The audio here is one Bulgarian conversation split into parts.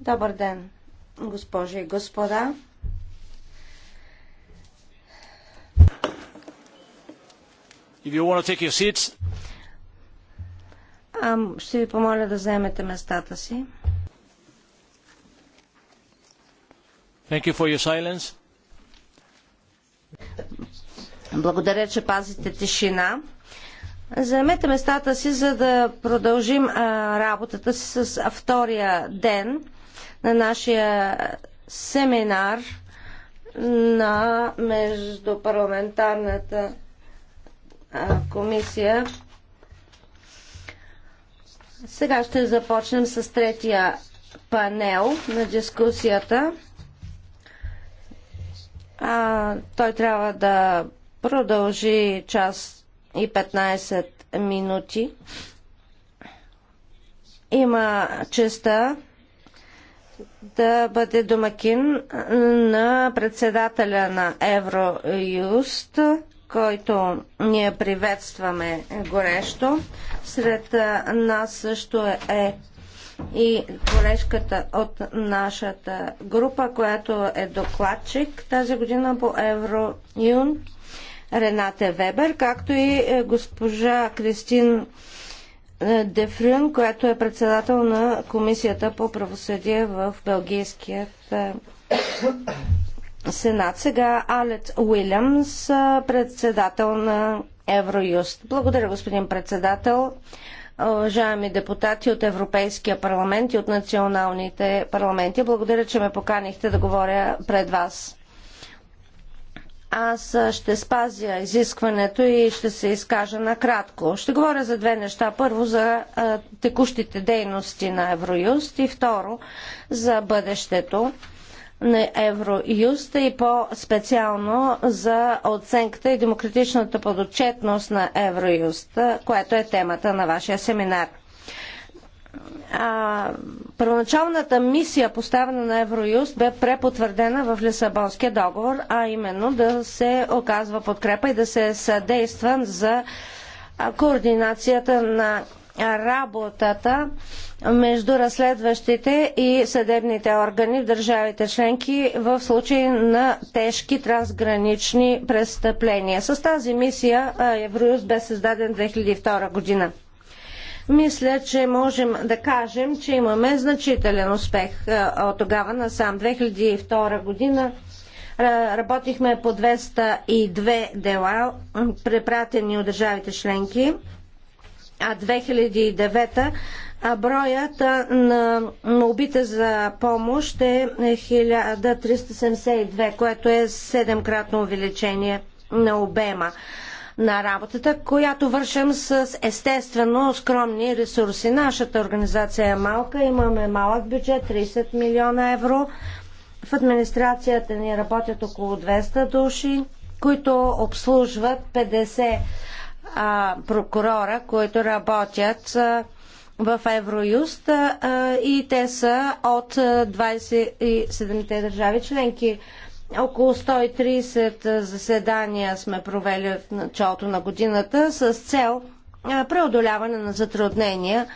Добър ден, госпожи и господа. Seats... ще ви помоля да заемете местата си. You Благодаря, че пазите тишина. Заемете местата си, за да продължим а, работата си с втория ден на нашия семинар на Междупарламентарната а, комисия. Сега ще започнем с третия панел на дискусията. А, той трябва да продължи част и 15 минути. Има честа да бъде домакин на председателя на Евроюст, който ние приветстваме горещо. Сред нас също е и колежката от нашата група, която е докладчик тази година по Евроюн. Рената Вебер, както и е, госпожа Кристин е, Дефрюн, която е председател на Комисията по правосъдие в Белгийският е, Сенат. Сега Алет Уилямс, председател на Евроюст. Благодаря, господин председател. Уважаеми депутати от Европейския парламент и от националните парламенти, благодаря, че ме поканихте да говоря пред вас. Аз ще спазя изискването и ще се изкажа накратко. Ще говоря за две неща. Първо за а, текущите дейности на Евроюст и второ за бъдещето на Евроюст и по-специално за оценката и демократичната подотчетност на Евроюст, което е темата на вашия семинар първоначалната мисия, поставена на Евроюст, бе препотвърдена в Лисабонския договор, а именно да се оказва подкрепа и да се съдейства за координацията на работата между разследващите и съдебните органи в държавите членки в случай на тежки трансгранични престъпления. С тази мисия Евроюст бе създаден 2002 година мисля, че можем да кажем, че имаме значителен успех е, от тогава насам. 2002 година е, работихме по 202 дела, препратени от държавите членки, а 2009 броят е, на молбите за помощ е 1372, което е 7-кратно увеличение на обема на работата, която вършим с естествено скромни ресурси. Нашата организация е малка, имаме малък бюджет, 30 милиона евро. В администрацията ни работят около 200 души, които обслужват 50 а, прокурора, които работят а, в Евроюст а, и те са от 27-те държави членки. Около 130 заседания сме провели в началото на годината с цел преодоляване на затруднения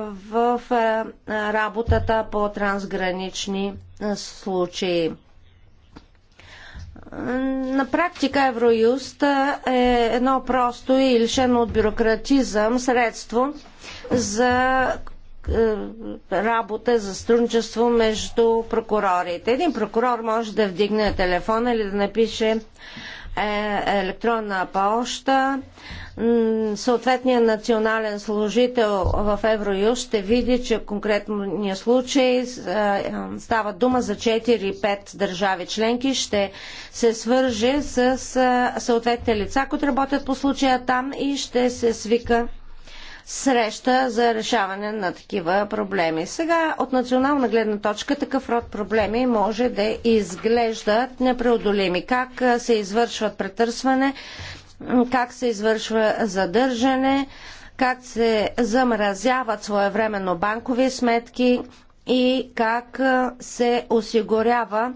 в работата по трансгранични случаи. На практика Евроюст е едно просто и лишено от бюрократизъм средство за е, работа, за сътрудничество между прокурорите. Един прокурор може да вдигне телефона или да напише е, електронна поща. Съответният национален служител в Евроюз ще види, че в конкретния случай е, става дума за 4-5 държави членки. Ще се свърже с съответните лица, които работят по случая там и ще се свика среща за решаване на такива проблеми. Сега от национална гледна точка такъв род проблеми може да изглеждат непреодолими. Как се извършват претърсване, как се извършва задържане, как се замразяват своевременно банкови сметки и как се осигурява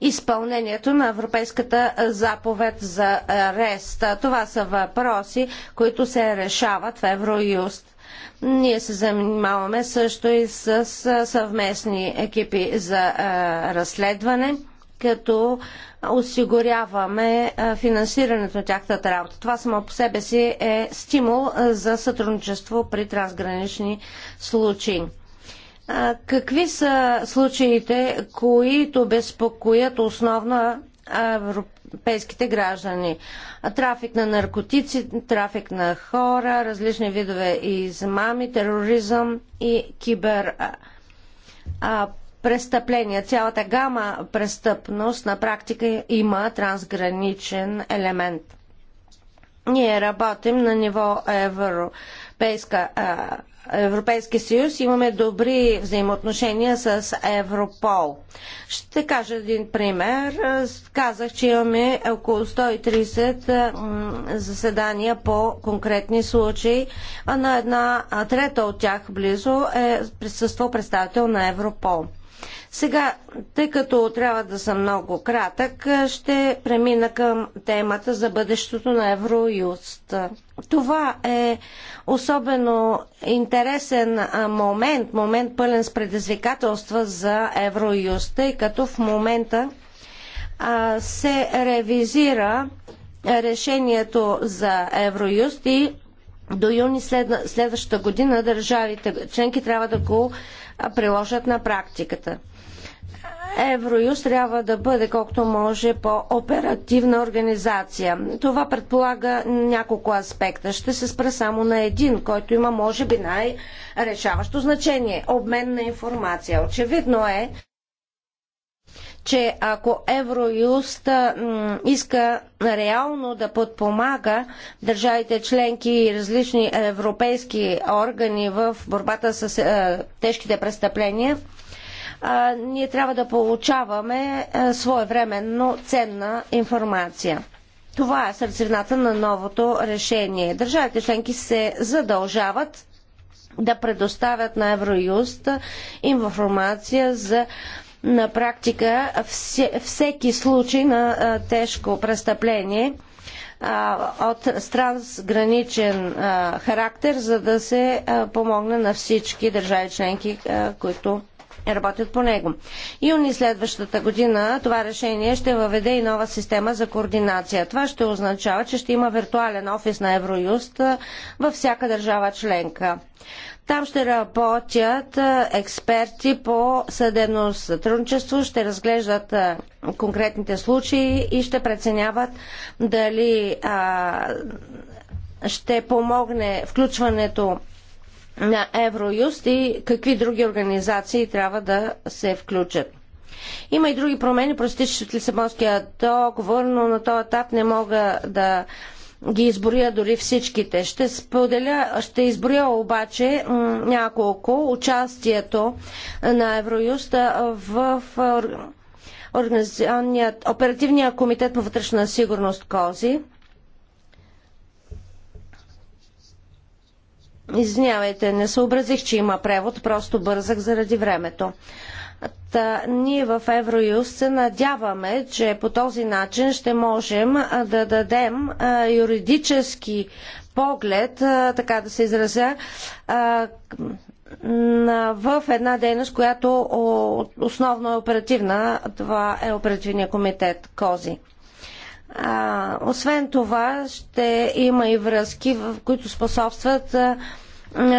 изпълнението на Европейската заповед за арест. Това са въпроси, които се решават в Евроюст. Ние се занимаваме също и с съвместни екипи за разследване, като осигуряваме финансирането на тяхната работа. Това само по себе си е стимул за сътрудничество при трансгранични случаи. Какви са случаите, които безпокоят основно европейските граждани? Трафик на наркотици, трафик на хора, различни видове измами, тероризъм и кибер престъпления. Цялата гама престъпност на практика има трансграничен елемент. Ние работим на ниво европейска Европейския съюз имаме добри взаимоотношения с Европол. Ще кажа един пример. Казах, че имаме около 130 заседания по конкретни случаи, а на една трета от тях близо е присъствал представител на Европол. Сега, тъй като трябва да съм много кратък, ще премина към темата за бъдещето на Евроюст. Това е особено интересен момент, момент пълен с предизвикателства за Евроюст, тъй като в момента се ревизира решението за Евроюст и до юни след, следващата година държавите членки трябва да го приложат на практиката. Евроюз трябва да бъде колкото може по-оперативна организация. Това предполага няколко аспекта. Ще се спра само на един, който има може би най-решаващо значение – обмен на информация. Очевидно е, че ако Евроюст иска реално да подпомага държавите членки и различни европейски органи в борбата с е, тежките престъпления, а, ние трябва да получаваме а, своевременно ценна информация. Това е сърцевината на новото решение. Държавите членки се задължават да предоставят на Евроюст информация за на практика всеки случай на тежко престъпление от трансграничен характер, за да се помогне на всички държави членки, които работят по него. Юни следващата година това решение ще въведе и нова система за координация. Това ще означава, че ще има виртуален офис на Евроюст във всяка държава членка. Там ще работят експерти по съдебно сътрудничество, ще разглеждат конкретните случаи и ще преценяват дали а, ще помогне включването на Евроюст и какви други организации трябва да се включат. Има и други промени, простичащи от Лисабонския договор, но на този етап не мога да ги изборя дори всичките. Ще, споделя, ще изборя обаче няколко участието на Евроюста в Организационният, оперативния комитет по вътрешна сигурност КОЗИ – Извинявайте, не съобразих, че има превод, просто бързах заради времето. Та, ние в Евроюст се надяваме, че по този начин ще можем да дадем юридически поглед, така да се изразя, в една дейност, която основно е оперативна. Това е оперативния комитет КОЗИ. А, освен това, ще има и връзки, в които способстват а,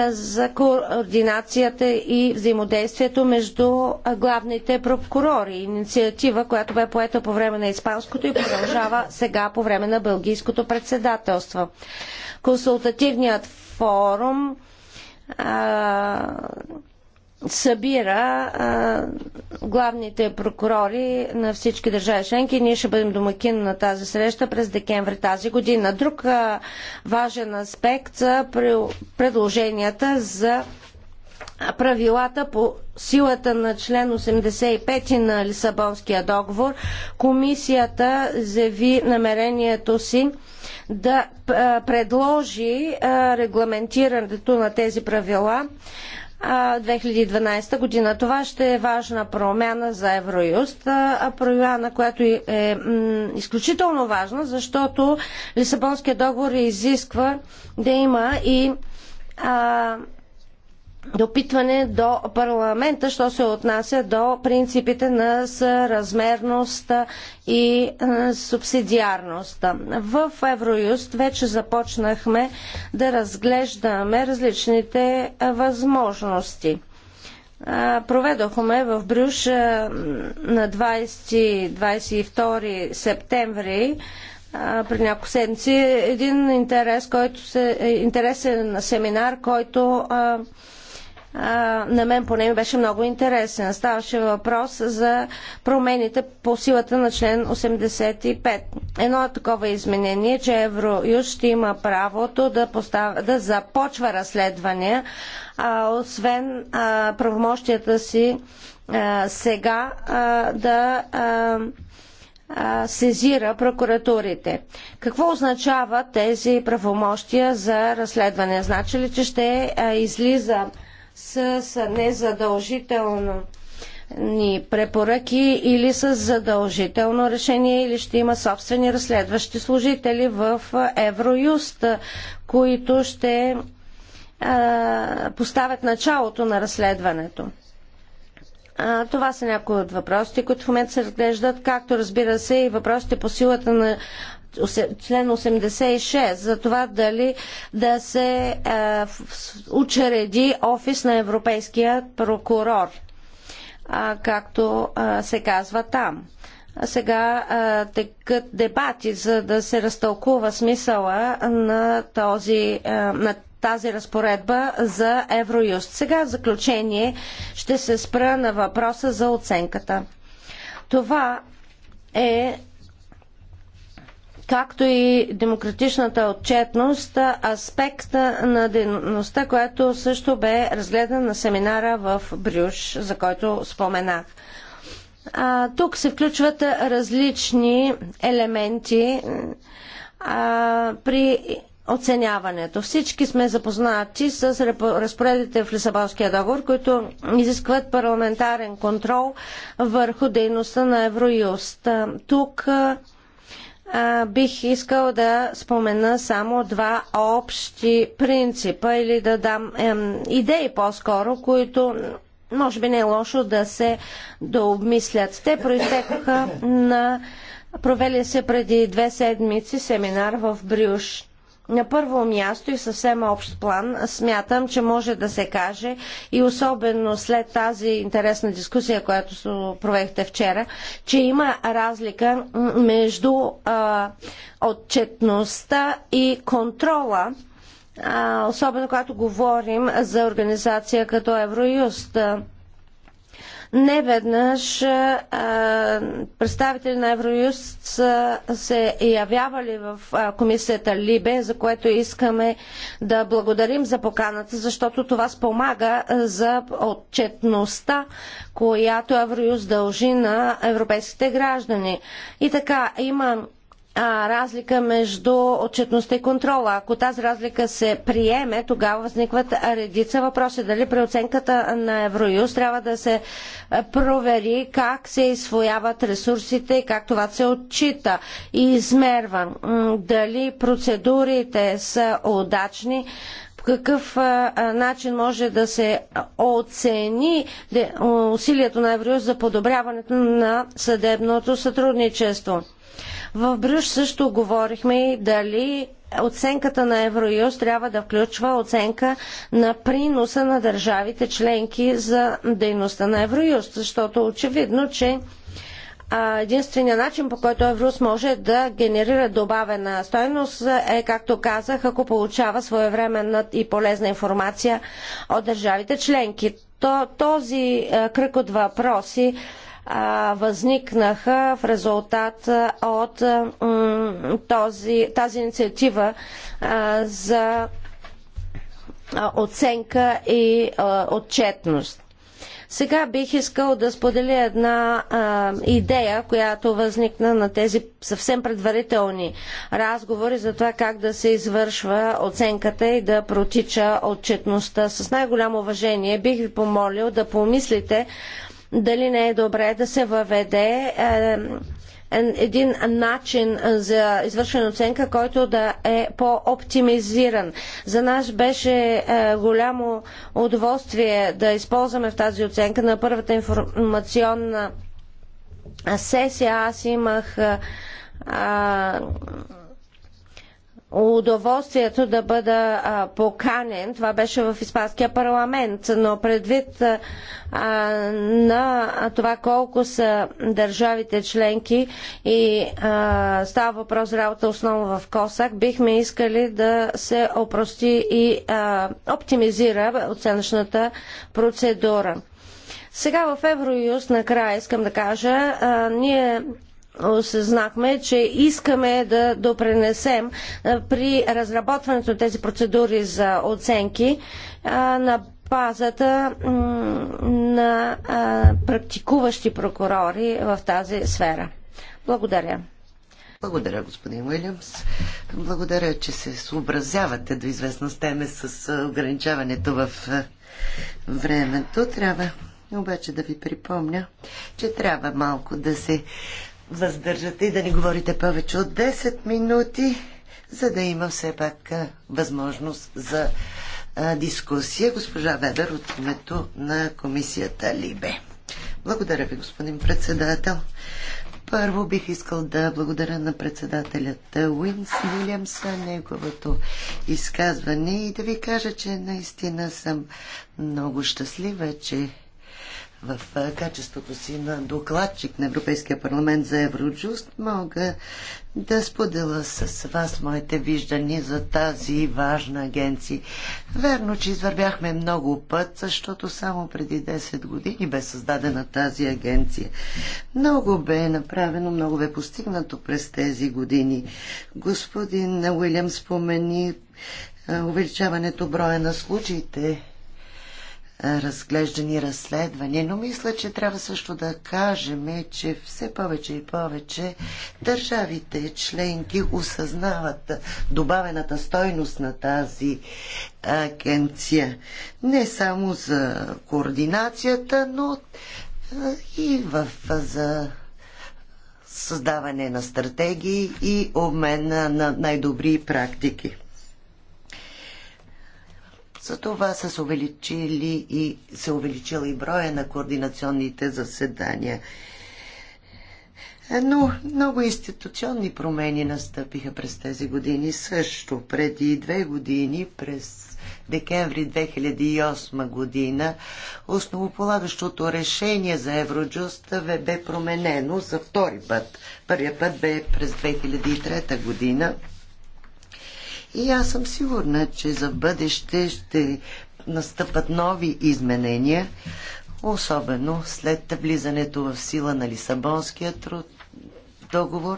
за координацията и взаимодействието между главните прокурори. Инициатива, която бе поета по време на испанското и продължава сега по време на бългийското председателство. Консултативният форум а, събира а, главните прокурори на всички държави членки. Ние ще бъдем домакин на тази среща през декември тази година. Друг а, важен аспект са предложенията за правилата по силата на член 85 на Лисабонския договор, комисията заяви намерението си да предложи регламентирането на тези правила 2012 година. Това ще е важна промяна за Евроюст, промяна, която е изключително важна, защото Лисабонския договор изисква да има и допитване до парламента, що се отнася до принципите на съразмерност и субсидиарност. В Евроюст вече започнахме да разглеждаме различните възможности. Проведохме в Брюш на 20-22 септември при няколко седмици един интерес, който се, е, интересен семинар, който на мен поне ми беше много интересен. Ставаше въпрос за промените по силата на член 85. Едно е такова изменение, че Евроюз ще има правото да, постав... да започва разследвания, а, освен а, правомощията си а, сега а, да. А, сезира прокуратурите. Какво означава тези правомощия за разследване? Значи ли, че ще излиза с незадължително ни препоръки или с задължително решение или ще има собствени разследващи служители в Евроюст, които ще а, поставят началото на разследването. А, това са някои от въпросите, които в момента се разглеждат, както разбира се и въпросите по силата на член 86 за това дали да се а, учреди офис на европейския прокурор, а, както а, се казва там. А сега а, текат дебати, за да се разтълкува смисъла на, този, а, на тази разпоредба за Евроюст. Сега в заключение ще се спра на въпроса за оценката. Това е както и демократичната отчетност, аспекта на дейността, която също бе разгледана на семинара в Брюш, за който споменах. А, тук се включват различни елементи а, при оценяването. Всички сме запознати с разпоредите в Лисабонския договор, които изискват парламентарен контрол върху дейността на Евроюст. Тук бих искал да спомена само два общи принципа или да дам ем, идеи по-скоро, които може би не е лошо да се дообмислят. Те проистекоха на провели се преди две седмици семинар в Брюш. На първо място и съвсем общ план смятам, че може да се каже и особено след тази интересна дискусия, която провехте вчера, че има разлика между а, отчетността и контрола, а, особено когато говорим за организация като Евроюст. Не веднъж представители на Евроюст са се явявали в комисията Либе, за което искаме да благодарим за поканата, защото това спомага за отчетността, която Евроюст дължи на европейските граждани. И така, имам а, разлика между отчетността и контрола. Ако тази разлика се приеме, тогава възникват редица въпроси. Дали при оценката на Евроюз трябва да се провери как се изсвояват ресурсите и как това се отчита и измерва. Дали процедурите са удачни, по какъв начин може да се оцени усилието на Евроюз за подобряването на съдебното сътрудничество. В Брюш също говорихме дали оценката на Евроюз трябва да включва оценка на приноса на държавите членки за дейността на Евроюз, защото очевидно, че единственият начин по който Евроюз може да генерира добавена стойност е, както казах, ако получава своевременна и полезна информация от държавите членки. То, този кръг от въпроси възникнаха в резултат от този, тази инициатива за оценка и отчетност. Сега бих искал да споделя една а, идея, която възникна на тези съвсем предварителни разговори за това как да се извършва оценката и да протича отчетността. С най-голямо уважение бих ви помолил да помислите дали не е добре да се въведе е, е, един начин за извършване оценка, който да е по-оптимизиран. За нас беше е, голямо удоволствие да използваме в тази оценка на първата информационна сесия. Аз имах а, удоволствието да бъда а, поканен. Това беше в Испанския парламент, но предвид а, на това колко са държавите членки и а, става въпрос за работа основно в Косак, бихме искали да се опрости и а, оптимизира оценъчната процедура. Сега в Евроюз накрая искам да кажа, а, ние осъзнахме, че искаме да допренесем при разработването на тези процедури за оценки на базата на практикуващи прокурори в тази сфера. Благодаря. Благодаря, господин Уилямс. Благодаря, че се съобразявате до известна стене с ограничаването в времето. Трябва обаче да ви припомня, че трябва малко да се въздържате и да не говорите повече от 10 минути, за да има все пак възможност за дискусия. Госпожа Ведер от името на комисията Либе. Благодаря ви, господин председател. Първо бих искал да благодаря на председателят Уинс Вилямс за неговото изказване и да ви кажа, че наистина съм много щастлива, че в качеството си на докладчик на Европейския парламент за Евроджуст, мога да споделя с вас моите виждания за тази важна агенция. Верно, че извървяхме много път, защото само преди 10 години бе създадена тази агенция. Много бе направено, много бе постигнато през тези години. Господин Уилям спомени увеличаването броя на случаите разглеждани разследвания, но мисля, че трябва също да кажем, че все повече и повече държавите членки осъзнават добавената стойност на тази агенция. Не само за координацията, но и в, за създаване на стратегии и обмен на най-добри практики. За това са се увеличили и се увеличил и броя на координационните заседания. Но много институционни промени настъпиха през тези години също. Преди две години, през декември 2008 година, основополагащото решение за Евроджуст бе променено за втори път. Първият път бе през 2003 година и аз съм сигурна, че за бъдеще ще настъпат нови изменения, особено след влизането в сила на Лисабонския труд договор,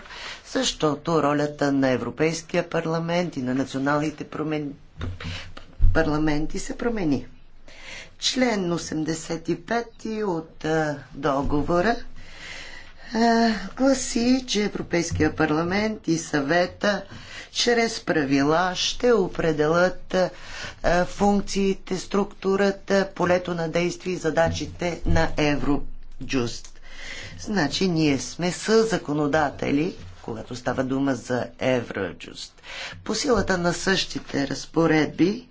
защото ролята на Европейския парламент и на националните промен... парламенти се промени. Член 85 от договора гласи, че Европейския парламент и съвета чрез правила ще определят функциите, структурата, полето на действие и задачите на Евроджуст. Значи ние сме с законодатели, когато става дума за Евроджуст. По силата на същите разпоредби,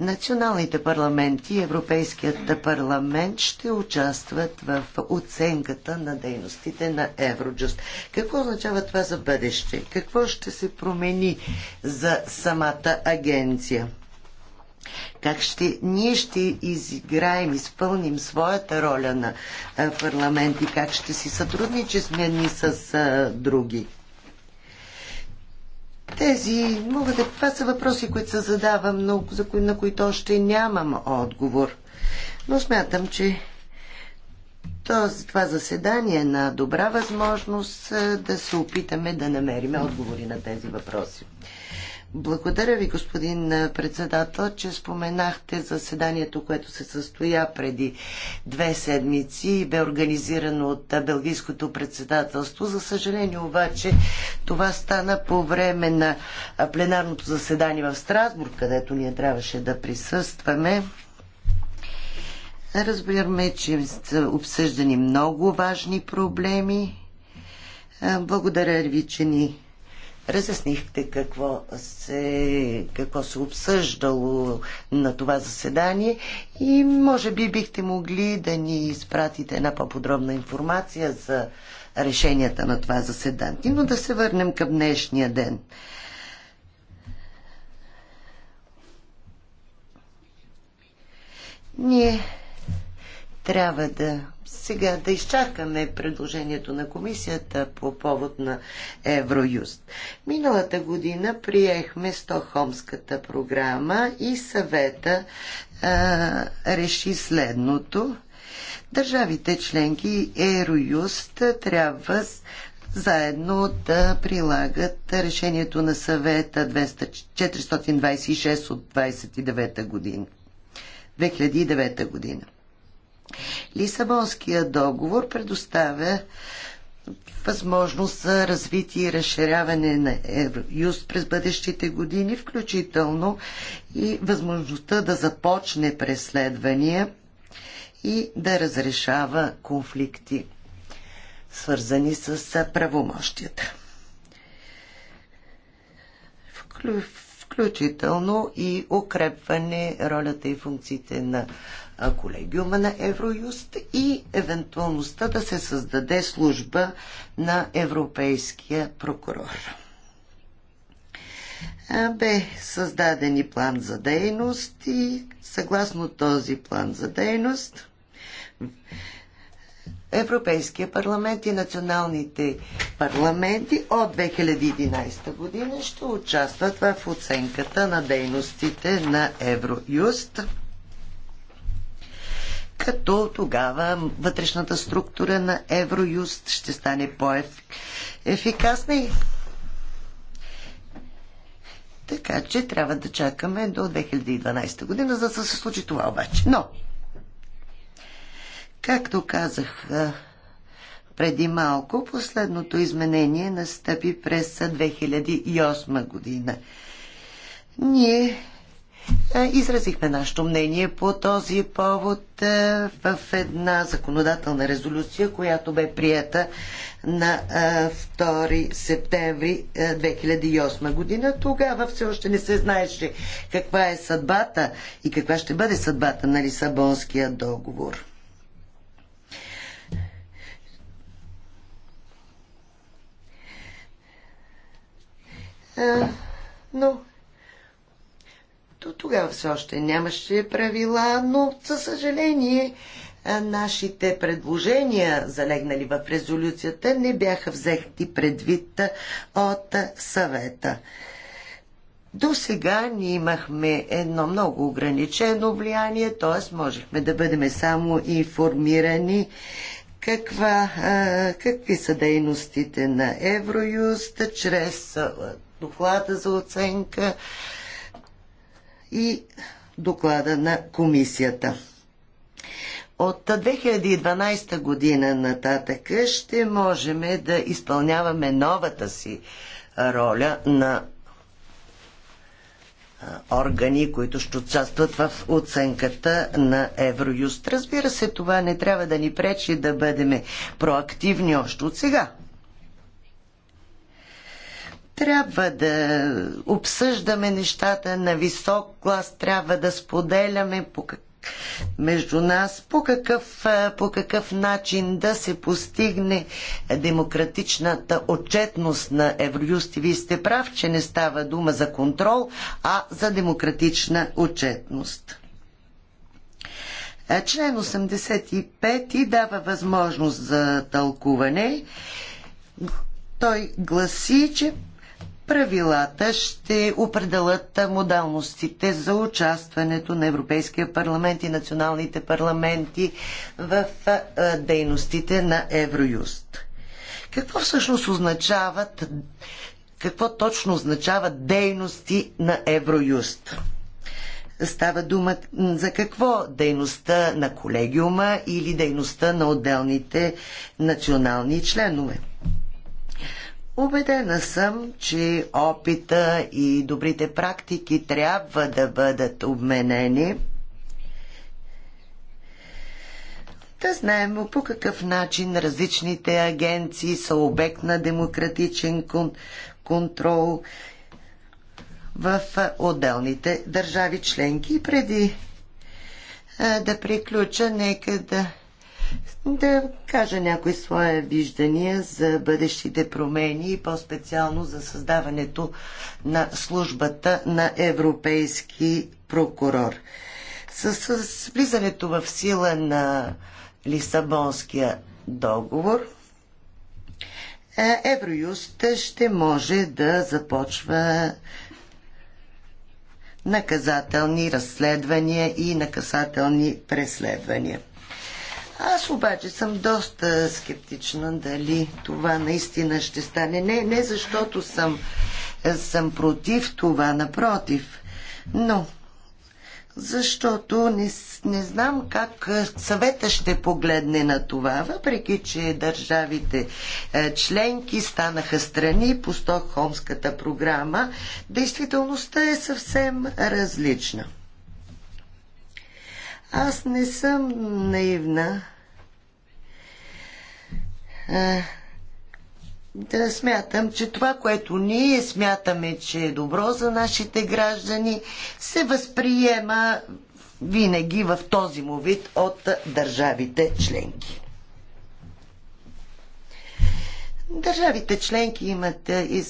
Националните парламенти и Европейският парламент ще участват в оценката на дейностите на Евроджуст. Какво означава това за бъдеще? Какво ще се промени за самата агенция? Как ще, ние ще изиграем, изпълним своята роля на парламент и как ще си сътрудничим с други? Тези могат да... Това са въпроси, които се задавам, но за кои, на които още нямам отговор. Но смятам, че този, това заседание е на добра възможност е, да се опитаме да намерим отговори на тези въпроси. Благодаря ви, господин председател, че споменахте заседанието, което се състоя преди две седмици и бе организирано от Белгийското председателство. За съжаление обаче това стана по време на пленарното заседание в Страсбург, където ние трябваше да присъстваме. Разбираме, че са обсъждани много важни проблеми. Благодаря ви, че ни разяснихте какво се, какво се обсъждало на това заседание и може би бихте могли да ни изпратите една по-подробна информация за решенията на това заседание. Но да се върнем към днешния ден. Ние трябва да сега да изчакаме предложението на комисията по повод на Евроюст. Миналата година приехме Стохомската програма и съвета а, реши следното. Държавите членки Евроюст трябва заедно да прилагат решението на съвета 200, 426 от 29 година. 2009 година. Лисабонския договор предоставя възможност за развитие и разширяване на Евроюз през бъдещите години, включително и възможността да започне преследвания и да разрешава конфликти, свързани с правомощията. Включително и укрепване ролята и функциите на колегиума на Евроюст и евентуалността да се създаде служба на европейския прокурор. Бе създаден и план за дейност и съгласно този план за дейност Европейския парламент и националните парламенти от 2011 година ще участват в оценката на дейностите на Евроюст като тогава вътрешната структура на Евроюст ще стане по-ефикасна и така че трябва да чакаме до 2012 година, за да се случи това обаче. Но, както казах преди малко, последното изменение настъпи през 2008 година. Ние е, изразихме нашето мнение по този повод е, в една законодателна резолюция, която бе приета на 2 е, септември 2008 година. Тогава все още не се знаеше каква е съдбата и каква ще бъде съдбата на Лисабонския договор. Но то тогава все още нямаше правила, но със съжаление нашите предложения, залегнали в резолюцията, не бяха взехти предвид от съвета. До сега ние имахме едно много ограничено влияние, т.е. можехме да бъдем само информирани каква, какви са дейностите на Евроюст чрез доклада за оценка и доклада на комисията. От 2012 година нататък ще можем да изпълняваме новата си роля на органи, които ще участват в оценката на Евроюст. Разбира се, това не трябва да ни пречи да бъдем проактивни още от сега. Трябва да обсъждаме нещата на висок клас, трябва да споделяме по как... между нас по какъв, по какъв начин да се постигне демократичната отчетност на Евроюст. вие сте прав, че не става дума за контрол, а за демократична отчетност. Е, член 85 и дава възможност за тълкуване. Той гласи, че правилата ще определят модалностите за участването на Европейския парламент и националните парламенти в дейностите на Евроюст. Какво всъщност означават, какво точно означават дейности на Евроюст? Става дума за какво дейността на колегиума или дейността на отделните национални членове? Убедена съм, че опита и добрите практики трябва да бъдат обменени. Да знаем по какъв начин различните агенции са обект на демократичен кон- контрол в отделните държави членки. преди да приключа, нека да да кажа някои свои виждания за бъдещите промени и по-специално за създаването на службата на европейски прокурор. С, с влизането в сила на Лисабонския договор, е, Евроюст ще може да започва наказателни разследвания и наказателни преследвания. Аз обаче съм доста скептична дали това наистина ще стане. Не, не защото съм, съм против това, напротив, но защото не, не знам как съвета ще погледне на това, въпреки че държавите членки станаха страни по Стокхолмската програма, действителността е съвсем различна. Аз не съм наивна да смятам, че това, което ние смятаме, че е добро за нашите граждани, се възприема винаги в този му вид от държавите членки. Държавите членки имат и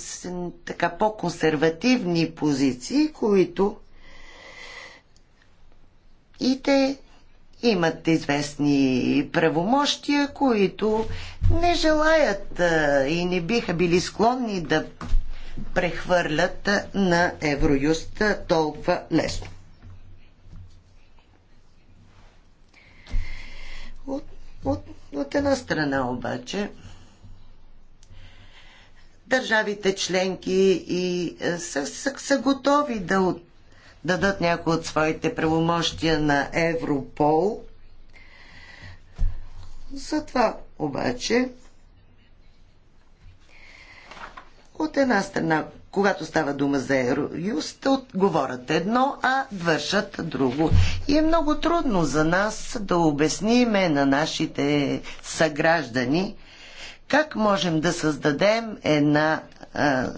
така по-консервативни позиции, които и те имат известни правомощия, които не желаят и не биха били склонни да прехвърлят на Евроюст толкова лесно. От, от, от една страна обаче държавите членки и са, са, са готови да, дадат някои от своите правомощия на Европол. Затова обаче от една страна, когато става дума за Евроюст, говорят едно, а вършат друго. И е много трудно за нас да обясниме на нашите съграждани как можем да създадем една а,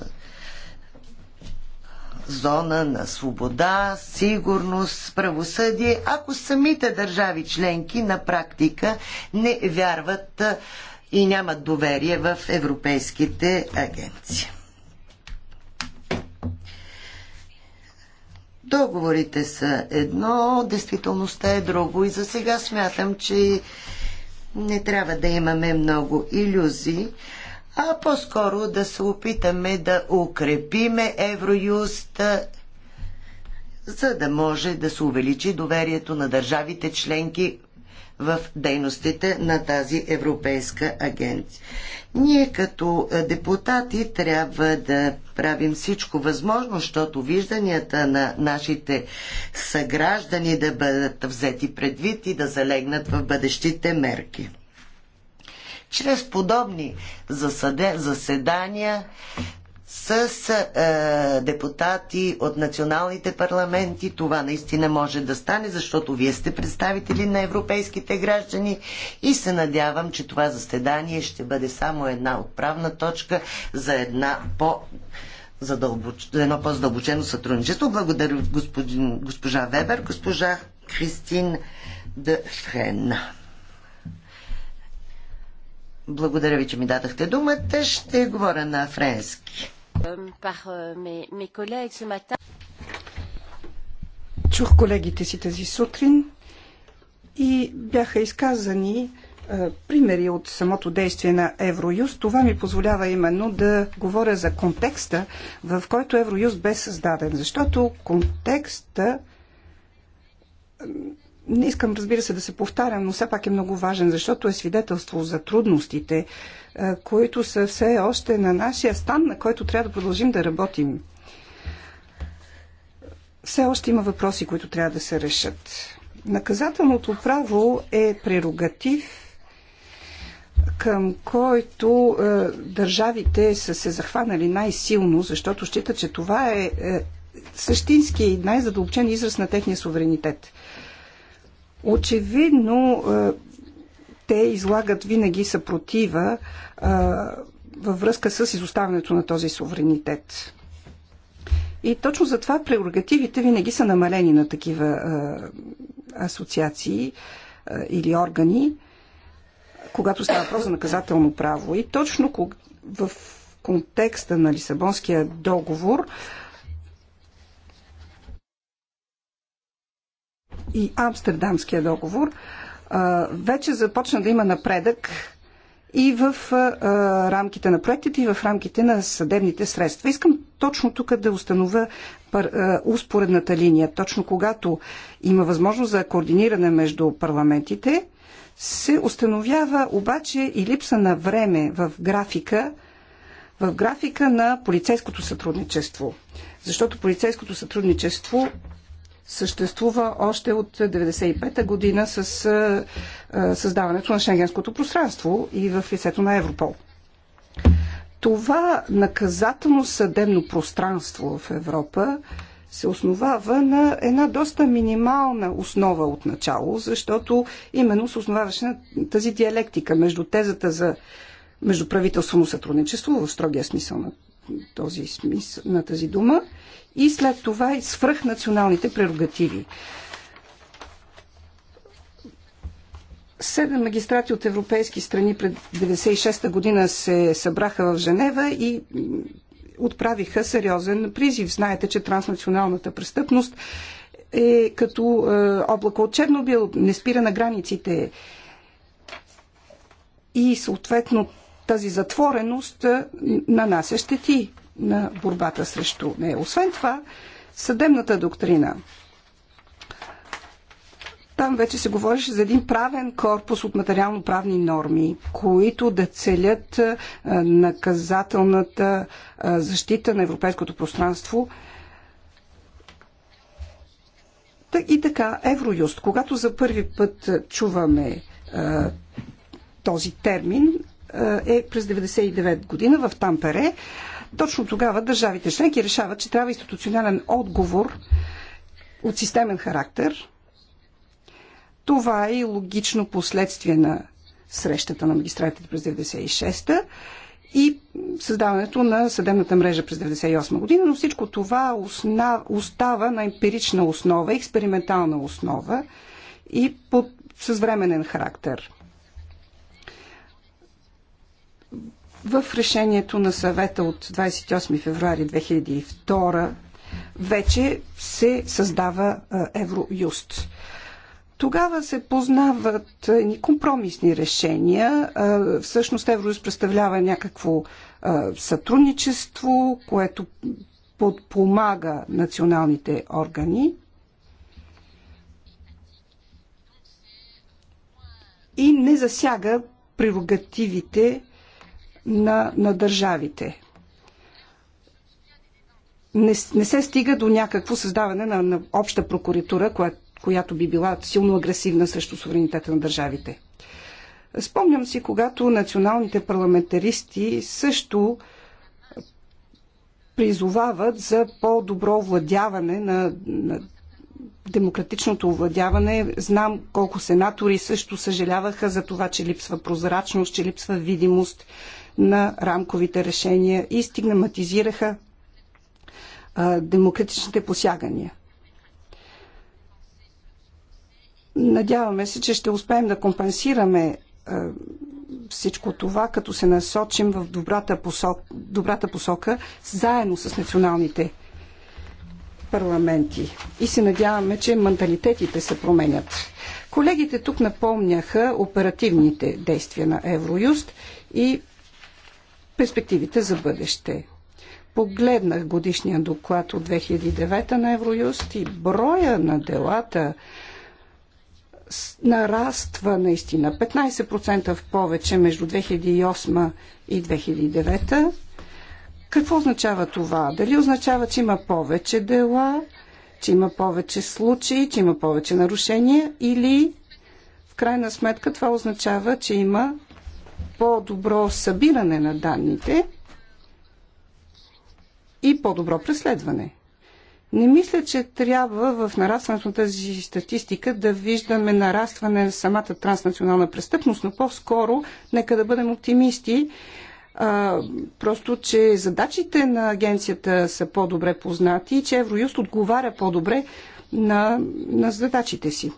зона на свобода, сигурност, правосъдие, ако самите държави членки на практика не вярват и нямат доверие в европейските агенции. Договорите са едно, действителността е друго и за сега смятам, че не трябва да имаме много иллюзии а по-скоро да се опитаме да укрепиме Евроюст, за да може да се увеличи доверието на държавите членки в дейностите на тази Европейска агенция. Ние като депутати трябва да правим всичко възможно, защото вижданията на нашите съграждани да бъдат взети предвид и да залегнат в бъдещите мерки чрез подобни заседания с е, депутати от националните парламенти. Това наистина може да стане, защото вие сте представители на европейските граждани и се надявам, че това заседание ще бъде само една отправна точка за една по за едно по-задълбочено сътрудничество. Благодаря господин... госпожа Вебер, госпожа Кристин Дефрена. Благодаря ви, че ми дадахте думата. Ще говоря на френски. Чух колегите си тази сутрин и бяха изказани примери от самото действие на Евроюз. Това ми позволява именно да говоря за контекста, в който Евроюз бе създаден. Защото контекста не искам, разбира се, да се повтарям, но все пак е много важен, защото е свидетелство за трудностите, е, които са все още на нашия стан, на който трябва да продължим да работим. Все още има въпроси, които трябва да се решат. Наказателното право е прерогатив, към който е, държавите са се захванали най-силно, защото считат, че това е, е същински и най задълбчен израз на техния суверенитет. Очевидно, е, те излагат винаги съпротива е, във връзка с изоставането на този суверенитет. И точно затова прерогативите винаги са намалени на такива е, асоциации или органи, когато става въпрос за наказателно право. И точно в контекста на Лисабонския договор и Амстердамския договор, вече започна да има напредък и в рамките на проектите, и в рамките на съдебните средства. Искам точно тук да установя успоредната линия. Точно когато има възможност за координиране между парламентите, се установява обаче и липса на време в графика, в графика на полицейското сътрудничество. Защото полицейското сътрудничество съществува още от 1995 година с създаването на шенгенското пространство и в лицето на Европол. Това наказателно съдебно пространство в Европа се основава на една доста минимална основа от начало, защото именно се основаваше на тази диалектика между тезата за междуправителствено сътрудничество в строгия смисъл на, този смисъл, на тази дума и след това и свръхнационалните прерогативи. Седем магистрати от европейски страни пред 96-та година се събраха в Женева и отправиха сериозен призив. Знаете, че транснационалната престъпност е като е, облако от Чернобил, не спира на границите. И съответно тази затвореност е, нанася щети на борбата срещу нея. Освен това, съдебната доктрина. Там вече се говореше за един правен корпус от материално-правни норми, които да целят наказателната защита на европейското пространство и така, Евроюст, когато за първи път чуваме този термин, е през 99 година в Тампере. Точно тогава държавите членки решават, че трябва институционален отговор от системен характер. Това е и логично последствие на срещата на магистратите през 1996-та и създаването на съдебната мрежа през 1998 година, но всичко това остава на емпирична основа, експериментална основа и под, с временен характер. В решението на съвета от 28 февруари 2002 вече се създава Евроюст. Тогава се познават ни компромисни решения. Всъщност Евроюст представлява някакво сътрудничество, което подпомага националните органи. И не засяга прерогативите на, на държавите. Не, не се стига до някакво създаване на, на обща прокуратура, коя, която би била силно агресивна срещу суверенитета на държавите. Спомням си, когато националните парламентаристи също призовават за по-добро владяване на, на демократичното овладяване. Знам колко сенатори също съжаляваха за това, че липсва прозрачност, че липсва видимост, на рамковите решения и стигматизираха а, демократичните посягания. Надяваме се, че ще успеем да компенсираме а, всичко това, като се насочим в добрата, посок, добрата посока, заедно с националните парламенти. И се надяваме, че менталитетите се променят. Колегите тук напомняха оперативните действия на Евроюст и перспективите за бъдеще. Погледнах годишния доклад от 2009 на Евроюст и броя на делата нараства наистина 15% в повече между 2008 и 2009. Какво означава това? Дали означава, че има повече дела, че има повече случаи, че има повече нарушения или в крайна сметка това означава, че има по-добро събиране на данните и по-добро преследване. Не мисля, че трябва в нарастването на тази статистика да виждаме нарастване на самата транснационална престъпност, но по-скоро нека да бъдем оптимисти. А, просто, че задачите на агенцията са по-добре познати и че Евроюст отговаря по-добре на, на задачите си.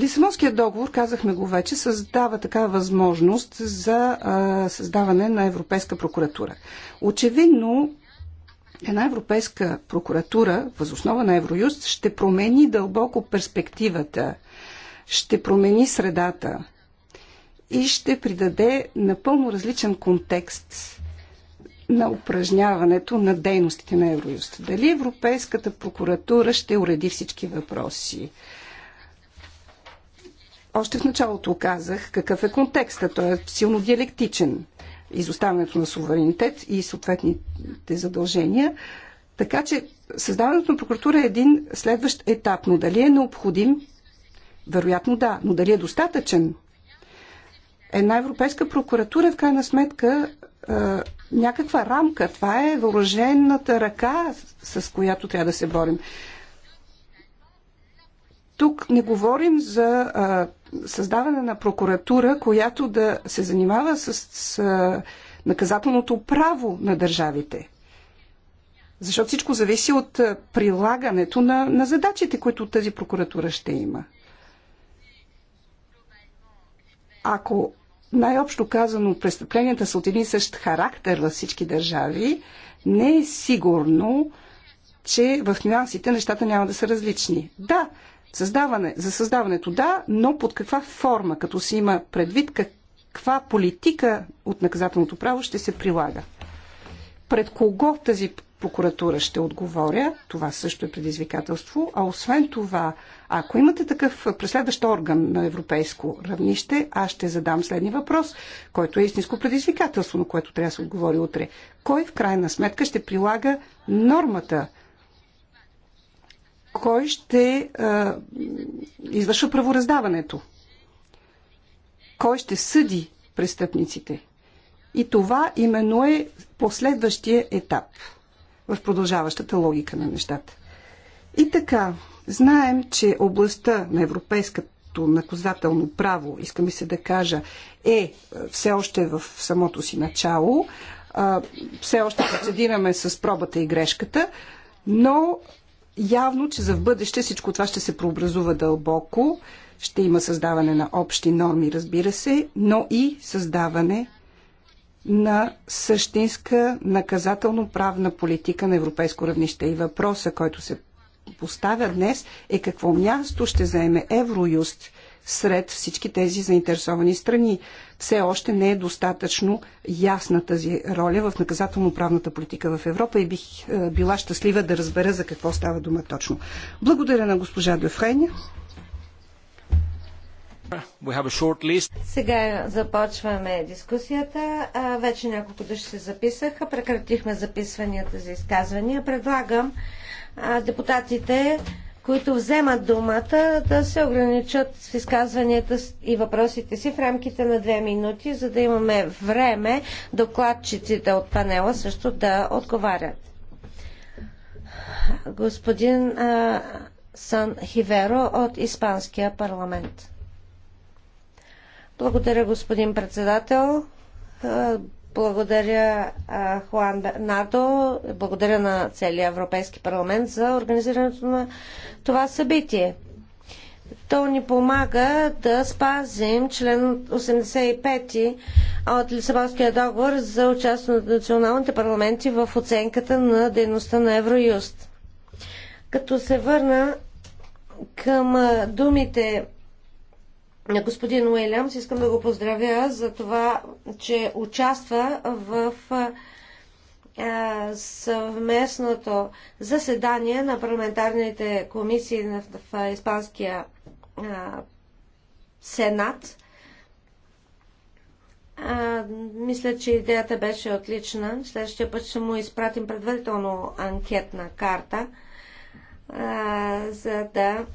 Лисамонският договор, казахме го вече, създава така възможност за а, създаване на Европейска прокуратура. Очевидно, една Европейска прокуратура, възоснова на Евроюст, ще промени дълбоко перспективата, ще промени средата и ще придаде напълно различен контекст на упражняването на дейностите на Евроюст. Дали Европейската прокуратура ще уреди всички въпроси? Още в началото казах какъв е контекста. Той е силно диалектичен. изоставянето на суверенитет и съответните задължения. Така че създаването на прокуратура е един следващ етап. Но дали е необходим? Вероятно да. Но дали е достатъчен? Една европейска прокуратура в крайна сметка е, някаква рамка. Това е въоръжената ръка, с която трябва да се борим. Тук не говорим за а, създаване на прокуратура, която да се занимава с, с а, наказателното право на държавите. Защото всичко зависи от прилагането на, на задачите, които тази прокуратура ще има. Ако най-общо казано престъпленията са от един същ характер във всички държави, не е сигурно, че в нюансите нещата няма да са различни. Да, Създаване, за създаването да, но под каква форма, като се има предвид каква политика от наказателното право ще се прилага. Пред кого тази прокуратура ще отговоря, това също е предизвикателство, а освен това, ако имате такъв преследващ орган на европейско равнище, аз ще задам следния въпрос, който е истинско предизвикателство, на което трябва да се отговори утре. Кой в крайна сметка ще прилага нормата кой ще а, извършва правораздаването? Кой ще съди престъпниците? И това именно е последващия етап в продължаващата логика на нещата. И така, знаем, че областта на европейското наказателно право, искам и се да кажа, е все още в самото си начало. Все още процедираме с пробата и грешката, но явно, че за в бъдеще всичко това ще се преобразува дълбоко. Ще има създаване на общи норми, разбира се, но и създаване на същинска наказателно-правна политика на европейско равнище. И въпроса, който се поставя днес е какво място ще заеме Евроюст сред всички тези заинтересовани страни. Все още не е достатъчно ясна тази роля в наказателно-правната политика в Европа и бих е, била щастлива да разбера за какво става дума точно. Благодаря на госпожа Дюфрейня. Сега започваме дискусията. вече няколко души се записаха. Прекратихме записванията за изказвания. Предлагам депутатите които вземат думата, да се ограничат с изказванията и въпросите си в рамките на две минути, за да имаме време докладчиците от панела също да отговарят. Господин а, Сан Хиверо от Испанския парламент. Благодаря, господин председател. Благодаря, Хуан Бернардо. Благодаря на целия Европейски парламент за организирането на това събитие. То ни помага да спазим член 85 от Лисабонския договор за участие на националните парламенти в оценката на дейността на Евроюст. Като се върна към думите на господин Уелямс. Искам да го поздравя за това, че участва в съвместното заседание на парламентарните комисии в, Испанския Сенат. мисля, че идеята беше отлична. Следващия път ще му изпратим предварително анкетна карта, за да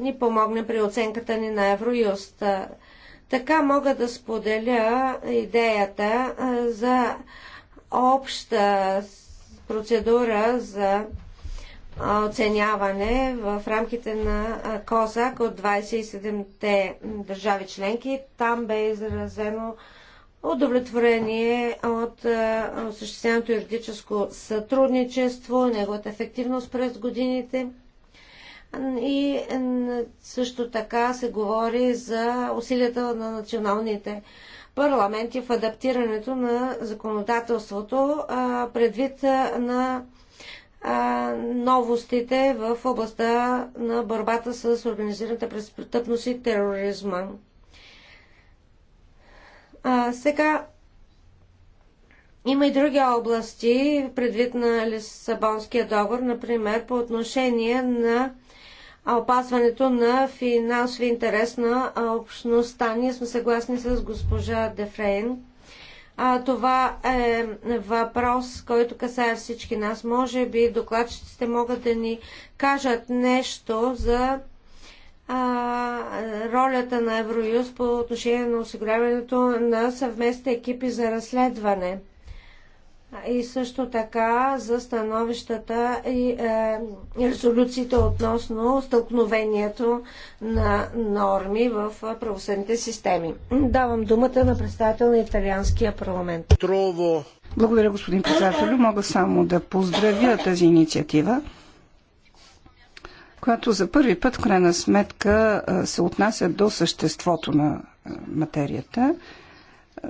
ни помогне при оценката ни на Евроюст. Така мога да споделя идеята за обща процедура за оценяване в рамките на КОЗАК от 27-те държави членки. Там бе изразено удовлетворение от осъщественото юридическо сътрудничество, неговата ефективност през годините – и също така се говори за усилията на националните парламенти в адаптирането на законодателството предвид на новостите в областта на борбата с организираната престъпност и тероризма. А, сега има и други области, предвид на Лисабонския договор, например по отношение на опазването на финансови интерес на общността. Ние сме съгласни с госпожа Дефрейн. А, това е въпрос, който касае всички нас. Може би докладчиците могат да ни кажат нещо за а, ролята на Евроюз по отношение на осигуряването на съвместните екипи за разследване и също така за становищата и е, резолюциите относно стълкновението на норми в правосъдните системи. Давам думата на представител на Италианския парламент. Трово. Благодаря, господин председател. Мога само да поздравя тази инициатива, която за първи път, в крайна сметка, е, се отнася до съществото на е, материята.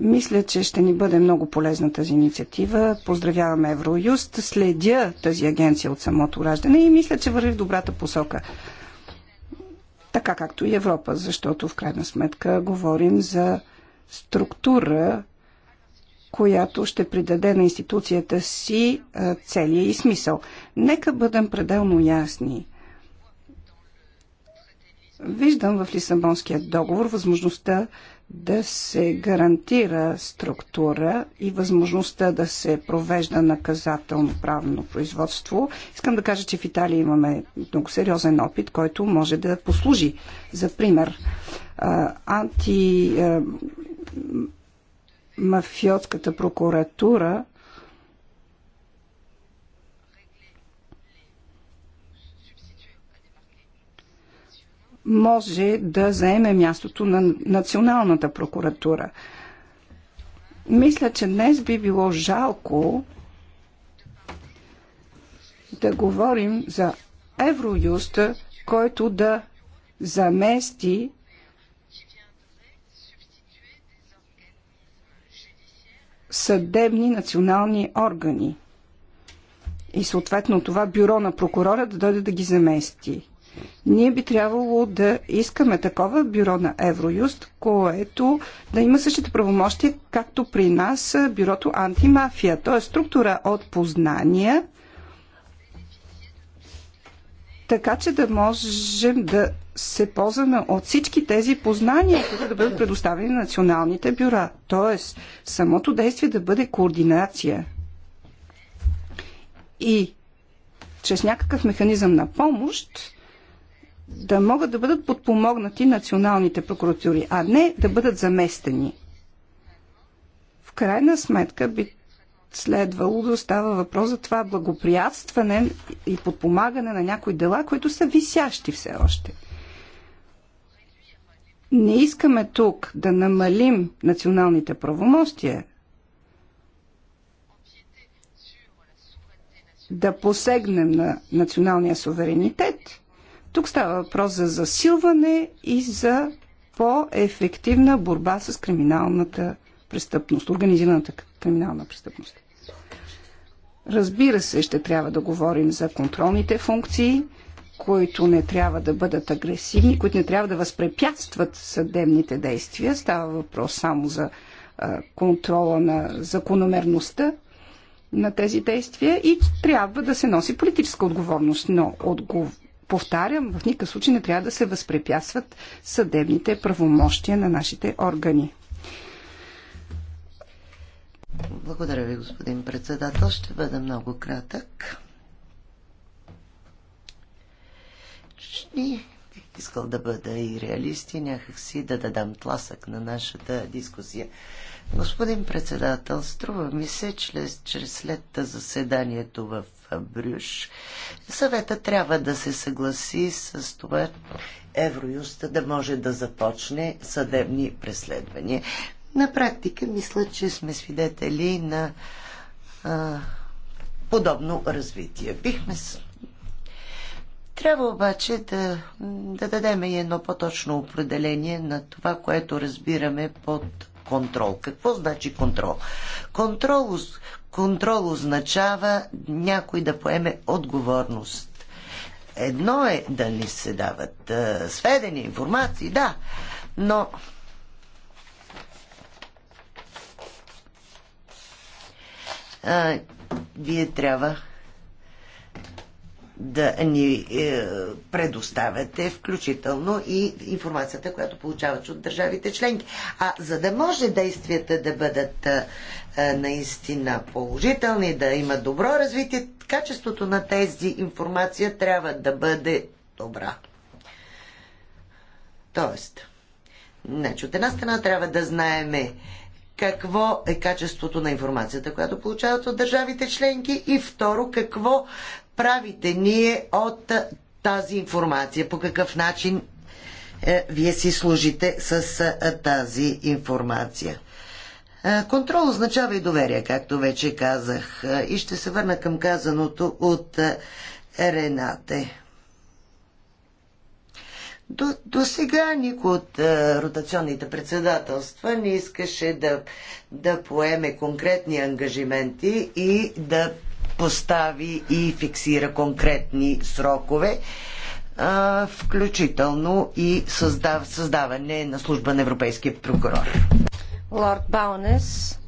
Мисля, че ще ни бъде много полезна тази инициатива. Поздравяваме Евроюст. Следя тази агенция от самото раждане и мисля, че върви в добрата посока. Така както и Европа, защото в крайна сметка говорим за структура, която ще придаде на институцията си целия и смисъл. Нека бъдем пределно ясни. Виждам в Лисабонския договор възможността да се гарантира структура и възможността да се провежда наказателно правно производство. Искам да кажа, че в Италия имаме много сериозен опит, който може да послужи за пример. Антимафиотската прокуратура може да заеме мястото на Националната прокуратура. Мисля, че днес би било жалко да говорим за Евроюст, който да замести съдебни национални органи. И съответно това бюро на прокурора да дойде да ги замести. Ние би трябвало да искаме такова бюро на Евроюст, което да има същите правомощи, както при нас бюрото антимафия. Т.е. структура от познания, така че да можем да се ползваме от всички тези познания, които да бъдат предоставени на националните бюра. Тоест, самото действие да бъде координация. И чрез някакъв механизъм на помощ да могат да бъдат подпомогнати националните прокуратури, а не да бъдат заместени. В крайна сметка би следвало да остава въпрос за това благоприятстване и подпомагане на някои дела, които са висящи все още. Не искаме тук да намалим националните правомощия, да посегнем на националния суверенитет – тук става въпрос за засилване и за по-ефективна борба с криминалната престъпност, организираната криминална престъпност. Разбира се, ще трябва да говорим за контролните функции, които не трябва да бъдат агресивни, които не трябва да възпрепятстват съдебните действия. Става въпрос само за контрола на закономерността на тези действия и трябва да се носи политическа отговорност. Но отгов... Повтарям, в никакъв случай не трябва да се възпрепятстват съдебните правомощия на нашите органи. Благодаря ви, господин председател. Ще бъда много кратък. И искал да бъда и реалист и някакси да дадам тласък на нашата дискусия. Господин председател, струва ми се, че след заседанието в Брюш. Съвета трябва да се съгласи с това Евроюст да може да започне съдебни преследвания. На практика мисля, че сме свидетели на а, подобно развитие. Бихме трябва обаче да, да дадем и едно по-точно определение на това, което разбираме под контрол. Какво значи контрол? Контрол, контрол означава някой да поеме отговорност. Едно е да ни се дават е, сведения, информации, да, но е, вие трябва да ни е, предоставяте, включително и информацията, която получават от държавите членки. А за да може действията да бъдат е, е, наистина положителни, да има добро развитие, качеството на тези информация трябва да бъде добра. Тоест, значи, от една страна трябва да знаеме какво е качеството на информацията, която получават от държавите членки и второ, какво правите ние от тази информация? По какъв начин е, вие си служите с е, тази информация? Е, контрол означава и доверие, както вече казах. И ще се върна към казаното от Ренате. До, до сега никой от а, ротационните председателства не искаше да, да поеме конкретни ангажименти и да постави и фиксира конкретни срокове, включително и създав, създаване на служба на Европейския прокурор. Лорд Баунес,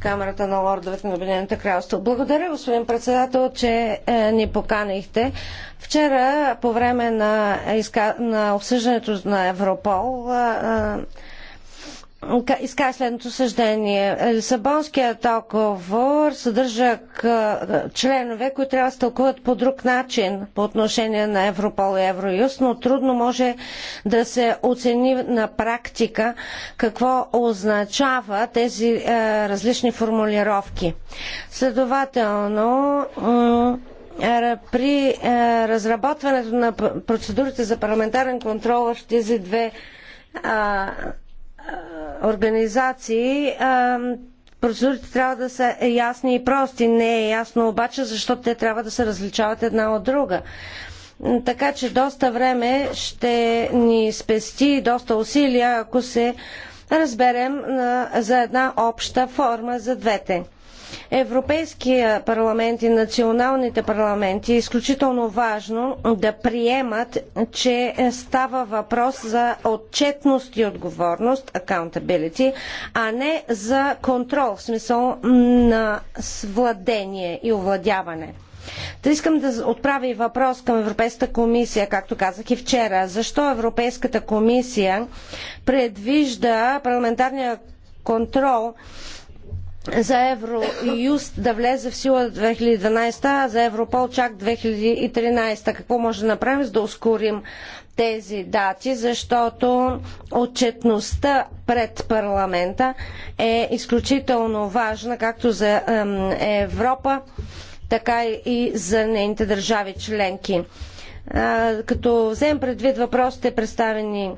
Камерата на лордовете на Обединеното кралство. Благодаря, господин председател, че е, ни поканихте. Вчера, по време на, на обсъждането на Европол, е, е изкашленото съждение. Лисабонският е, договор съдържа е, членове, които трябва да се тълкуват по друг начин по отношение на Европол и Евроюз, но трудно може да се оцени на практика какво означава тези е, различни формулировки. Следователно, при разработването на процедурите за парламентарен контрол в тези две организации процедурите трябва да са ясни и прости. Не е ясно обаче, защото те трябва да се различават една от друга. Така че доста време ще ни спести доста усилия, ако се разберем за една обща форма за двете. Европейския парламент и националните парламенти е изключително важно да приемат, че става въпрос за отчетност и отговорност, accountability, а не за контрол в смисъл на владение и овладяване. Та искам да отправя и въпрос към Европейската комисия, както казах и вчера. Защо Европейската комисия предвижда парламентарния контрол за Евроюст да влезе в сила 2012, а за Европол чак 2013. Какво може да направим, за да ускорим тези дати, защото отчетността пред парламента е изключително важна, както за Европа, така и за нейните държави членки като взем предвид въпросите представени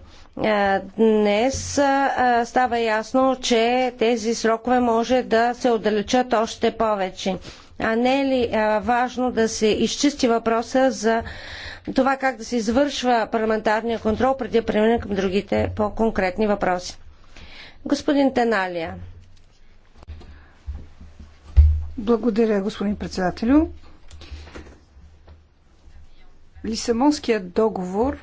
днес, става ясно, че тези срокове може да се отдалечат още повече. А не е ли важно да се изчисти въпроса за това как да се извършва парламентарния контрол преди да преминем към другите по-конкретни въпроси? Господин Теналия. Благодаря, господин председателю. Лисамонският договор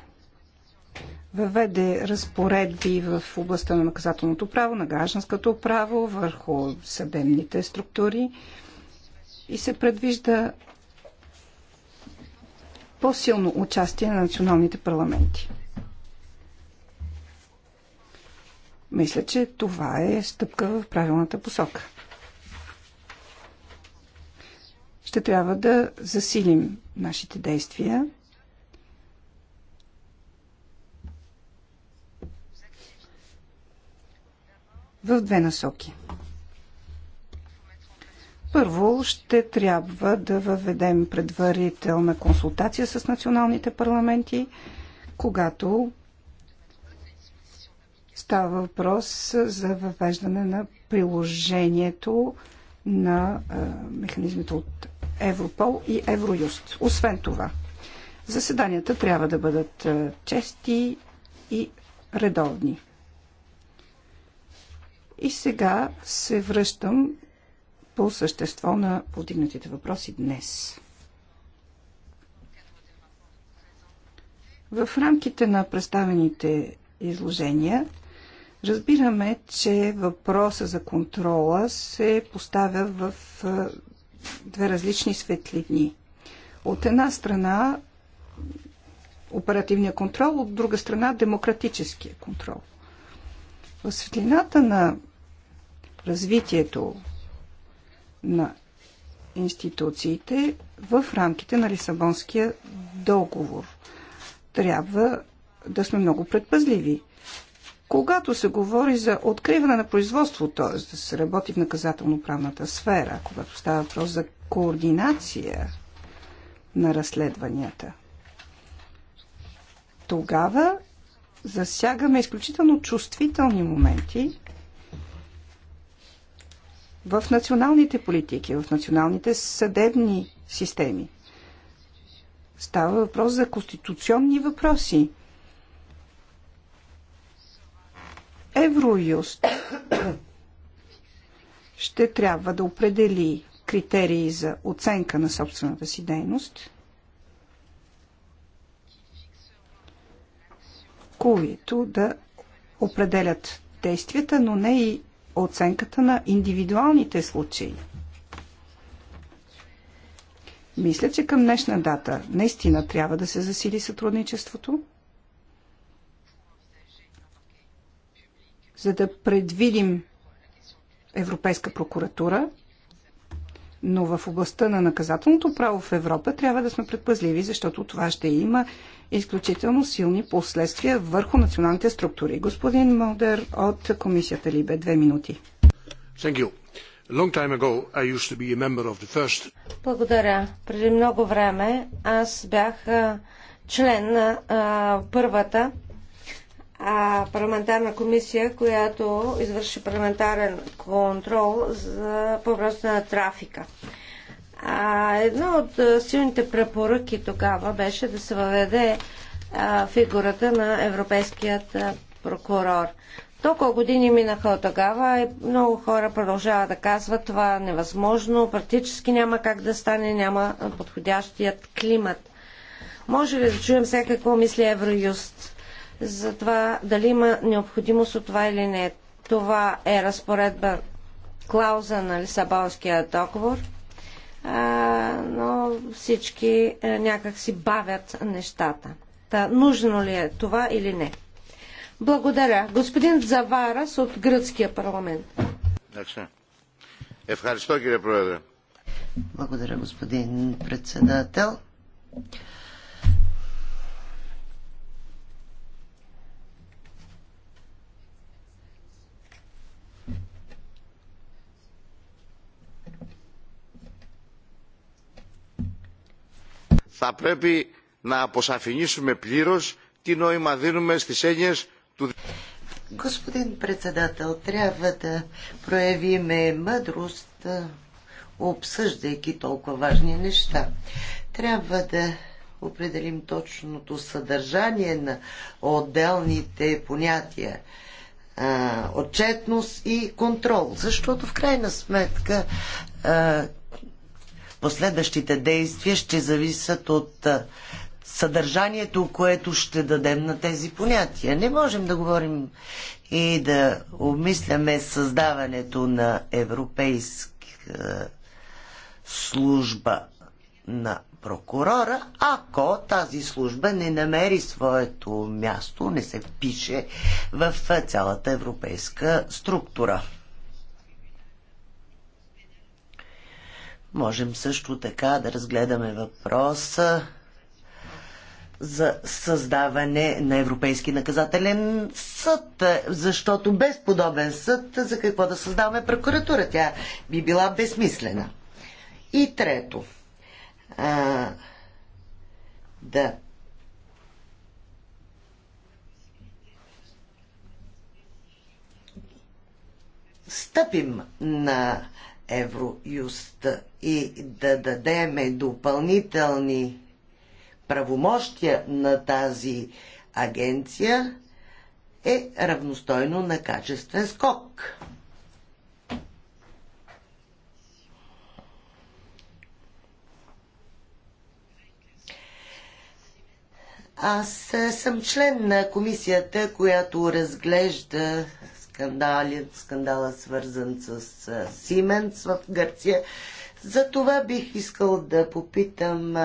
въведе разпоредби в областта на наказателното право, на гражданското право, върху съдебните структури и се предвижда по-силно участие на националните парламенти. Мисля, че това е стъпка в правилната посока. Ще трябва да засилим нашите действия в две насоки. Първо ще трябва да въведем предварителна консултация с националните парламенти, когато става въпрос за въвеждане на приложението на механизмите от Европол и Евроюст. Освен това, заседанията трябва да бъдат чести и редовни. И сега се връщам по същество на повдигнатите въпроси днес. В рамките на представените изложения разбираме, че въпроса за контрола се поставя в две различни светлини. От една страна оперативния контрол, от друга страна демократическия контрол. В светлината на развитието на институциите в рамките на Лисабонския договор. Трябва да сме много предпазливи. Когато се говори за откриване на производство, т.е. да се работи в наказателно-правната сфера, когато става въпрос за координация на разследванията, тогава засягаме изключително чувствителни моменти в националните политики, в националните съдебни системи. Става въпрос за конституционни въпроси. Евроюст ще трябва да определи критерии за оценка на собствената си дейност, които да определят действията, но не и оценката на индивидуалните случаи. Мисля, че към днешна дата наистина трябва да се засили сътрудничеството, за да предвидим Европейска прокуратура – но в областта на наказателното право в Европа трябва да сме предпазливи, защото това ще има изключително силни последствия върху националните структури. Господин Молдер от комисията Либе, две минути. First... Благодаря. Преди много време аз бях член на а, първата а, парламентарна комисия, която извърши парламентарен контрол за въпроса на трафика. А, една от силните препоръки тогава беше да се въведе а, фигурата на европейският а, прокурор. Толкова години минаха от тогава и много хора продължават да казват това е невъзможно, практически няма как да стане, няма подходящият климат. Може ли да чуем сега какво мисли Евроюст? за това дали има необходимост от това или не. Това е разпоредба клауза на Лисабонския договор, но всички е, някак си бавят нещата. Та, нужно ли е това или не? Благодаря. Господин Заварас от Гръцкия парламент. Значи. Благодаря, господин председател. θα πρέπει να αποσαφηνίσουμε πλήρως τι νόημα δίνουμε στις έννοιες του... Господин председател, трябва да проявиме мъдрост, обсъждайки толкова важни неща. Трябва да определим точното съдържание на отделните понятия отчетност и контрол. Защото в крайна сметка последващите действия ще зависят от съдържанието, което ще дадем на тези понятия. Не можем да говорим и да обмисляме създаването на европейска служба на прокурора, ако тази служба не намери своето място, не се впише в цялата европейска структура. Можем също така да разгледаме въпроса за създаване на Европейски наказателен съд, е, защото без подобен съд за какво да създаваме прокуратура? Тя би била безсмислена. И трето, а, да стъпим на Евроюст и да дадеме допълнителни правомощия на тази агенция е равностойно на качествен скок. Аз е, съм член на комисията, която разглежда скандали, скандала свързан с Сименс в Гърция. За това бих искал да попитам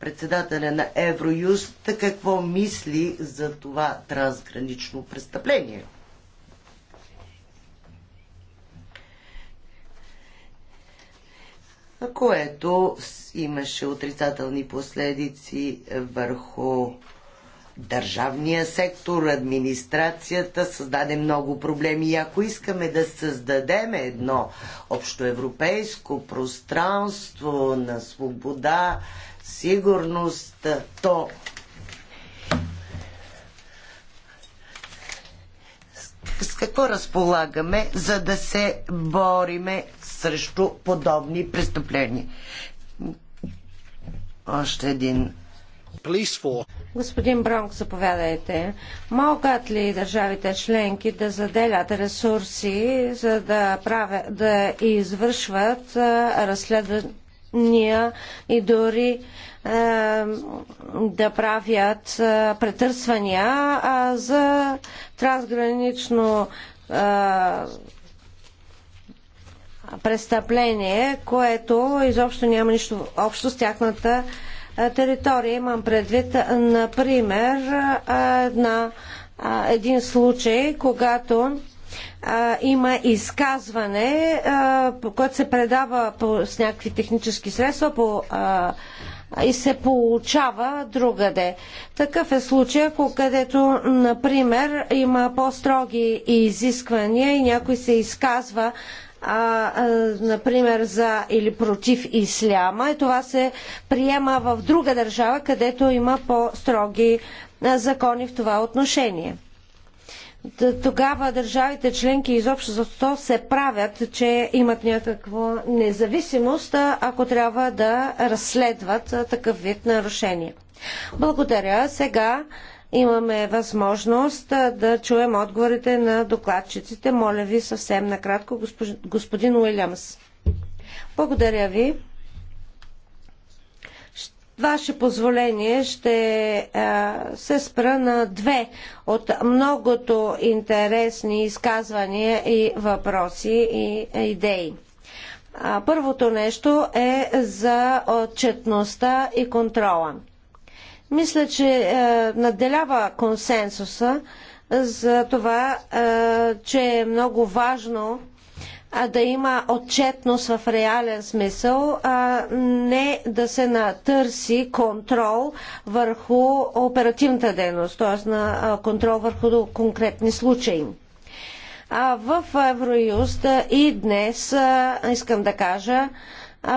председателя на Евроюст какво мисли за това трансгранично престъпление. което имаше отрицателни последици върху държавния сектор, администрацията създаде много проблеми. И ако искаме да създадем едно общоевропейско пространство на свобода, сигурност, то с какво разполагаме, за да се бориме срещу подобни престъпления? Още един Господин Бронк, заповядайте. Могат ли държавите членки да заделят ресурси, за да, правя, да извършват разследвания и дори да правят претърсвания за трансгранично престъпление, което изобщо няма нищо общо с тяхната територия. Имам предвид, например, на един случай, когато има изказване, което се предава по, с някакви технически средства по, и се получава другаде. Такъв е случай, където, например, има по-строги изисквания и някой се изказва а, а, например, за или против исляма. И това се приема в друга държава, където има по-строги закони в това отношение. Тогава държавите членки изобщо за то се правят, че имат някаква независимост, ако трябва да разследват такъв вид нарушения. Благодаря. Сега имаме възможност да чуем отговорите на докладчиците. Моля ви съвсем накратко, господин Уилямс. Благодаря ви. Ваше позволение ще се спра на две от многото интересни изказвания и въпроси и идеи. първото нещо е за отчетността и контрола. Мисля, че е, наделява консенсуса за това, е, че е много важно а да има отчетност в реален смисъл, а не да се натърси контрол върху оперативната дейност, т.е. на контрол върху конкретни случаи. А в Евроюст и днес, искам да кажа,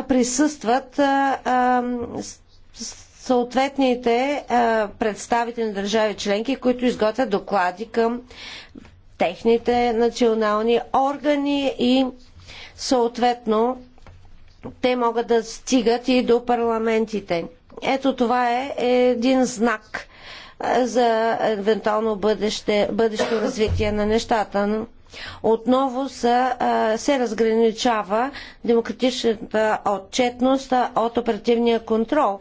присъстват съответните представители на държави членки, които изготвят доклади към техните национални органи и съответно те могат да стигат и до парламентите. Ето това е един знак за евентуално бъдеще, бъдещо развитие на нещата. Отново са, се разграничава демократичната отчетност от оперативния контрол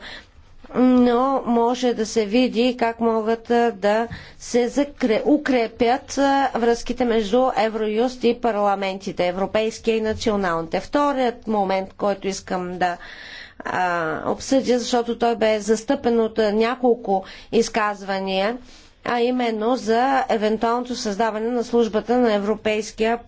но може да се види как могат да се закре, укрепят връзките между Евроюст и парламентите, европейския и националните. Вторият момент, който искам да а, обсъдя, защото той бе застъпен от няколко изказвания, а именно за евентуалното създаване на службата на Европейския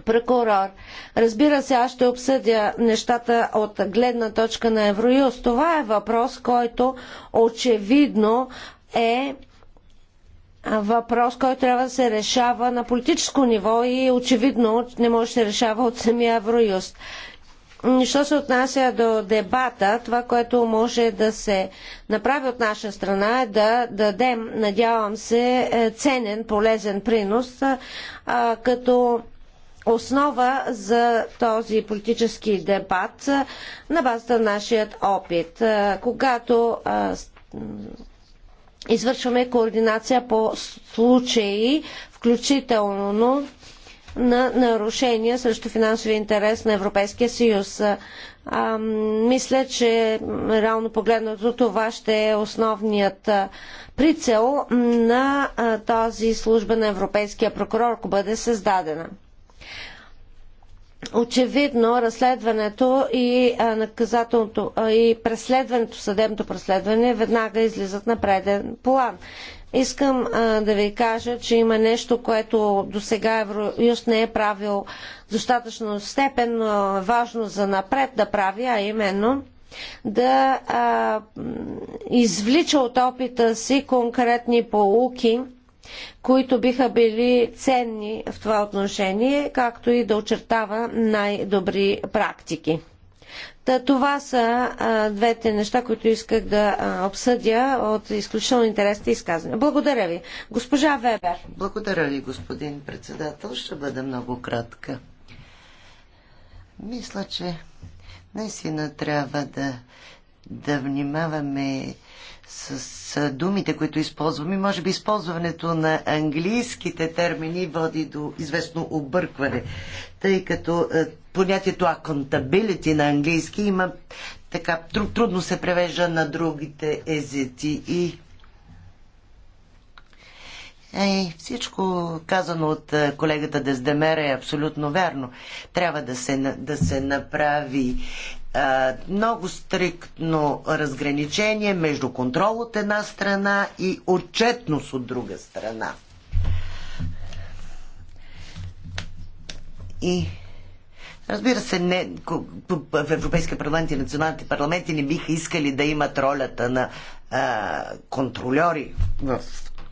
прокурор. Разбира се, аз ще обсъдя нещата от гледна точка на Евроюз. Това е въпрос, който очевидно е въпрос, който трябва да се решава на политическо ниво и очевидно не може да се решава от самия Евроюз. Що се отнася до дебата, това, което може да се направи от наша страна е да дадем, надявам се, е, ценен, полезен принос, като основа за този политически дебат на базата на нашия опит. Когато извършваме координация по случаи, включително на нарушения срещу финансовия интерес на Европейския съюз. А, мисля, че реално погледнато това ще е основният прицел на а, този служба на Европейския прокурор, ако бъде създадена очевидно разследването и наказателното и преследването, съдебното преследване веднага излизат на преден план. Искам а, да ви кажа, че има нещо, което до сега Евроюст не е правил достатъчно степен, но е важно за напред да прави, а именно да а, извлича от опита си конкретни полуки – които биха били ценни в това отношение, както и да очертава най-добри практики. Та, това са а, двете неща, които исках да а, обсъдя от изключително интересните изказвания. Благодаря ви. Госпожа Вебер. Благодаря ви, господин председател. Ще бъда много кратка. Мисля, че наистина трябва да, да внимаваме с думите, които използваме, може би използването на английските термини води до известно объркване, тъй като е, понятието accountability на английски има така трудно се превежда на другите езици и е, всичко казано от е, колегата Дездемера е абсолютно вярно. Трябва да се, да се направи е, много стриктно разграничение между контрол от една страна и отчетност от друга страна. И Разбира се, не, в Европейския парламент и националните парламенти не биха искали да имат ролята на а, е, контрольори в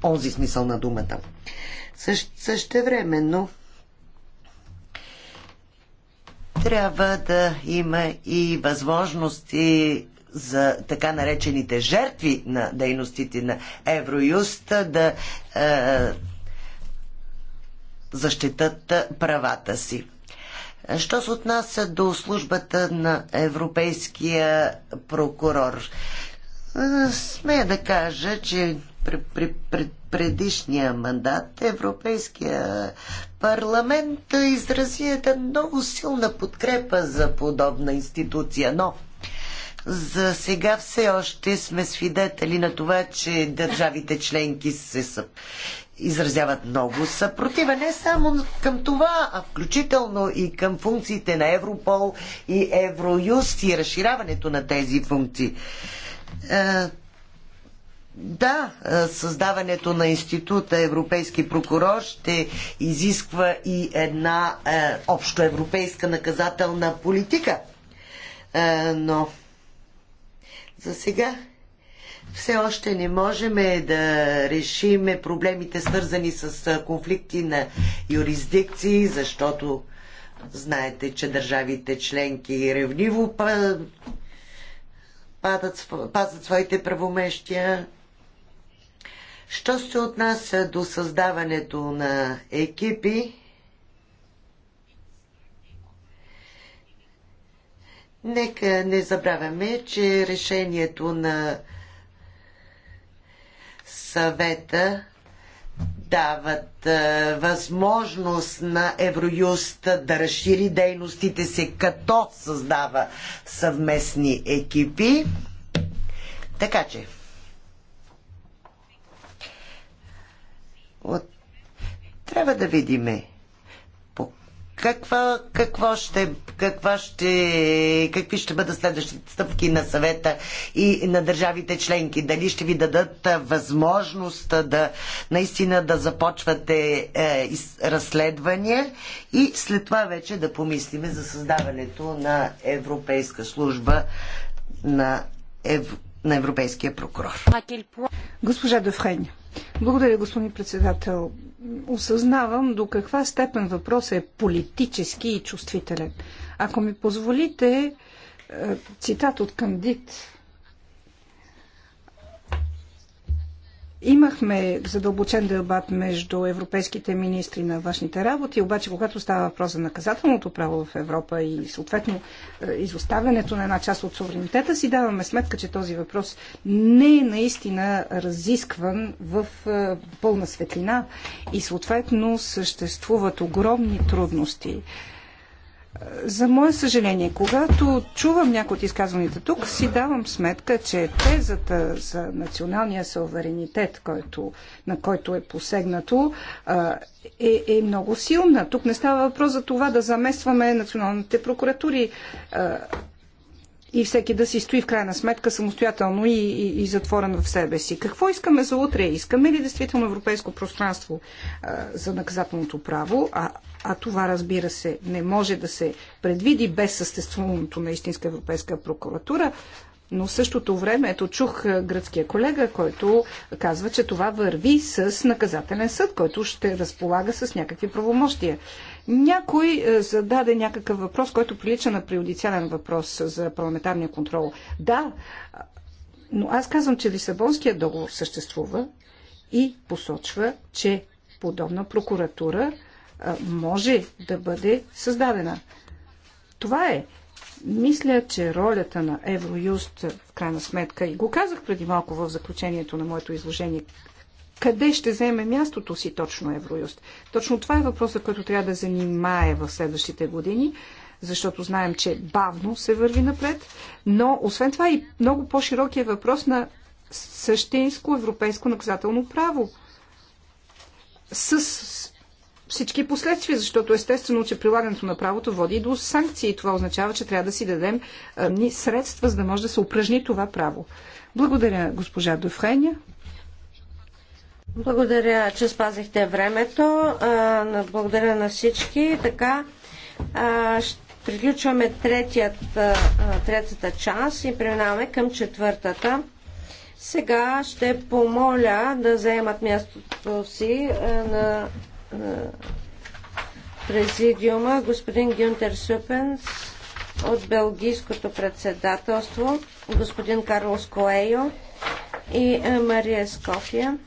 този смисъл на думата. Също, същевременно трябва да има и възможности за така наречените жертви на дейностите на Евроюст да е, защитат правата си. Що се отнася до службата на Европейския прокурор? Е, смея да кажа, че при, при, при предишния мандат Европейския парламент изрази една много силна подкрепа за подобна институция, но за сега все още сме свидетели на това, че държавите членки се съп... изразяват много съпротива, не само към това, а включително и към функциите на Европол и Евроюст и разширяването на тези функции. Е, да, създаването на института Европейски прокурор ще изисква и една е, общоевропейска наказателна политика. Е, но за сега все още не можем да решим проблемите свързани с конфликти на юрисдикции, защото знаете, че държавите членки ревниво падат, своите правомещия Що се отнася до създаването на екипи, нека не забравяме, че решението на съвета дават е, възможност на Евроюст да разшири дейностите си, като създава съвместни екипи. Така че, От... Трябва да видиме каква, какво ще, каква ще, какви ще бъдат следващите стъпки на съвета и на държавите членки? Дали ще ви дадат възможност да наистина да започвате е, из, разследвания и след това вече да помислиме за създаването на Европейска служба на, ев, на Европейския прокурор. Госпожа Дофрень. Благодаря, господин председател. Осъзнавам до каква степен въпросът е политически и чувствителен. Ако ми позволите, е, цитат от Кандид Имахме задълбочен дебат между европейските министри на външните работи, обаче когато става въпрос за наказателното право в Европа и съответно е, изоставянето на една част от суверенитета, си даваме сметка, че този въпрос не е наистина разискван в е, пълна светлина и съответно съществуват огромни трудности. За мое съжаление, когато чувам някои от изказваните тук, си давам сметка, че тезата за националния суверенитет, който, на който е посегнато, е, е много силна. Тук не става въпрос за това да заместваме националните прокуратури и всеки да си стои в крайна сметка самостоятелно и, и, и затворен в себе си. Какво искаме за утре? Искаме ли действително европейско пространство а, за наказателното право? А, а това, разбира се, не може да се предвиди без съществуването на истинска европейска прокуратура. Но в същото време, ето чух гръцкия колега, който казва, че това върви с наказателен съд, който ще разполага с някакви правомощия. Някой е, зададе някакъв въпрос, който прилича на приодициален въпрос за парламентарния контрол. Да, но аз казвам, че Лисабонският договор съществува и посочва, че подобна прокуратура е, може да бъде създадена. Това е. Мисля, че ролята на Евроюст, в крайна сметка, и го казах преди малко в заключението на моето изложение, къде ще вземе мястото си точно Евроюст? Точно това е въпросът, който трябва да занимае в следващите години, защото знаем, че бавно се върви напред, но освен това и много по е въпрос на същинско европейско наказателно право. С всички последствия, защото естествено, че прилагането на правото води и до санкции. Това означава, че трябва да си дадем средства, за да може да се упражни това право. Благодаря, госпожа Дофреня. Благодаря, че спазихте времето. Благодаря на всички. Така, ще приключваме третият, третата част и преминаваме към четвъртата. Сега ще помоля да заемат мястото си на президиума господин Гюнтер Сюпенс от Белгийското председателство, господин Карлос Коейо и Мария Скофия.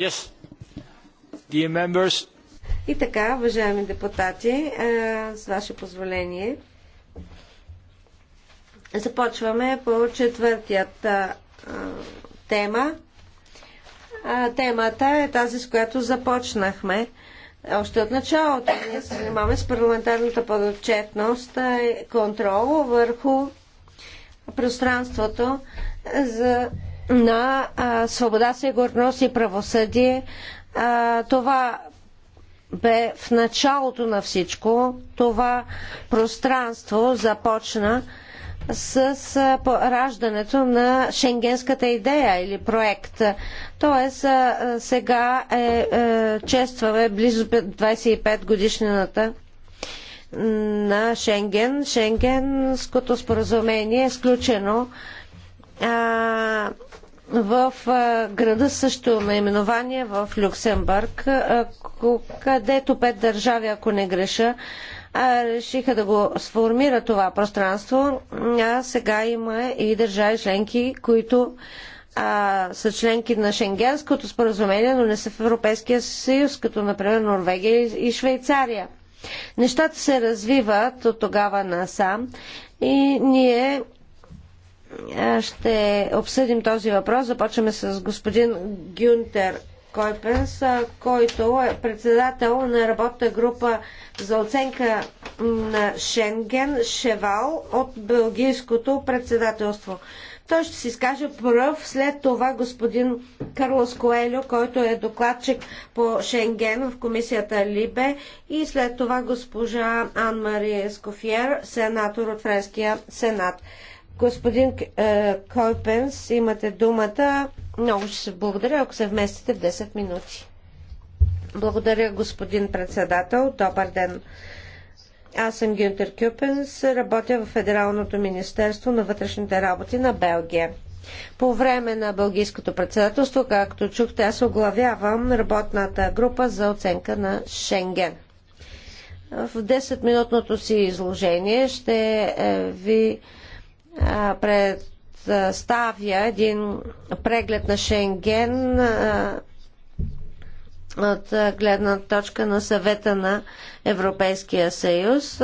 Yes. Dear members. И така, уважаеми депутати, с ваше позволение, започваме по четвъртият тема. темата е тази, с която започнахме. Още от началото ние се занимаваме с парламентарната подотчетност и контрол върху пространството за на а, свобода, сигурност и правосъдие. А, това бе в началото на всичко. Това пространство започна с раждането на шенгенската идея или проект. Тоест, сега е, е, честваме близо 25 годишнината на Шенген. Шенгенското споразумение е сключено а, в града също наименование в Люксембург, където пет държави, ако не греша, решиха да го сформира това пространство, а сега има и държави членки, които а, са членки на Шенгенското споразумение, но не са в Европейския съюз, като например Норвегия и Швейцария. Нещата се развиват от тогава насам и ние ще обсъдим този въпрос. Започваме с господин Гюнтер Койпенс, който е председател на работна група за оценка на Шенген Шевал от Белгийското председателство. Той ще се изкаже пръв, след това господин Карлос Коелю, който е докладчик по Шенген в комисията Либе и след това госпожа Ан-Мария Скофиер, сенатор от Френския сенат. Господин е, Койпенс, имате думата. Много ще се благодаря, ако се вместите в 10 минути. Благодаря, господин председател. Добър ден. Аз съм Гюнтер Кюпенс, работя в Федералното министерство на вътрешните работи на Белгия. По време на бългийското председателство, както чухте, аз оглавявам работната група за оценка на Шенген. В 10-минутното си изложение ще е, ви представя един преглед на Шенген от гледна точка на съвета на Европейския съюз.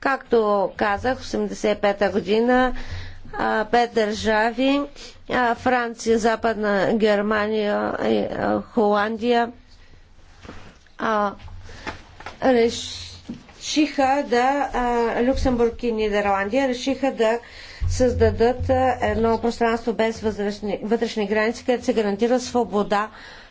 Както казах, в 1985-та година пет държави Франция, Западна Германия, Холандия решиха да Люксембург и Нидерландия решиха да създадат едно пространство без вътрешни, вътрешни граници, където се гарантира свобода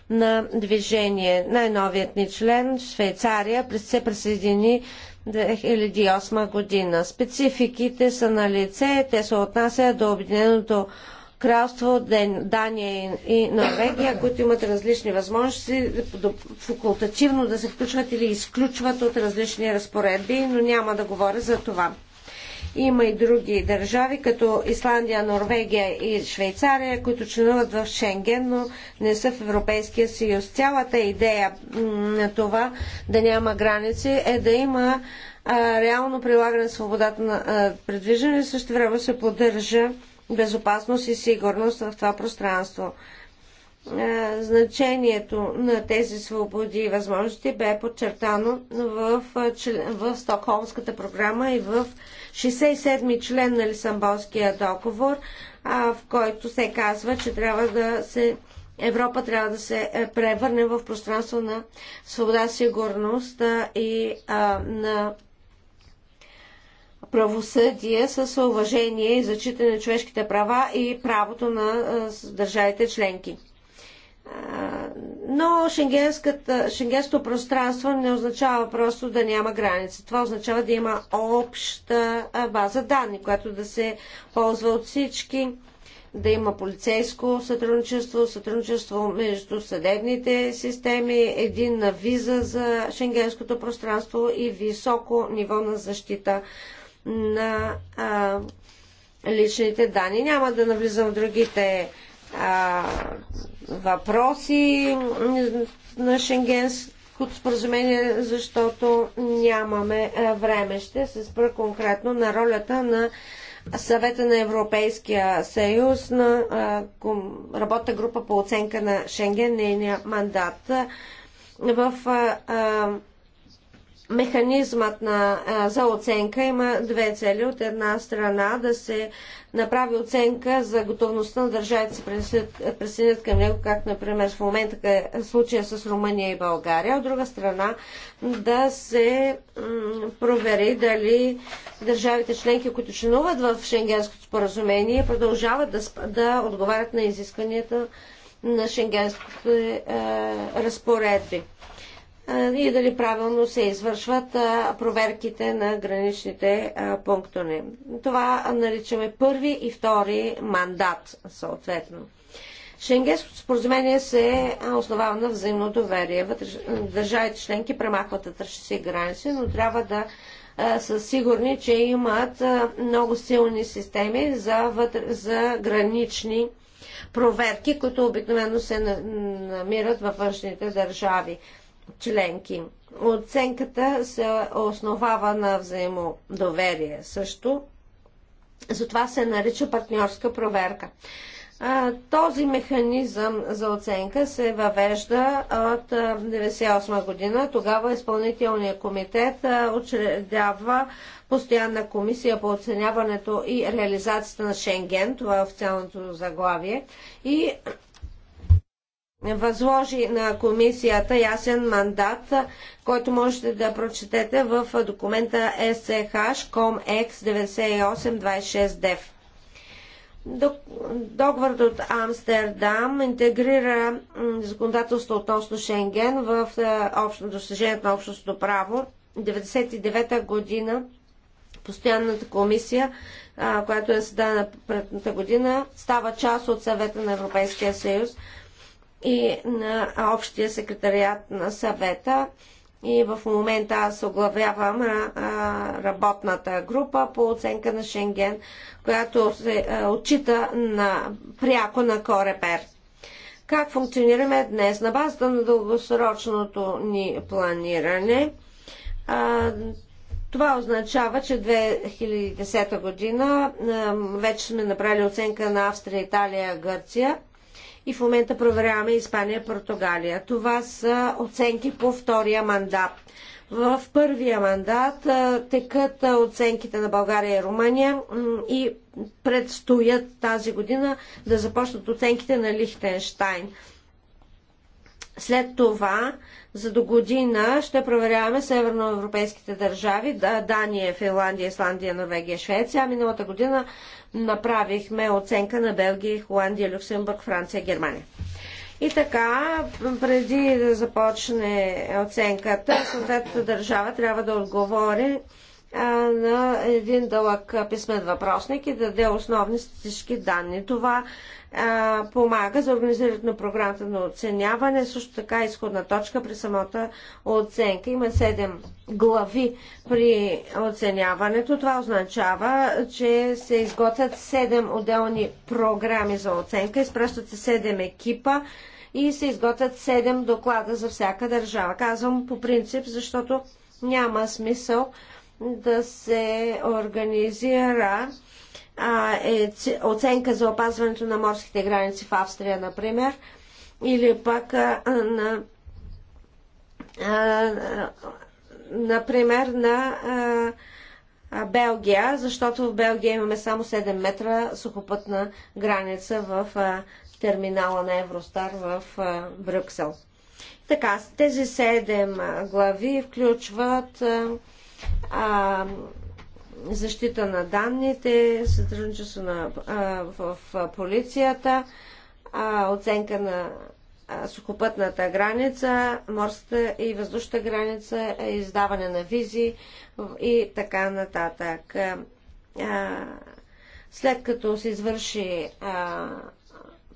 на движение. Най-новият ни член, Швейцария, се присъедини 2008 година. Спецификите са на лице, те се отнасят до Обединеното кралство, Дания и Норвегия, които имат различни възможности факултативно да се включват или изключват от различни разпоредби, но няма да говоря за това. Има и други държави, като Исландия, Норвегия и Швейцария, които членуват в Шенген, но не са в Европейския съюз. Цялата идея на това да няма граници е да има а, реално прилагане на свободата на а, предвиждане, също време се поддържа безопасност и сигурност в това пространство. Е, значението на тези свободи и възможности бе подчертано в, е, в Стокхолмската програма и в 67-ми член на Лисамбонския договор, в който се казва, че трябва да се Европа трябва да се е, превърне в пространство на свобода, сигурност и а, на правосъдие с уважение и зачитане на човешките права и правото на държавите членки но шенгенското пространство не означава просто да няма граница. Това означава да има обща база данни, която да се ползва от всички, да има полицейско сътрудничество, сътрудничество между съдебните системи, един на виза за шенгенското пространство и високо ниво на защита на а, личните данни. Няма да навлизам в другите а, въпроси на Шенгенското споразумение, защото нямаме време. Ще се спра конкретно на ролята на съвета на Европейския съюз на работа група по оценка на Шенген, нейния мандат. В а, а, механизмът на, а, за оценка има две цели. От една страна да се направи оценка за готовността на държавите се присъединят към него, както например в момента е случая с Румъния и България. От друга страна да се провери дали държавите членки, които членуват в Шенгенското споразумение, продължават да, да отговарят на изискванията на шенгенските е, разпоредби и дали правилно се извършват проверките на граничните пунктове. Това наричаме първи и втори мандат, съответно. Шенгенското споразумение се основава на взаимно доверие. Държавите членки премахват вътрешните си граници, но трябва да са сигурни, че имат много силни системи за, вътре, за гранични проверки, които обикновено се намират във външните държави членки. Оценката се основава на взаимодоверие също. Затова се нарича партньорска проверка. Този механизъм за оценка се въвежда от 1998 година. Тогава изпълнителният комитет учредява постоянна комисия по оценяването и реализацията на Шенген, това е официалното заглавие, и възложи на комисията ясен мандат, който можете да прочетете в документа SCH.COMX9826DEF. Договорът от Амстердам интегрира законодателство относно Шенген в е, общо, достижението на общностното право. 1999 година постоянната комисия, която е създадена предната година, става част от съвета на Европейския съюз и на общия секретариат на съвета. И в момента аз оглавявам работната група по оценка на Шенген, която се отчита на, пряко на Корепер. Как функционираме днес? На базата на дългосрочното ни планиране, това означава, че 2010 година вече сме направили оценка на Австрия, Италия, Гърция – и в момента проверяваме Испания, Португалия. Това са оценки по втория мандат. В първия мандат текат оценките на България и Румъния и предстоят тази година да започнат оценките на Лихтенштайн. След това за до година ще проверяваме северноевропейските държави, Дания, Финландия, Исландия, Норвегия, Швеция. Миналата година направихме оценка на Белгия, Холандия, Люксембург, Франция, Германия. И така, преди да започне оценката, съответната държава трябва да отговори на един дълъг писмен въпросник и даде основни статистически данни. Това а, помага за организирането на програмата на оценяване, също така изходна точка при самата оценка. Има 7 глави при оценяването. Това означава, че се изготвят 7 отделни програми за оценка, изпращат се 7 екипа и се изготвят 7 доклада за всяка държава. Казвам по принцип, защото няма смисъл да се организира а, е, оценка за опазването на морските граници в Австрия, например, или пък а, на а, например на а, Белгия, защото в Белгия имаме само 7 метра сухопътна граница в терминала на Евростар в Брюксел. Така, тези 7 глави включват а, защита на данните, сътрудничество на, а, в, в полицията, а, оценка на а, сухопътната граница, морската и въздушната граница, издаване на визи и така нататък. А, след като се извърши а,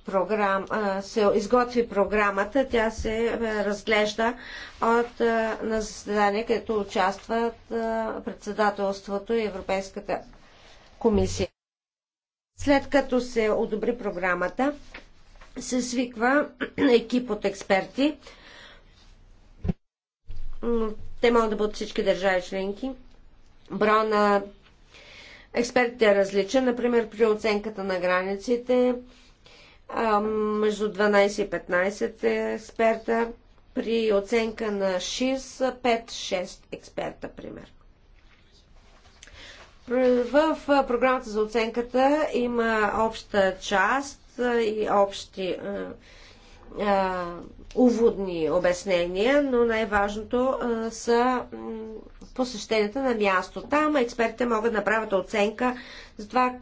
програм, се изготви програмата, тя се разглежда от, на заседание, където участват председателството и Европейската комисия. След като се одобри програмата, се свиква екип от експерти. Те могат да бъдат всички държави членки. Бро на експертите е различен. Например, при оценката на границите между 12 и 15 експерта. При оценка на 6, 5-6 експерта, пример. В програмата за оценката има обща част и общи а, е, е, уводни обяснения, но най-важното е, са посещенията на място. Там експертите могат да направят оценка за това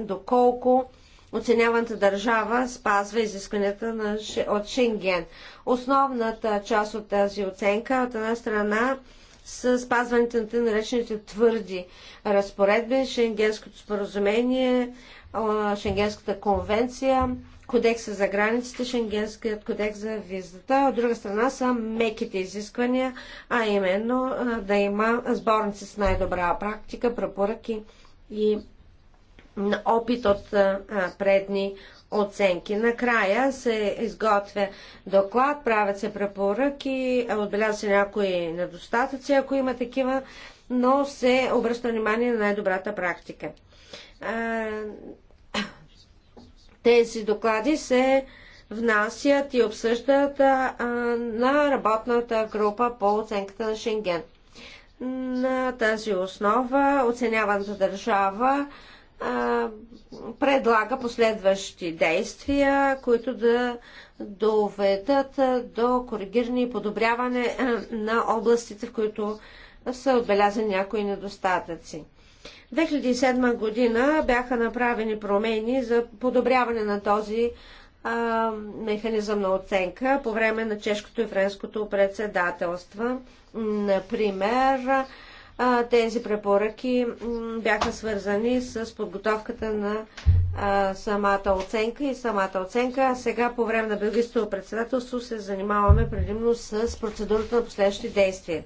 доколко оценяваната държава спазва изискванията на, от Шенген. Основната част от тази оценка от една страна с спазването на тъй наречените твърди разпоредби, Шенгенското споразумение, Шенгенската конвенция, Кодекса за границите, Шенгенският кодекс за визата. От друга страна са меките изисквания, а именно да има сборници с най-добра практика, препоръки и опит от предни оценки. Накрая се изготвя доклад, правят се препоръки, отбелязва се някои недостатъци, ако има такива, но се обръща внимание на най-добрата практика. Тези доклади се внасят и обсъждат на работната група по оценката на Шенген. На тази основа оценяваната държава предлага последващи действия, които да доведат до коригиране и подобряване на областите, в които са отбелязани някои недостатъци. 2007 година бяха направени промени за подобряване на този а, механизъм на оценка по време на чешкото и френското председателство. Например, тези препоръки бяха свързани с подготовката на самата оценка и самата оценка. А сега по време на Белгийското председателство се занимаваме предимно с процедурата на последващи действия.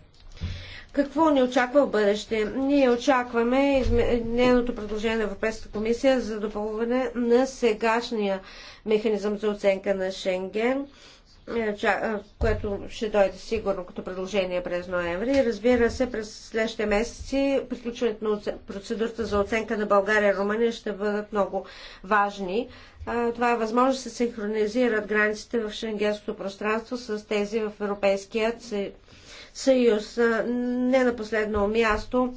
Какво ни очаква в бъдеще? Ние очакваме нейното предложение на Европейската комисия за допълване на сегашния механизъм за оценка на Шенген е, е, което ще дойде сигурно като предложение през ноември. Разбира се, през следващите месеци приключването на процедурата за оценка на България и Румъния ще бъдат много важни. Е, това е възможно да се синхронизират границите в шенгенското пространство с тези в Европейския съюз. Не на последно място,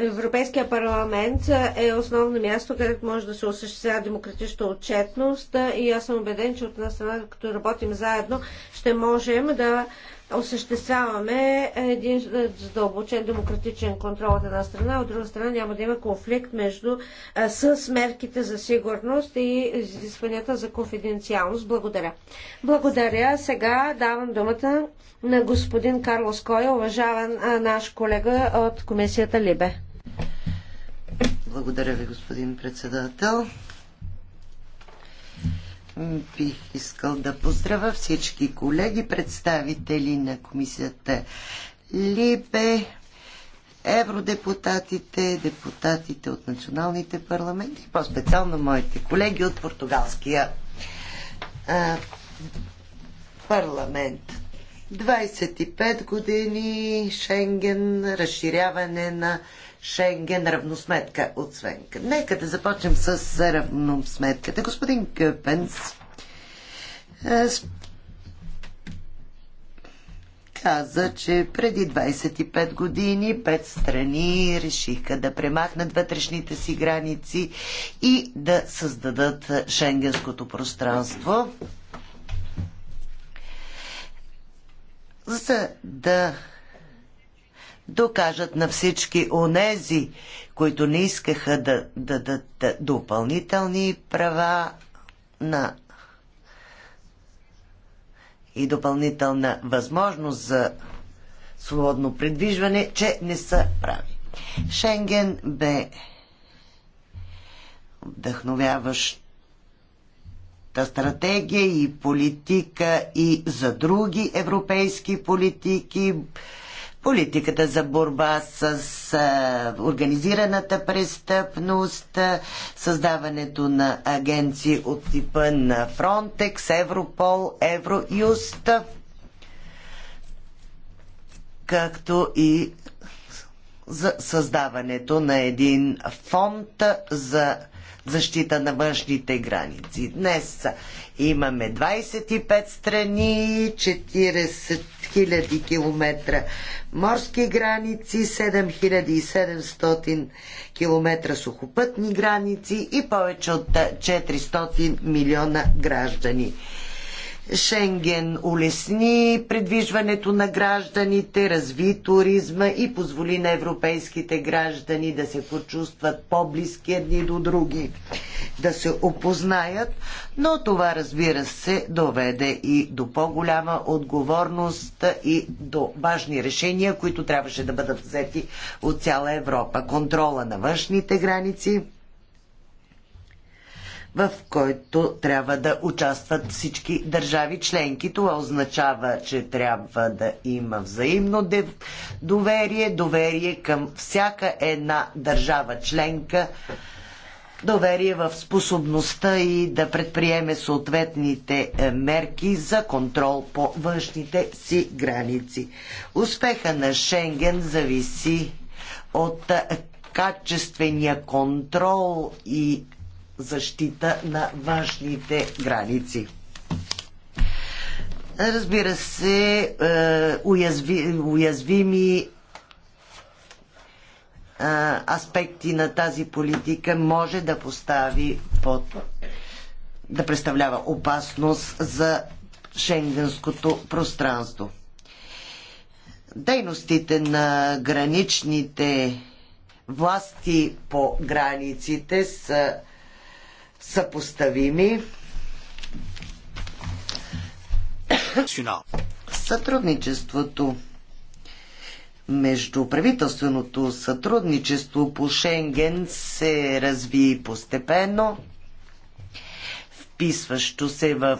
Европейския парламент е основно място, където може да се осъществява демократична отчетност и аз съм убеден, че от нас, като работим заедно, ще можем да осъществяваме един задълбочен демократичен контрол от една страна, от друга страна няма да има конфликт между а, с мерките за сигурност и изискванията за конфиденциалност. Благодаря. Благодаря. Сега давам думата на господин Карлос Кой, уважаван а, наш колега от комисията Либе. Благодаря ви, господин председател. Бих искал да поздравя всички колеги, представители на комисията Либе, евродепутатите, депутатите от националните парламенти по-специално моите колеги от португалския а, парламент. 25 години Шенген, разширяване на Шенген равносметка от Свенка. Нека да започнем с равносметката. Господин Къпенс е, каза, че преди 25 години пет страни решиха да премахнат вътрешните си граници и да създадат шенгенското пространство, за да докажат на всички онези, които не искаха да дадат да, допълнителни права на и допълнителна възможност за свободно предвижване, че не са прави. Шенген бе вдъхновяващ стратегия и политика и за други европейски политики, политиката за борба с организираната престъпност, създаването на агенции от типа на Фронтекс, Европол, Евроюст, както и за създаването на един фонд за защита на външните граници. Днес имаме 25 страни, 40 000 км морски граници, 7700 км сухопътни граници и повече от 400 милиона граждани. Шенген улесни предвижването на гражданите, разви туризма и позволи на европейските граждани да се почувстват по-близки едни до други, да се опознаят, но това разбира се доведе и до по-голяма отговорност и до важни решения, които трябваше да бъдат взети от цяла Европа. Контрола на външните граници, в който трябва да участват всички държави членки. Това означава, че трябва да има взаимно доверие, доверие към всяка една държава членка, доверие в способността и да предприеме съответните е, мерки за контрол по външните си граници. Успеха на Шенген зависи от е, качествения контрол и защита на външните граници. Разбира се, е, уязви, уязвими е, аспекти на тази политика може да постави под да представлява опасност за шенгенското пространство. Дейностите на граничните власти по границите са съпоставими. Сътрудничеството между правителственото сътрудничество по Шенген се разви постепенно вписващо се в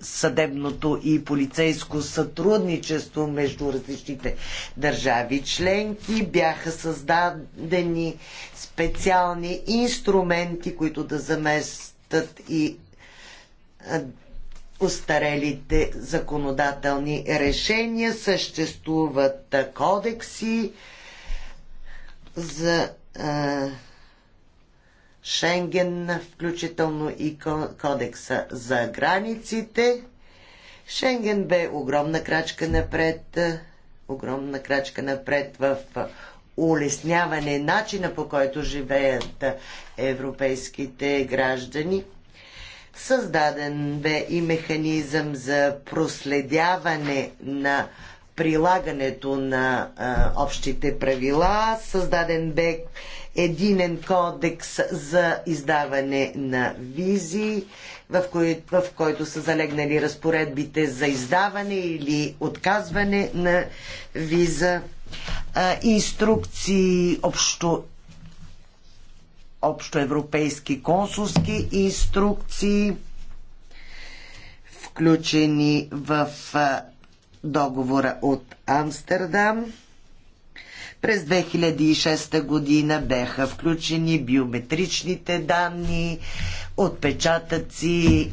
съдебното и полицейско сътрудничество между различните държави членки. Бяха създадени специални инструменти, които да заместят и устарелите законодателни решения. Съществуват кодекси за Шенген, включително и кодекса за границите. Шенген бе огромна крачка напред, огромна крачка напред в улесняване начина по който живеят европейските граждани. Създаден бе и механизъм за проследяване на прилагането на а, общите правила. Създаден бе единен кодекс за издаване на визи, в, кои, в който са залегнали разпоредбите за издаване или отказване на виза, инструкции общо общоевропейски консулски инструкции, включени в договора от Амстердам. През 2006 година бяха включени биометричните данни, отпечатъци,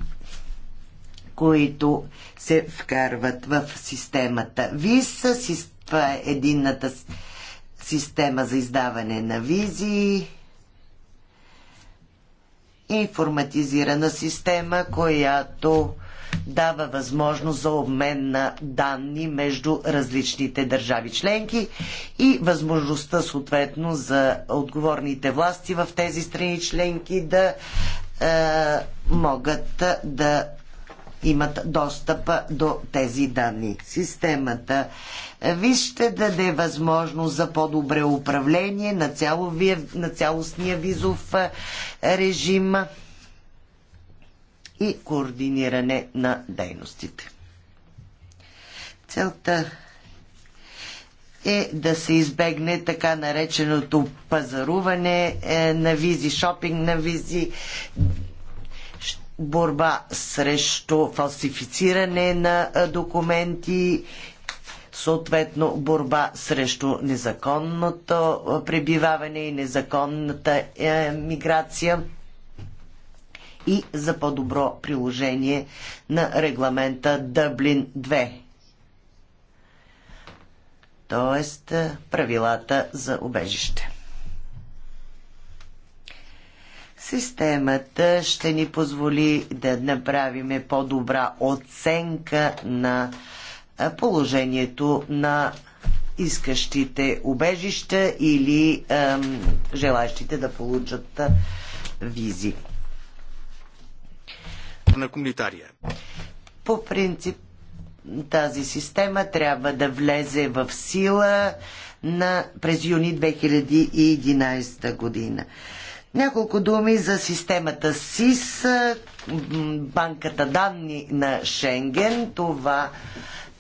които се вкарват в системата ВИС. Това е единната система за издаване на визи. Информатизирана система, която дава възможност за обмен на данни между различните държави членки и възможността съответно за отговорните власти в тези страни членки да е, могат да имат достъп до тези данни. Системата ви ще даде възможност за по-добре управление на, цялостния визов е, режим и координиране на дейностите. Целта е да се избегне така нареченото пазаруване е, на визи, шопинг на визи, борба срещу фалсифициране на документи, съответно борба срещу незаконното пребиваване и незаконната е, миграция и за по-добро приложение на регламента Дъблин 2. Тоест е, правилата за убежище. Системата ще ни позволи да направим по-добра оценка на е, положението на искащите убежища или ем, желащите да получат е, визи interna комунитария. По принцип тази система трябва да влезе в сила на, през юни 2011 година. Няколко думи за системата СИС, банката данни на Шенген. Това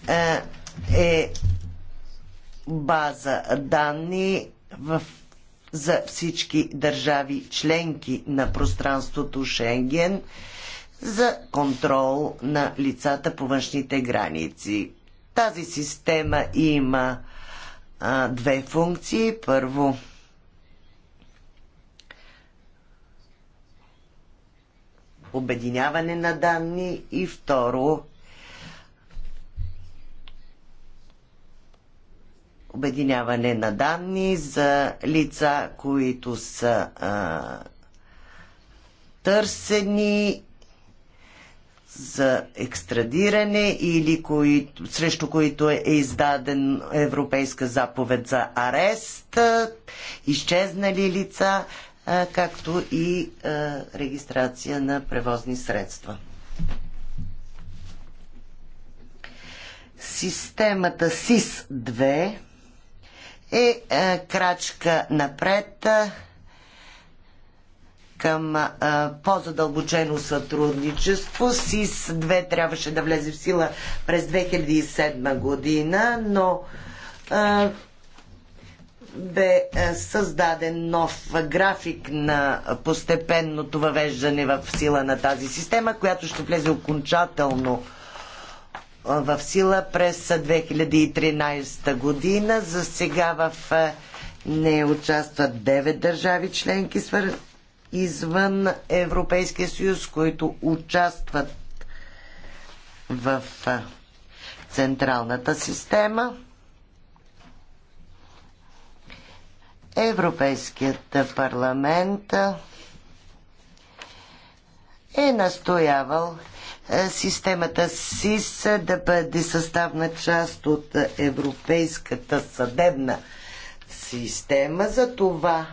е, е база данни в, за всички държави членки на пространството Шенген. Е, за контрол на лицата по външните граници. Тази система има а, две функции. Първо, обединяване на данни и второ, обединяване на данни за лица, които са а, търсени за екстрадиране или кои, срещу които е издаден Европейска заповед за арест, изчезнали лица, както и регистрация на превозни средства. Системата СИС-2 е крачка напред към по-задълбочено сътрудничество. СИС-2 трябваше да влезе в сила през 2007 година, но бе създаден нов график на постепенното въвеждане в сила на тази система, която ще влезе окончателно в сила през 2013 година. За сега в не участват 9 държави членки, извън Европейския съюз, които участват в централната система. Европейският парламент е настоявал системата СИС да бъде съставна част от Европейската съдебна система. За това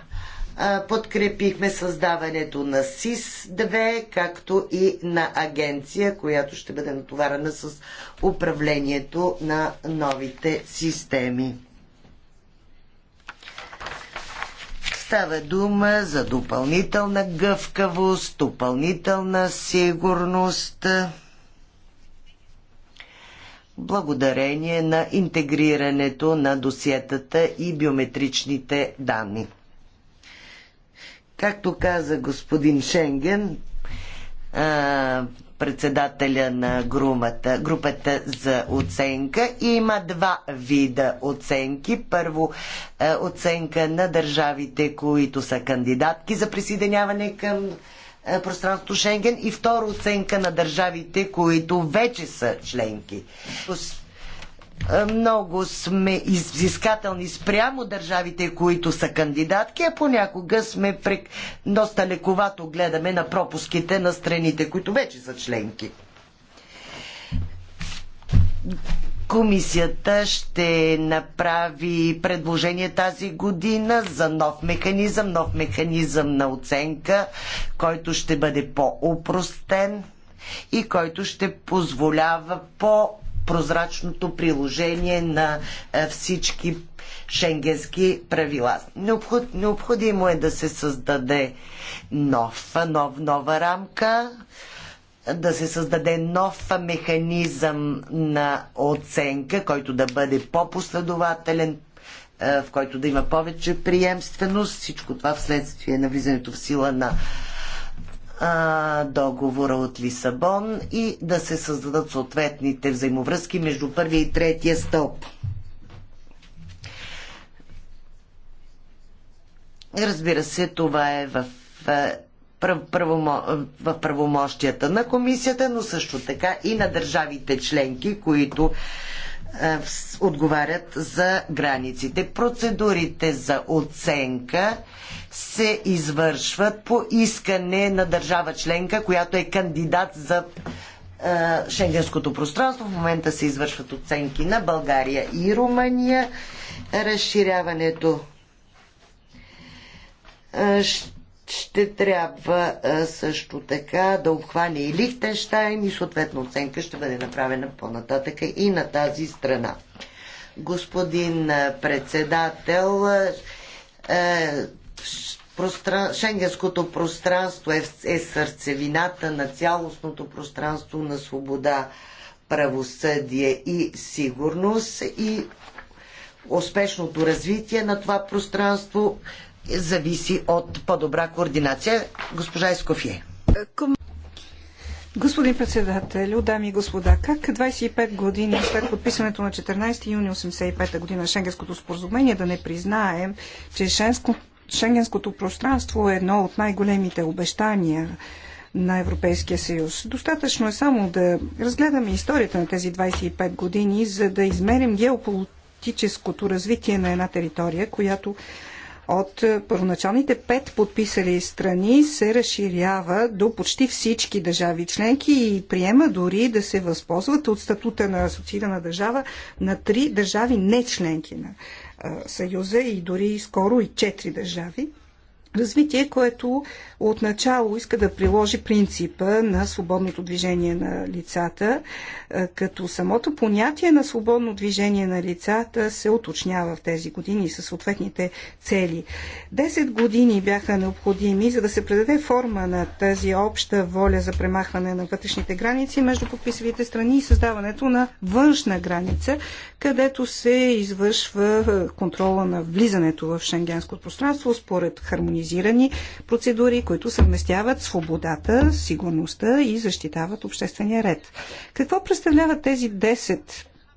подкрепихме създаването на СИС-2, както и на агенция, която ще бъде натоварена с управлението на новите системи. Става дума за допълнителна гъвкавост, допълнителна сигурност, благодарение на интегрирането на досиетата и биометричните данни. Както каза господин Шенген, председателя на групата, групата за оценка. И има два вида оценки. Първо, оценка на държавите, които са кандидатки за присъединяване към пространството Шенген и второ оценка на държавите, които вече са членки. Е, много сме изискателни спрямо държавите, които са кандидатки, а понякога сме прек... доста лековато гледаме на пропуските на страните, които вече са членки. Комисията ще направи предложение тази година за нов механизъм, нов механизъм на оценка, който ще бъде по-упростен и който ще позволява по прозрачното приложение на е, всички шенгенски правила. Необход, необходимо е да се създаде нов, нов, нова рамка, да се създаде нов механизъм на оценка, който да бъде по-последователен, е, в който да има повече приемственост. Всичко това вследствие на влизането в сила на договора от Лисабон и да се създадат съответните взаимовръзки между първия и третия стълб. Разбира се, това е в, в правомощията на комисията, но също така и на държавите членки, които отговарят за границите. Процедурите за оценка се извършват по искане на държава членка, която е кандидат за е, Шенгенското пространство. В момента се извършват оценки на България и Румъния. Разширяването е, ще трябва е, също така да обхване и Лихтенштайн и съответно оценка ще бъде направена по-нататък и на тази страна. Господин е, председател, е, е, простран... Шенгенското пространство е, е сърцевината на цялостното пространство на свобода, правосъдие и сигурност и успешното развитие на това пространство зависи от по-добра координация. Госпожа Ескофие. Господин председател, дами и господа, как 25 години след подписването на 14 юни 1985 година Шенгенското споразумение да не признаем, че Шенското Шенгенското пространство е едно от най-големите обещания на Европейския съюз. Достатъчно е само да разгледаме историята на тези 25 години, за да измерим геополитическото развитие на една територия, която от първоначалните пет подписали страни се разширява до почти всички държави членки и приема дори да се възползват от статута на асоциирана държава на три държави не членки на Съюза и дори скоро и четири държави – развитие, което отначало иска да приложи принципа на свободното движение на лицата, е, като самото понятие на свободно движение на лицата се уточнява в тези години със съответните цели. Десет години бяха необходими, за да се предаде форма на тази обща воля за премахване на вътрешните граници между подписалите страни и създаването на външна граница, където се извършва контрола на влизането в шенгенското пространство според хармонизирането организирани процедури, които съвместяват свободата, сигурността и защитават обществения ред. Какво представляват тези 10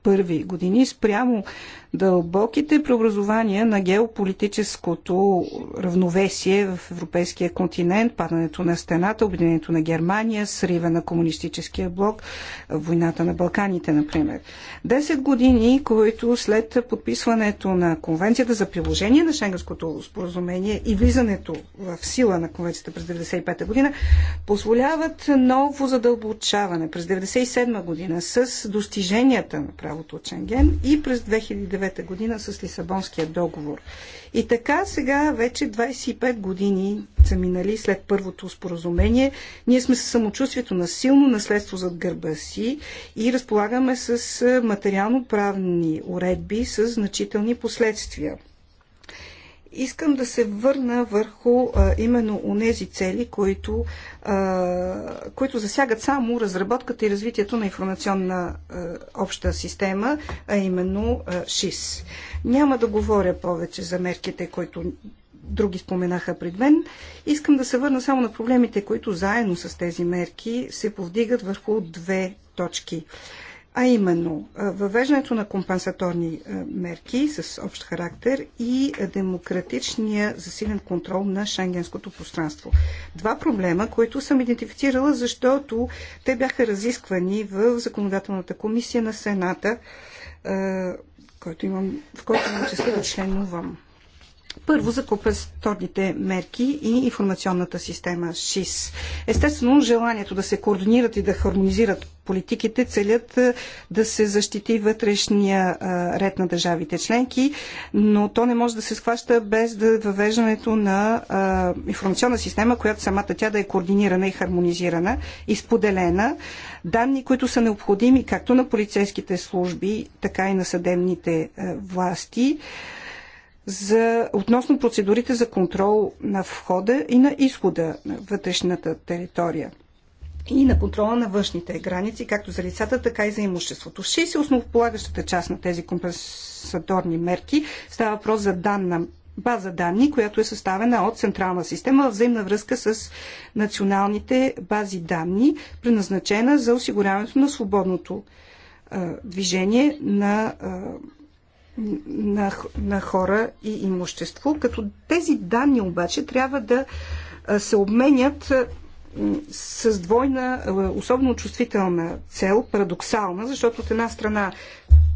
първи години спрямо дълбоките преобразования на геополитическото равновесие в европейския континент, падането на стената, обединението на Германия, срива на комунистическия блок, войната на Балканите, например. Десет години, които след подписването на Конвенцията за приложение на Шенгенското споразумение и влизането в сила на Конвенцията през 1995 година, позволяват ново задълбочаване през 1997 година с достиженията на правото от Шенген и през 2009 1999 година с Лисабонския договор. И така сега вече 25 години са минали след първото споразумение. Ние сме с самочувствието на силно наследство зад гърба си и разполагаме с материално-правни уредби с значителни последствия. Искам да се върна върху а, именно онези цели, които, а, които засягат само разработката и развитието на информационна а, обща система, а именно а, ШИС. Няма да говоря повече за мерките, които други споменаха пред мен. Искам да се върна само на проблемите, които заедно с тези мерки се повдигат върху две точки а именно въвеждането на компенсаторни мерки с общ характер и демократичния засилен контрол на шенгенското пространство. Два проблема, които съм идентифицирала, защото те бяха разисквани в Законодателната комисия на Сената, който имам, в който имам честа да членувам. Първо за компенсаторните мерки и информационната система ШИС. Естествено, желанието да се координират и да хармонизират политиките целят да се защити вътрешния ред на държавите членки, но то не може да се схваща без да въвеждането на информационна система, която самата тя да е координирана и хармонизирана и споделена. Данни, които са необходими както на полицейските служби, така и на съдебните власти за, относно процедурите за контрол на входа и на изхода на вътрешната територия и на контрола на външните граници, както за лицата, така и за имуществото. В 60 е основополагащата част на тези компенсаторни мерки става въпрос за данна база данни, която е съставена от централна система в взаимна връзка с националните бази данни, предназначена за осигуряването на свободното е, движение на е, на, на хора и имущество, като тези данни обаче трябва да се обменят с двойна, особено чувствителна цел, парадоксална, защото от една страна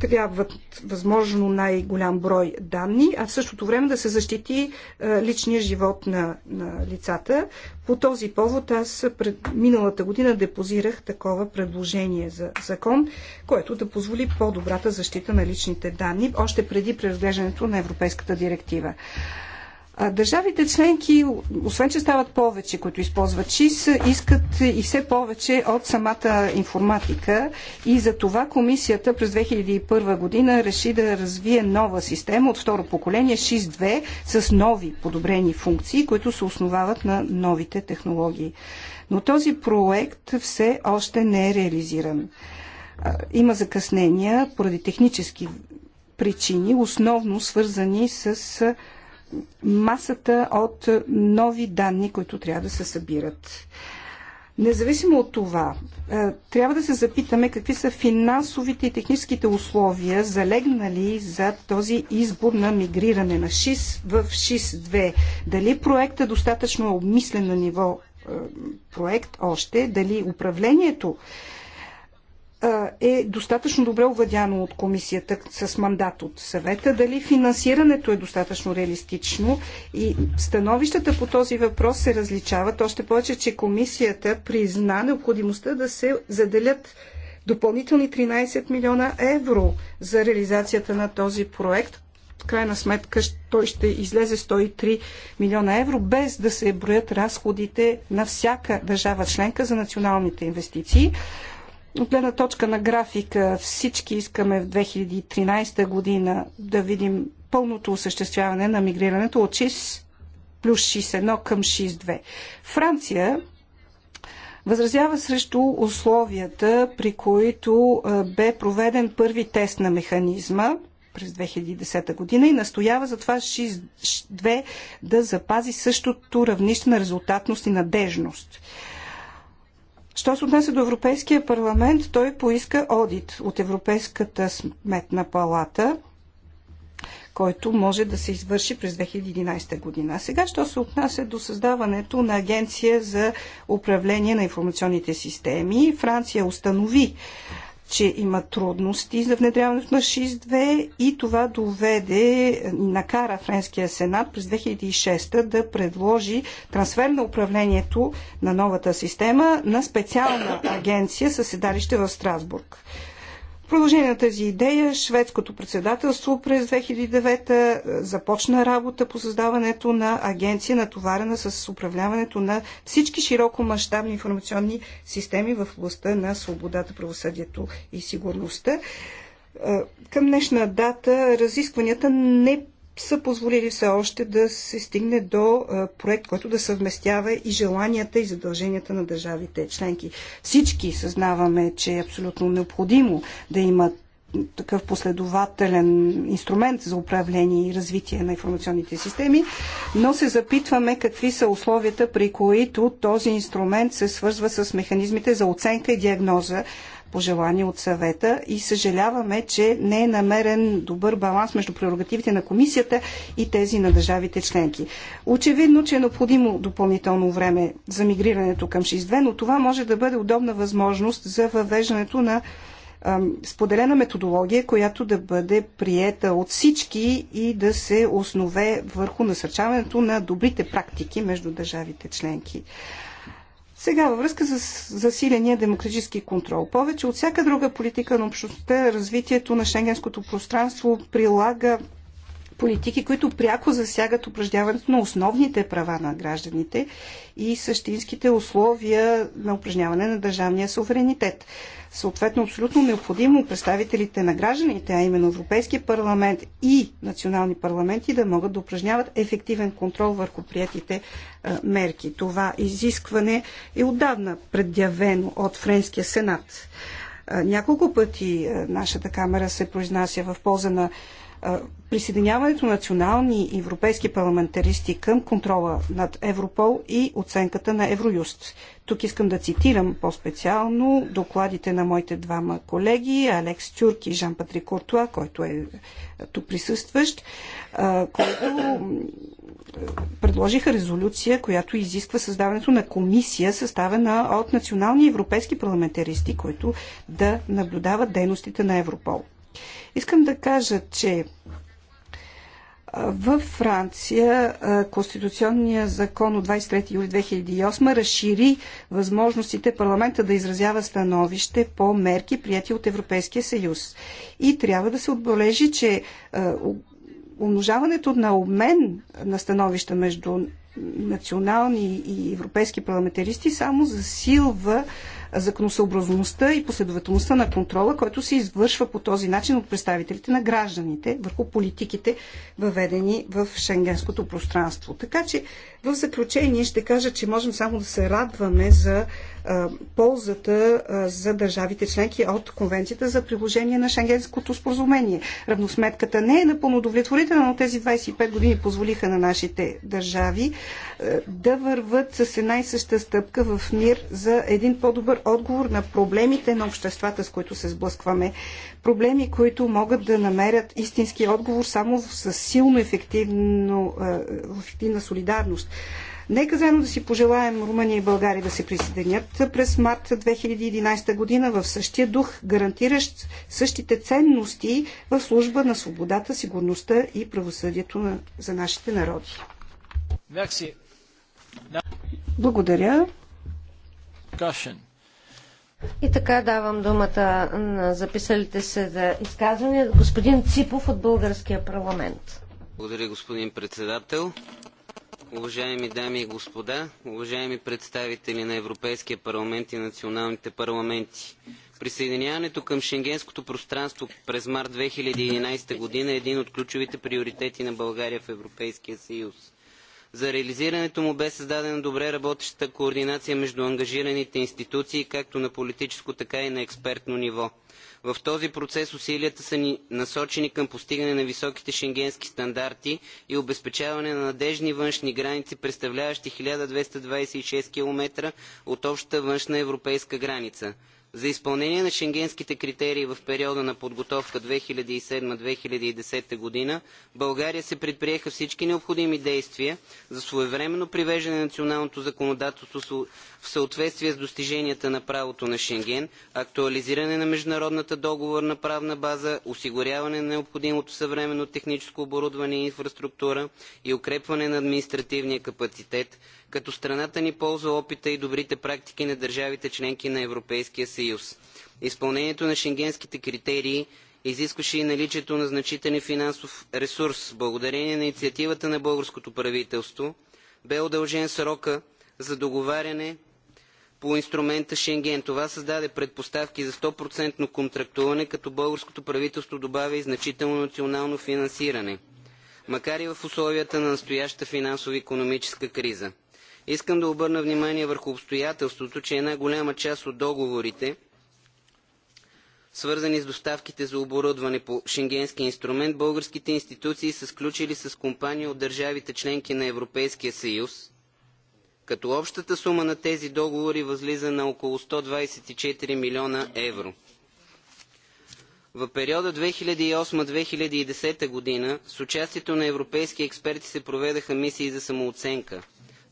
трябват възможно най-голям брой данни, а в същото време да се защити е, личния живот на, на лицата. По този повод аз пред миналата година депозирах такова предложение за закон, което да позволи по-добрата защита на личните данни, още преди преразглеждането на Европейската директива. Държавите членки, освен че стават повече, които използват ЧИС, искат и все повече от самата информатика и за това комисията през 2001 година реши да развие нова система от второ поколение чис 2 с нови подобрени функции, които се основават на новите технологии. Но този проект все още не е реализиран. Има закъснения поради технически причини, основно свързани с масата от нови данни, които трябва да се събират. Независимо от това, е, трябва да се запитаме какви са финансовите и техническите условия, залегнали за този избор на мигриране на ШИС в ШИС-2. Дали проектът е достатъчно обмислен на ниво е, проект още, дали управлението е достатъчно добре овладяно от комисията с мандат от съвета, дали финансирането е достатъчно реалистично и становищата по този въпрос се различават, още повече, че комисията призна необходимостта да се заделят допълнителни 13 милиона евро за реализацията на този проект. В крайна сметка той ще излезе 103 милиона евро, без да се броят разходите на всяка държава членка за националните инвестиции. От гледна точка на графика, всички искаме в 2013 година да видим пълното осъществяване на мигрирането от 6 плюс 61 1 към 62. 2. Франция възразява срещу условията, при които бе проведен първи тест на механизма през 2010 година и настоява за това 6 2 да запази същото равнище на резултатност и надежност. Що се отнася до Европейския парламент, той поиска одит от Европейската сметна палата, който може да се извърши през 2011 година. А сега, що се отнася до създаването на Агенция за управление на информационните системи, Франция установи че има трудности за внедряването на ШИС-2 и това доведе, накара Френския сенат през 2006 да предложи трансфер на управлението на новата система на специална агенция със седалище в Страсбург продължение на тази идея, шведското председателство през 2009 е, започна работа по създаването на агенция, натоварена с управляването на всички широко мащабни информационни системи в областта на свободата, правосъдието и сигурността. Е, към днешна дата разискванията не са позволили все още да се стигне до проект, който да съвместява и желанията и задълженията на държавите членки. Всички съзнаваме, че е абсолютно необходимо да има такъв последователен инструмент за управление и развитие на информационните системи, но се запитваме какви са условията, при които този инструмент се свързва с механизмите за оценка и диагноза пожелания от съвета и съжаляваме, че не е намерен добър баланс между прерогативите на комисията и тези на държавите членки. Очевидно, че е необходимо допълнително време за мигрирането към 6.2, но това може да бъде удобна възможност за въвеждането на споделена методология, която да бъде приета от всички и да се основе върху насърчаването на добрите практики между държавите членки. Сега във връзка с засиления демократически контрол. Повече от всяка друга политика на общността развитието на шенгенското пространство прилага политики, които пряко засягат упражняването на основните права на гражданите и същинските условия на упражняване на държавния суверенитет. Съответно, абсолютно необходимо представителите на гражданите, а именно Европейския парламент и национални парламенти да могат да упражняват ефективен контрол върху приятите е, мерки. Това изискване е отдавна предявено от Френския сенат. Е, няколко пъти е, нашата камера се произнася в полза на присъединяването на национални и европейски парламентаристи към контрола над Европол и оценката на Евроюст. Тук искам да цитирам по-специално докладите на моите двама колеги, Алекс Тюрк и Жан-Патри Куртуа, който е, е тук присъстващ, е, който предложиха резолюция, която изисква създаването на комисия, съставена от национални европейски парламентаристи, които да наблюдават дейностите на Европол. Искам да кажа, че във Франция Конституционният закон от 23 юли 2008 разшири възможностите парламента да изразява становище по мерки, прияти от Европейския съюз. И трябва да се отбележи, че умножаването на обмен на становища между национални и европейски парламентаристи само засилва законосъобразността и последователността на контрола, който се извършва по този начин от представителите на гражданите върху политиките, въведени в шенгенското пространство. Така че в заключение ще кажа, че можем само да се радваме за ползата за държавите членки от Конвенцията за приложение на Шенгенското споразумение. Равносметката не е напълно удовлетворителна, но тези 25 години позволиха на нашите държави да върват с една и съща стъпка в мир за един по-добър отговор на проблемите на обществата, с които се сблъскваме. Проблеми, които могат да намерят истински отговор само с силно ефективно, ефективна солидарност. Нека заедно да си пожелаем Румъния и България да се присъединят през март 2011 година в същия дух, гарантиращ същите ценности в служба на свободата, сигурността и правосъдието на, за нашите народи. Благодаря. И така давам думата на записалите се за изказване господин Ципов от Българския парламент. Благодаря, господин председател уважаеми дами и господа, уважаеми представители на Европейския парламент и националните парламенти! Присъединяването към Шенгенското пространство през март 2011 година е един от ключовите приоритети на България в Европейския съюз. За реализирането му бе създадена добре работеща координация между ангажираните институции както на политическо, така и на експертно ниво. В този процес усилията са ни насочени към постигане на високите шенгенски стандарти и обезпечаване на надеждни външни граници, представляващи 1226 км от общата външна европейска граница. За изпълнение на шенгенските критерии в периода на подготовка 2007-2010 г. в България се предприеха всички необходими действия за своевременно привеждане на националното законодателство в съответствие с достиженията на правото на Шенген, актуализиране на международната договорна правна база, осигуряване на необходимото съвременно техническо оборудване и инфраструктура и укрепване на административния капацитет, като страната ни ползва опита и добрите практики на държавите – членки на Европейския съюз. Изпълнението на шенгенските критерии изискваше и наличието на значителен финансов ресурс. Благодарение на инициативата на българското правителство бе удължен срока за договаряне по инструмента Шенген. Това създаде предпоставки за 100% контрактуване, като българското правителство добавя и значително национално финансиране, макар и в условията на настояща финансово-економическа криза. Искам да обърна внимание върху обстоятелството, че една голяма част от договорите, свързани с доставките за оборудване по Шенгенския инструмент, българските институции са сключили с компании от държавите членки на Европейския съюз, като общата сума на тези договори възлиза на около 124 милиона евро. В периода 2008-2010 година с участието на европейски експерти се проведаха мисии за самооценка –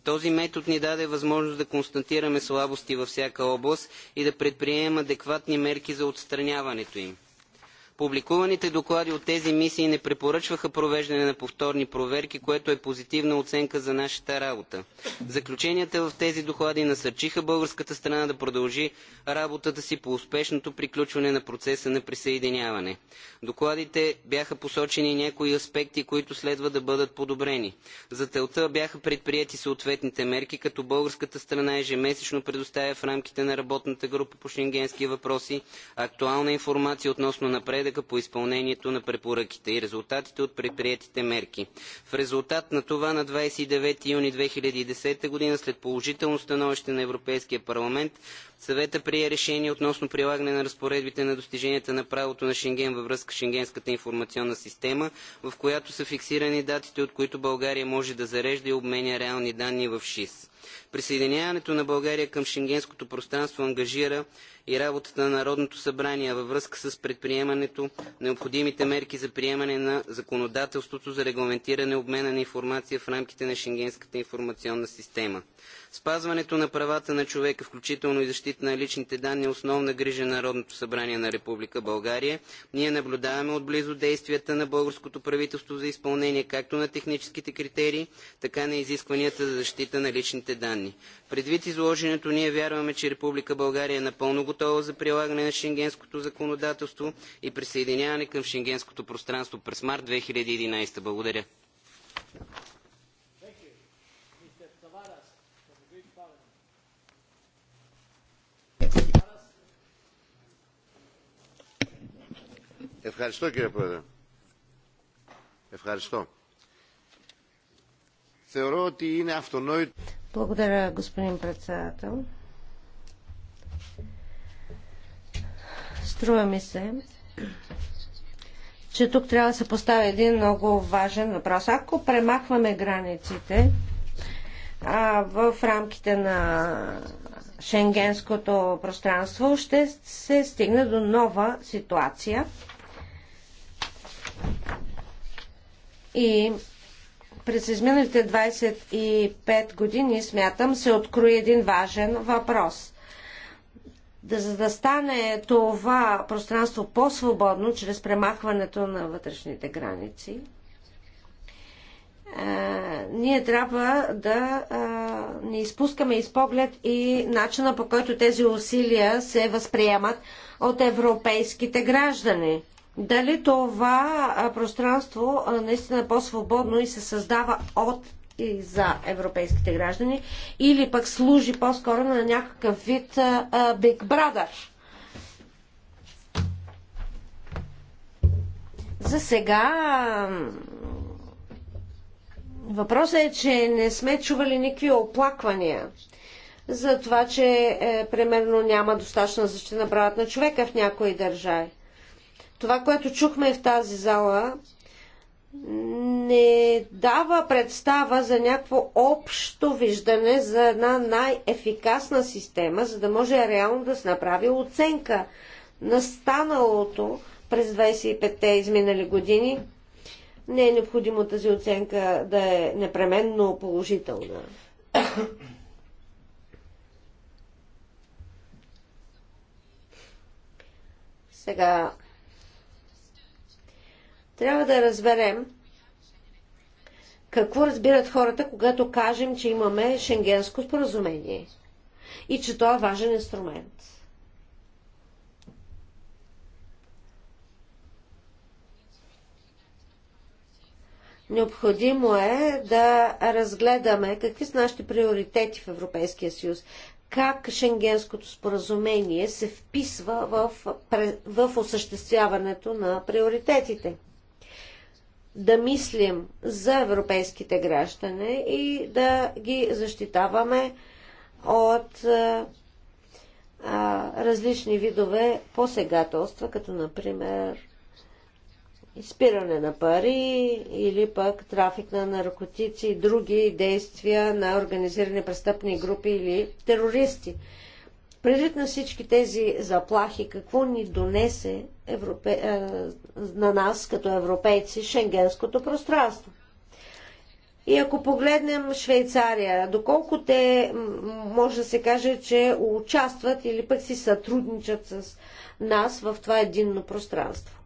този метод ни даде възможност да констатираме слабости във всяка област и да предприемем адекватни мерки за отстраняването им. Публикуваните доклади от тези мисии не препоръчваха провеждане на повторни проверки, което е позитивна оценка за нашата работа. Заключенията в тези доклади насърчиха българската страна да продължи работата си по успешното приключване на процеса на присъединяване. В докладите бяха посочени някои аспекти, които следва да бъдат подобрени. За целта бяха предприяти съответните мерки, като българската страна ежемесечно предоставя в рамките на работната група по шенгенски въпроси актуална информация относно напредъка напредъка по изпълнението на препоръките и резултатите от предприетите мерки. В резултат на това на 29 юни 2010 г. след положително становище на Европейския парламент Съветът прие решение относно прилагане на разпоредбите на достиженията на правото на Шенген във връзка с Шенгенската информационна система, в която са фиксирани датите, от които България може да зарежда и обменя реални данни в ШИС. Присъединяването на България към Шенгенското пространство ангажира и работата на Народното събрание във връзка с предприемането на необходимите мерки за приемане на законодателството за регламентиране обмена на информация в рамките на Шенгенската информационна система. Спазването на правата на човека, включително и защита на личните данни, е основна грижа на Народното събрание на Република България. Ние наблюдаваме отблизо действията на българското правителство за изпълнение както на техническите критерии, така и на изискванията за защита на личните данни данни. Предвид изложеното ние вярваме, че Република България е напълно готова за прилагане на шенгенското законодателство и присъединяване към шенгенското пространство през март 2011. Благодаря. Ευχαριστώ κύριε Πρόεδρε. Ευχαριστώ. Θεωρώ ότι είναι αυτονόητο. Благодаря, господин председател. Струва ми се, че тук трябва да се поставя един много важен въпрос. Ако премахваме границите а, в рамките на шенгенското пространство, ще се стигне до нова ситуация. И през изминалите 25 години, смятам, се открои един важен въпрос. Да, за да стане това пространство по-свободно, чрез премахването на вътрешните граници, е, ние трябва да е, не изпускаме из поглед и начина по който тези усилия се възприемат от европейските граждани – дали това пространство наистина е по-свободно и се създава от и за европейските граждани, или пък служи по-скоро на някакъв вид Big Brother. За сега въпросът е, че не сме чували никакви оплаквания за това, че е, примерно няма достатъчна защита на правата на човека в някои държави това, което чухме в тази зала, не дава представа за някакво общо виждане за една най-ефикасна система, за да може реално да се направи оценка на станалото през 25-те изминали години. Не е необходимо тази оценка да е непременно положителна. Сега трябва да разберем какво разбират хората, когато кажем, че имаме шенгенско споразумение и че то е важен инструмент. Необходимо е да разгледаме какви са нашите приоритети в Европейския съюз, как Шенгенското споразумение се вписва в, в осъществяването на приоритетите да мислим за европейските граждани и да ги защитаваме от а, различни видове посегателства, като например изпиране на пари или пък трафик на наркотици и други действия на организирани престъпни групи или терористи. Предвид на всички тези заплахи, какво ни донесе европе... Е, на нас като европейци шенгенското пространство? И ако погледнем Швейцария, доколко те може да се каже, че участват или пък си сътрудничат с нас в това единно пространство.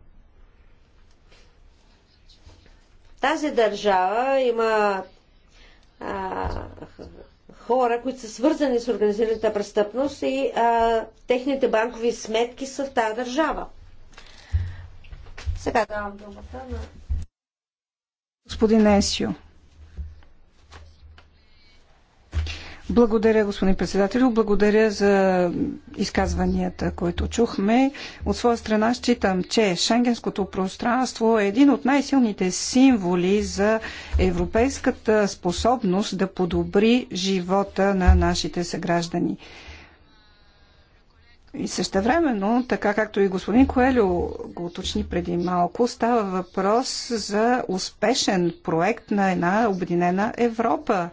Тази държава има хора, които са свързани с организираната престъпност и а, техните банкови сметки са в тази държава. Сега давам думата на господин Есио. Благодаря, господин председател. Благодаря за изказванията, които чухме. От своя страна считам, че шенгенското пространство е един от най-силните символи за европейската способност да подобри живота на нашите съграждани. И същевременно, така както и господин Коелю го уточни преди малко, става въпрос за успешен проект на една обединена Европа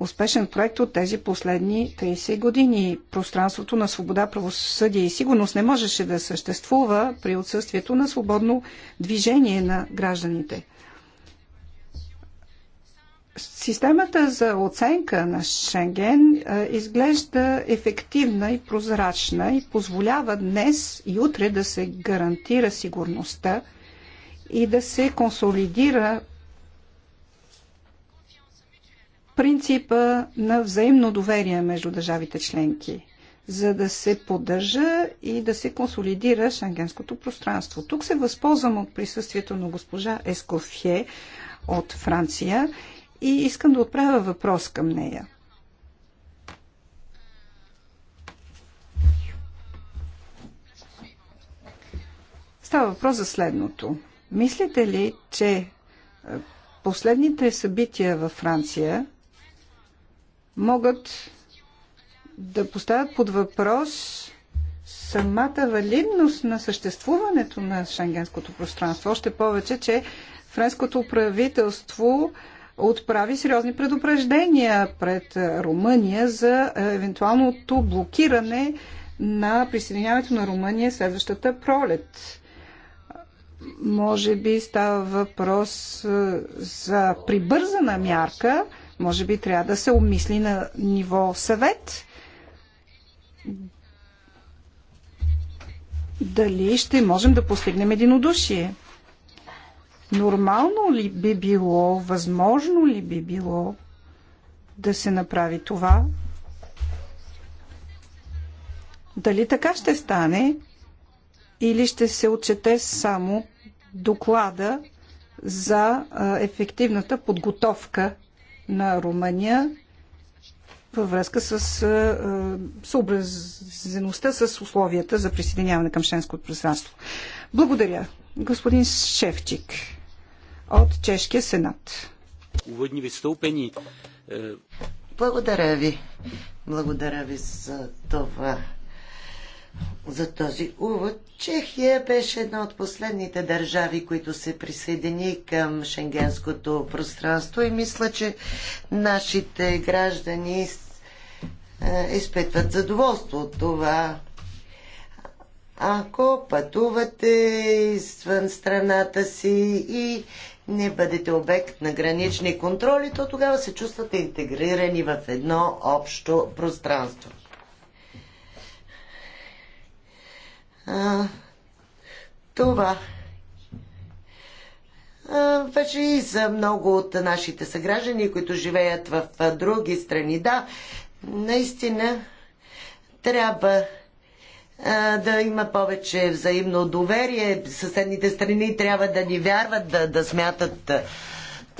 успешен проект от тези последни 30 години. Пространството на свобода, правосъдие и сигурност не можеше да съществува при отсъствието на свободно движение на гражданите. Системата за оценка на Шенген изглежда ефективна и прозрачна и позволява днес и утре да се гарантира сигурността и да се консолидира принципа на взаимно доверие между държавите членки, за да се поддържа и да се консолидира шенгенското пространство. Тук се възползвам от присъствието на госпожа Ескофье от Франция и искам да отправя въпрос към нея. Става въпрос за следното. Мислите ли, че последните събития във Франция могат да поставят под въпрос самата валидност на съществуването на шенгенското пространство. Още повече, че френското правителство отправи сериозни предупреждения пред Румъния за е, евентуалното блокиране на присъединяването на Румъния следващата пролет. Може би става въпрос е, за прибързана мярка – може би трябва да се обмисли на ниво съвет. Дали ще можем да постигнем единодушие? Нормално ли би било, възможно ли би било да се направи това? Дали така ще стане или ще се отчете само доклада за ефективната подготовка на Румъния във връзка с а, съобразеността с условията за присъединяване към членското пространство. Благодаря. Господин Шевчик от Чешкия Сенат. Уводни ви е, Благодаря ви. Благодаря ви за това за този увод. Чехия беше една от последните държави, които се присъедини към шенгенското пространство и мисля, че нашите граждани е, изпитват задоволство от това. Ако пътувате извън страната си и не бъдете обект на гранични контроли, то тогава се чувствате интегрирани в едно общо пространство. А, това вече и за много от нашите съграждани, които живеят в други страни. Да, наистина трябва да има повече взаимно доверие. Съседните страни трябва да ни вярват, да, да смятат,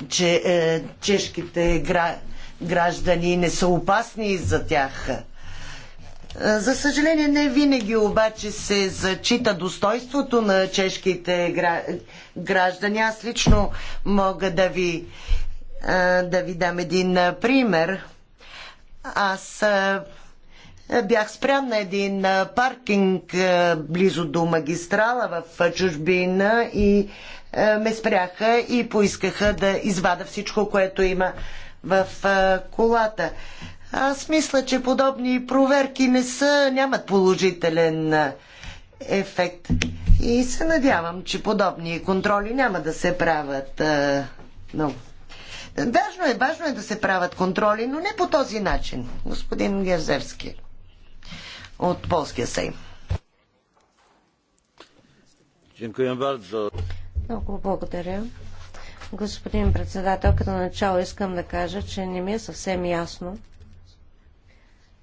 че е, чешките гра, граждани не са опасни за тях. За съжаление, не винаги обаче се зачита достоинството на чешките граждани. Аз лично мога да ви, да ви дам един пример. Аз бях спрям на един паркинг близо до магистрала в чужбина и ме спряха и поискаха да извада всичко, което има в колата. Аз мисля, че подобни проверки не са, нямат положителен ефект. И се надявам, че подобни контроли няма да се правят много. Важно е, важно е да се правят контроли, но не по този начин, господин Герзевски от Полския сейм. Много благодаря. Господин председател, като начало искам да кажа, че не ми е съвсем ясно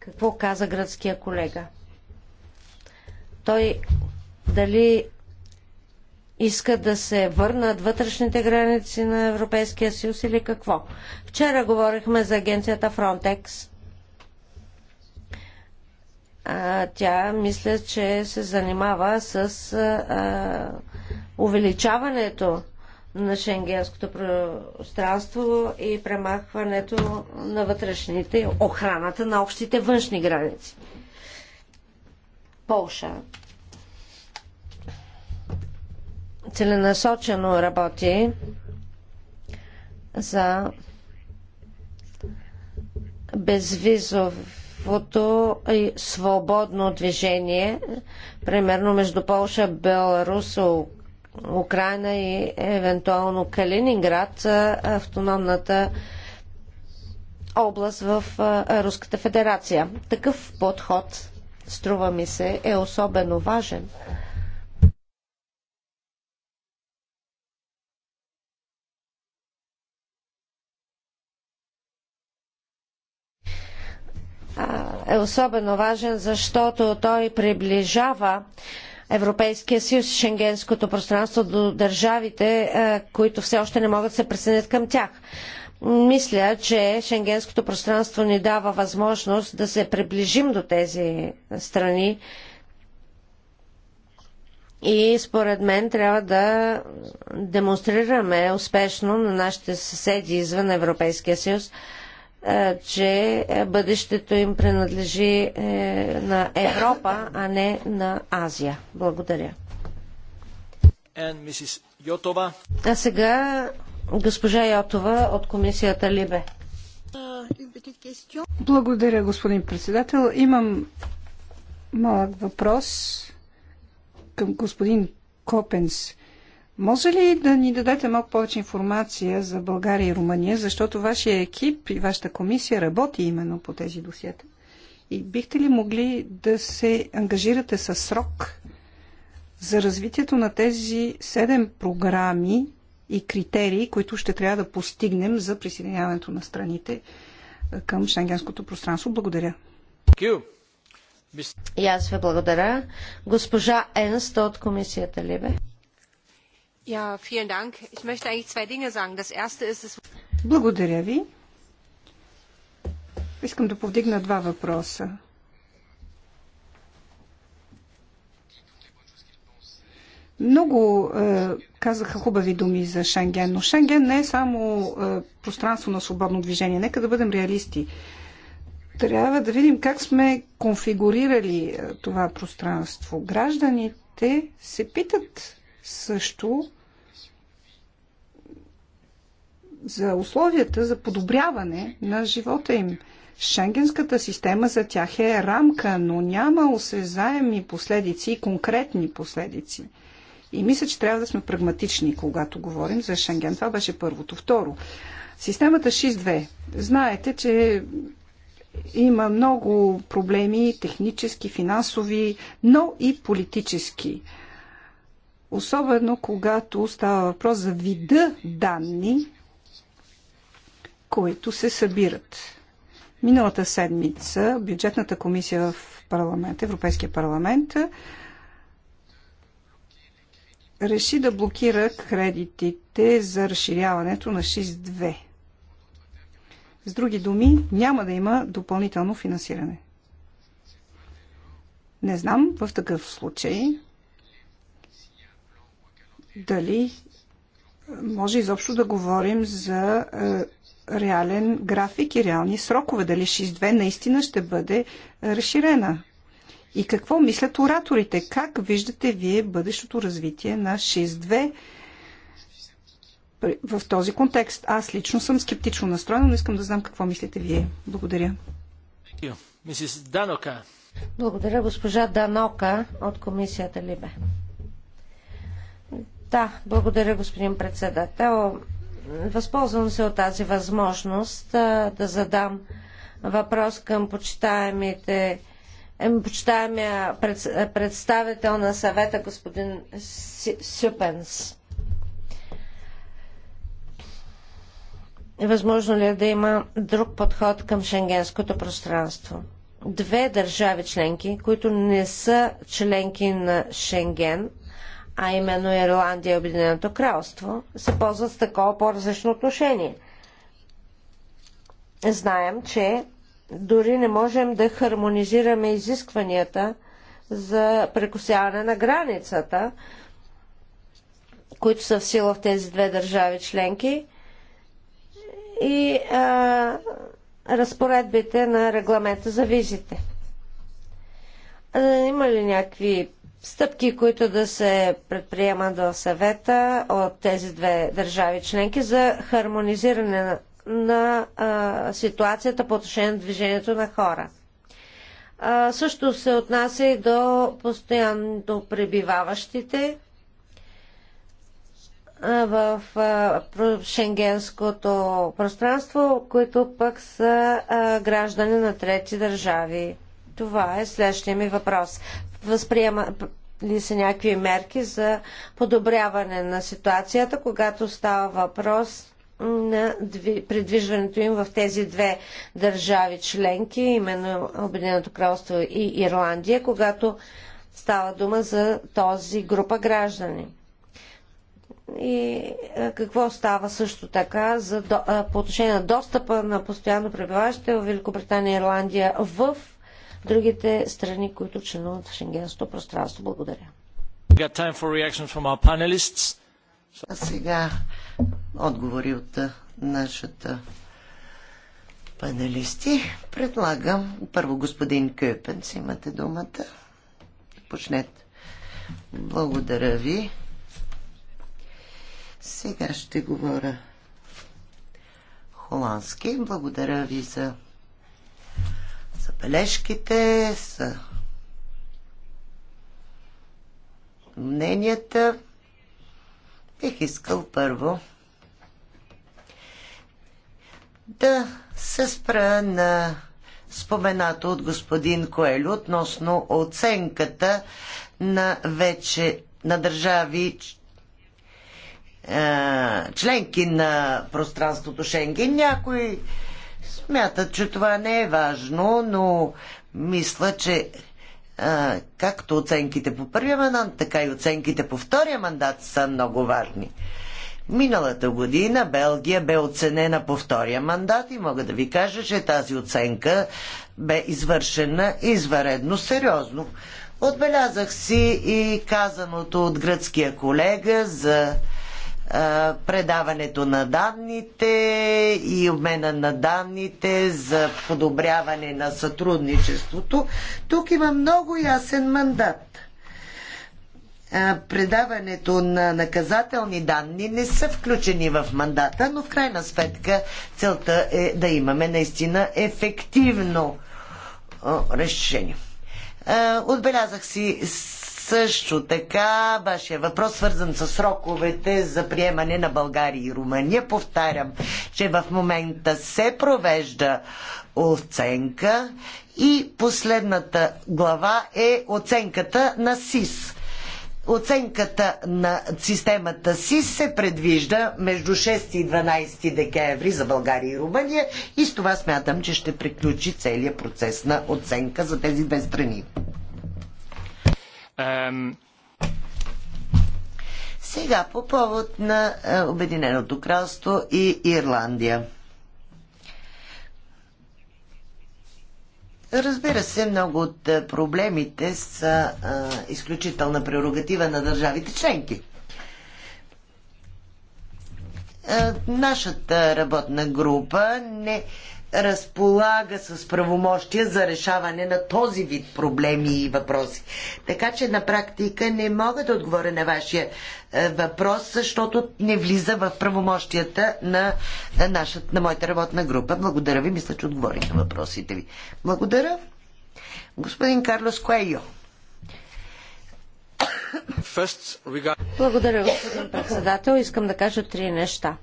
какво каза гръцкия колега. Той дали иска да се върнат вътрешните граници на Европейския съюз или какво. Вчера говорихме за агенцията Frontex. А, тя мисля, че се занимава с а, увеличаването на шенгенското пространство и премахването на вътрешните, охраната на общите външни граници. Полша целенасочено работи за безвизовото и свободно движение, примерно между Полша, Беларус, Украина и евентуално Калининград, автономната област в Руската федерация. Такъв подход, струва ми се, е особено важен. е особено важен, защото той приближава Европейския съюз, Шенгенското пространство до държавите, е, които все още не могат да се присъединят към тях. Мисля, че Шенгенското пространство ни дава възможност да се приближим до тези страни и според мен трябва да демонстрираме успешно на нашите съседи извън Европейския съюз, е, че е, бъдещето им принадлежи е, на Европа, а не на Азия. Благодаря. А сега госпожа Йотова от комисията Либе. Благодаря, господин председател. Имам малък въпрос към господин Копенс. Може ли да ни дадете малко повече информация за България и Румъния, защото вашия екип и вашата комисия работи именно по тези досиета? И бихте ли могли да се ангажирате с срок за развитието на тези седем програми и критерии, които ще трябва да постигнем за присъединяването на страните към шенгенското пространство? Благодаря. И аз ви благодаря. Госпожа Енст от комисията Либе. Ja, vielen Dank. Ich möchte eigentlich zwei Dinge sagen. Das erste ist, es... Благодаря ви. Искам да повдигна два въпроса. Много е, казаха хубави думи за Шенген, но Шенген не е само е, пространство на свободно движение. Нека да бъдем реалисти. Трябва да видим как сме конфигурирали е, това пространство. Гражданите се питат също за условията за подобряване на живота им. Шенгенската система за тях е рамка, но няма осезаеми последици и конкретни последици. И мисля, че трябва да сме прагматични, когато говорим за Шенген. Това беше първото. Второ, системата 6.2. Знаете, че има много проблеми, технически, финансови, но и политически особено когато става въпрос за вида данни, които се събират. Миналата седмица бюджетната комисия в парламент, Европейския парламент реши да блокира кредитите за разширяването на 6.2. С други думи, няма да има допълнително финансиране. Не знам в такъв случай дали може изобщо да говорим за е, реален график и реални срокове. Дали 6.2 наистина ще бъде е, разширена? И какво мислят ораторите? Как виждате вие бъдещото развитие на 6.2 в този контекст? Аз лично съм скептично настроена, но искам да знам какво мислите вие. Благодаря. Благодаря, госпожа Данока от комисията Либе. Да, благодаря, господин председател. Възползвам се от тази възможност а, да задам въпрос към почитаемите почитаемия пред, представител на съвета господин Сюпенс. Възможно ли е да има друг подход към шенгенското пространство? Две държави членки, които не са членки на Шенген, а именно Ирландия и Обединеното кралство, се ползват с такова по-различно отношение. Знаем, че дори не можем да хармонизираме изискванията за прекусяване на границата, които са в сила в тези две държави членки и а, разпоредбите на регламента за визите. Има ли някакви стъпки, които да се предприемат в съвета от тези две държави членки за хармонизиране на, на а, ситуацията по отношение на движението на хора. А, също се отнася и до постоянно пребиваващите в шенгенското пространство, които пък са граждани на трети държави. Това е следващия ми въпрос. Възприема ли се някакви мерки за подобряване на ситуацията, когато става въпрос на придвижването им в тези две държави членки, именно Обединеното кралство и Ирландия, когато става дума за този група граждани. И е, какво става също така за, е, по отношение на достъпа на постоянно пребиваващите в Великобритания и Ирландия в другите страни, които членуват в Шенгенското пространство. Благодаря. А сега отговори от нашата панелисти. Предлагам първо господин Кюпенс, имате думата. Почнете. Благодаря ви. Сега ще говоря холандски. Благодаря ви за забележките, с мненията. Бих искал първо да се спра на споменато от господин Коелю относно оценката на вече на държави членки на пространството Шенген. Някои смятат, че това не е важно, но мисля, че а, както оценките по първия мандат, така и оценките по втория мандат са много важни. Миналата година Белгия бе оценена по втория мандат и мога да ви кажа, че тази оценка бе извършена изваредно сериозно. Отбелязах си и казаното от гръцкия колега за предаването на данните и обмена на данните за подобряване на сътрудничеството. Тук има много ясен мандат. Предаването на наказателни данни не са включени в мандата, но в крайна сметка целта е да имаме наистина ефективно решение. Отбелязах си също така, вашия въпрос свързан с сроковете за приемане на България и Румъния. Повтарям, че в момента се провежда оценка и последната глава е оценката на СИС. Оценката на системата СИС се предвижда между 6 и 12 декември за България и Румъния и с това смятам, че ще приключи целият процес на оценка за тези две страни. Сега по повод на е, Обединеното кралство и Ирландия. Разбира се, много от е, проблемите са а, е, изключителна прерогатива на държавите членки. А, нашата работна група не, разполага с правомощия за решаване на този вид проблеми и въпроси. Така че на практика не мога да отговоря на вашия е, въпрос, защото не влиза в правомощията на, нашата, на моята работна група. Благодаря ви, мисля, че отговорих на въпросите ви. Благодаря. Господин Карлос Куейо. Благодаря, господин председател. Искам да кажа три неща.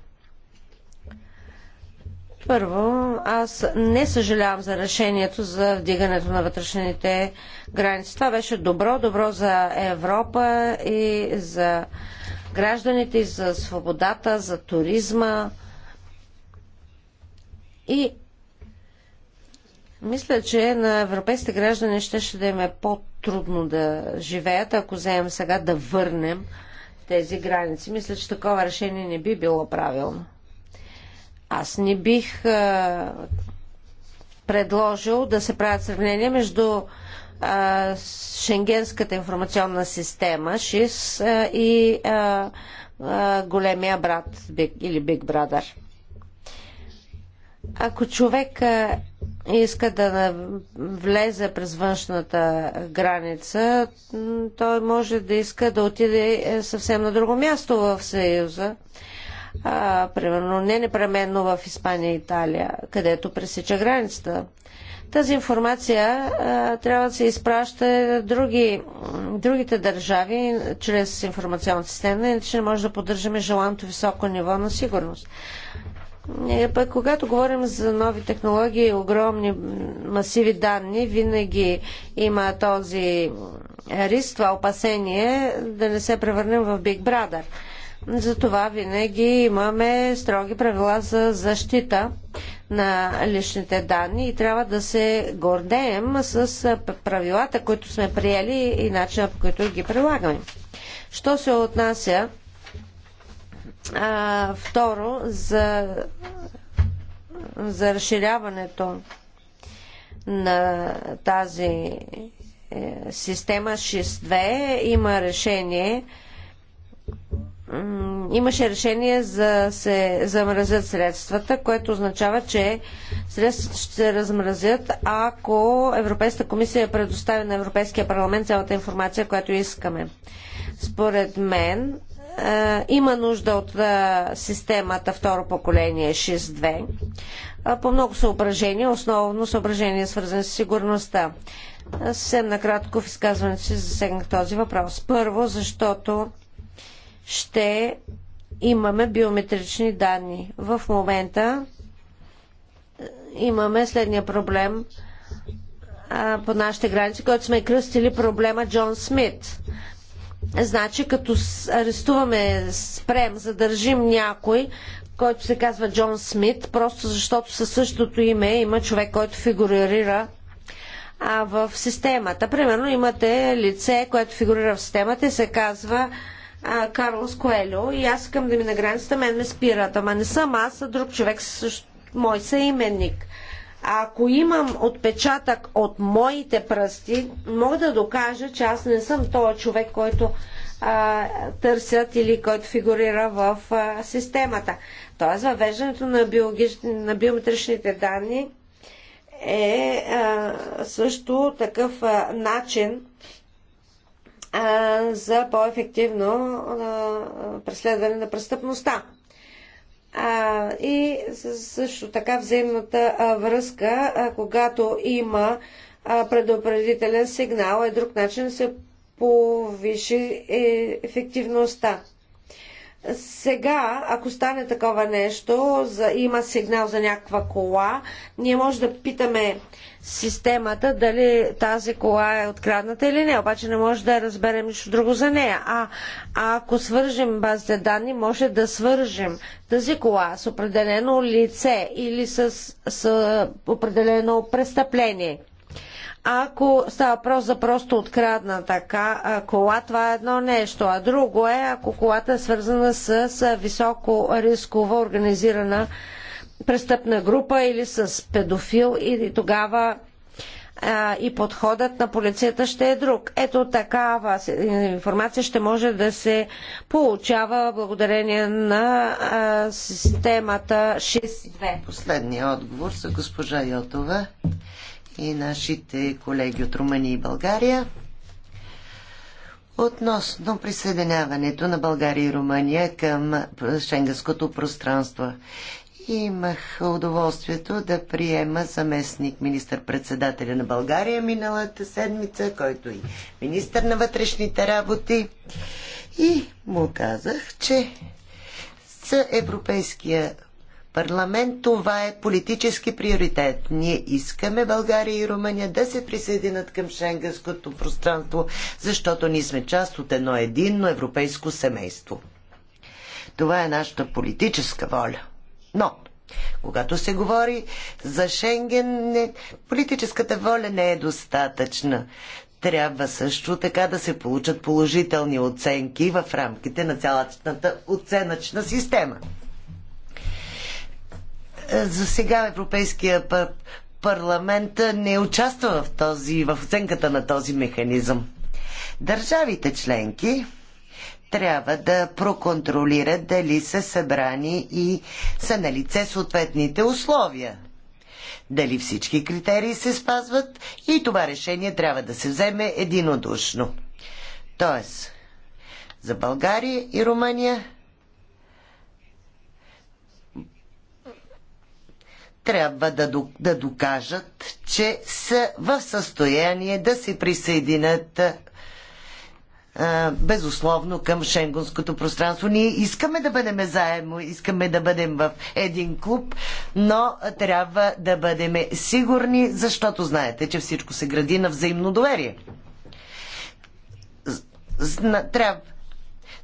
Първо, аз не съжалявам за решението за вдигането на вътрешните граници. Това беше добро, добро за Европа и за гражданите, и за свободата, за туризма. И мисля, че на европейските граждани ще, ще да им е по-трудно да живеят, ако вземем сега да върнем тези граници. Мисля, че такова решение не би било правилно. Аз не бих а, предложил да се правят сравнения между а, Шенгенската информационна система ШИС а, и а, а, големия брат биг, или Биг Брадър. Ако човек а, иска да влезе през външната граница, той може да иска да отиде е, съвсем на друго място в Съюза. А, а, примерно не непременно в Испания и Италия, където пресича границата. Тази информация а, трябва да се изпраща на други, другите държави чрез информационна система, иначе не може да поддържаме желаното високо ниво на сигурност. И, е, пък, когато говорим за нови технологии и огромни масиви данни, винаги има този риск, това опасение да не се превърнем в Big Brother – затова винаги имаме строги правила за защита на личните данни и трябва да се гордеем с правилата, които сме приели и начина по който ги прилагаме. Що се отнася а, второ за, за разширяването на тази е, система 6.2 има решение имаше решение за да се замразят средствата, което означава, че средствата ще се размразят, ако Европейската комисия предостави на Европейския парламент цялата информация, която искаме. Според мен е, има нужда от е, системата второ поколение 6.2 е, по много съображения, основно съображения свързани с сигурността. Съвсем накратко в изказването си засегнах този въпрос. Първо, защото ще имаме биометрични данни. В момента е, имаме следния проблем а, е, по нашите граници, който сме кръстили проблема Джон Смит. Значи, като арестуваме, спрем, задържим някой, който се казва Джон Смит, просто защото със същото име има човек, който фигурира а, в системата. Примерно имате лице, което фигурира в системата и се казва Карлос Коелю и аз искам да ми на границата, мен ме спират. Ама не съм аз, а друг човек, също, мой съименник. А ако имам отпечатък от моите пръсти, мога да докажа, че аз не съм този човек, който а, търсят или който фигурира в а, системата. Тоест, въвеждането на, биологич... на биометричните данни е а, също такъв а, начин за по-ефективно преследване на престъпността. и също така взаимната връзка, когато има предупредителен сигнал, е друг начин да се повиши е, ефективността. Сега, ако стане такова нещо, за, има сигнал за някаква кола, ние може да питаме системата, дали тази кола е открадната или не. Обаче не може да разберем нищо друго за нея. А, а ако свържем базите данни, може да свържем тази кола с определено лице или с, с определено престъпление. Ако става въпрос за просто открадна така кола, това е едно нещо, а друго е ако колата е свързана с високо рискова организирана престъпна група или с педофил и тогава а, и подходът на полицията ще е друг. Ето такава информация ще може да се получава благодарение на а, системата 6.2. Последния отговор са госпожа Йотова и нашите колеги от Румъния и България. Относно присъединяването на България и Румъния към шенгенското пространство. Имах удоволствието да приема заместник министър-председателя на България миналата седмица, който и министър на вътрешните работи. И му казах, че с Европейския парламент това е политически приоритет. Ние искаме България и Румъния да се присъединят към шенгенското пространство, защото ние сме част от едно единно европейско семейство. Това е нашата политическа воля. Но, когато се говори за Шенген, не, политическата воля не е достатъчна. Трябва също така да се получат положителни оценки в рамките на цялата оценъчна система. За сега Европейския парламент не участва в, този, в оценката на този механизъм. Държавите членки трябва да проконтролират дали са събрани и са на лице съответните условия. Дали всички критерии се спазват и това решение трябва да се вземе единодушно. Тоест, за България и Румъния трябва да, да докажат, че са в състояние да се присъединят безусловно към шенгонското пространство. Ние искаме да бъдем заедно, искаме да бъдем в един клуб, но трябва да бъдем сигурни, защото знаете, че всичко се гради на взаимно доверие. Трябва,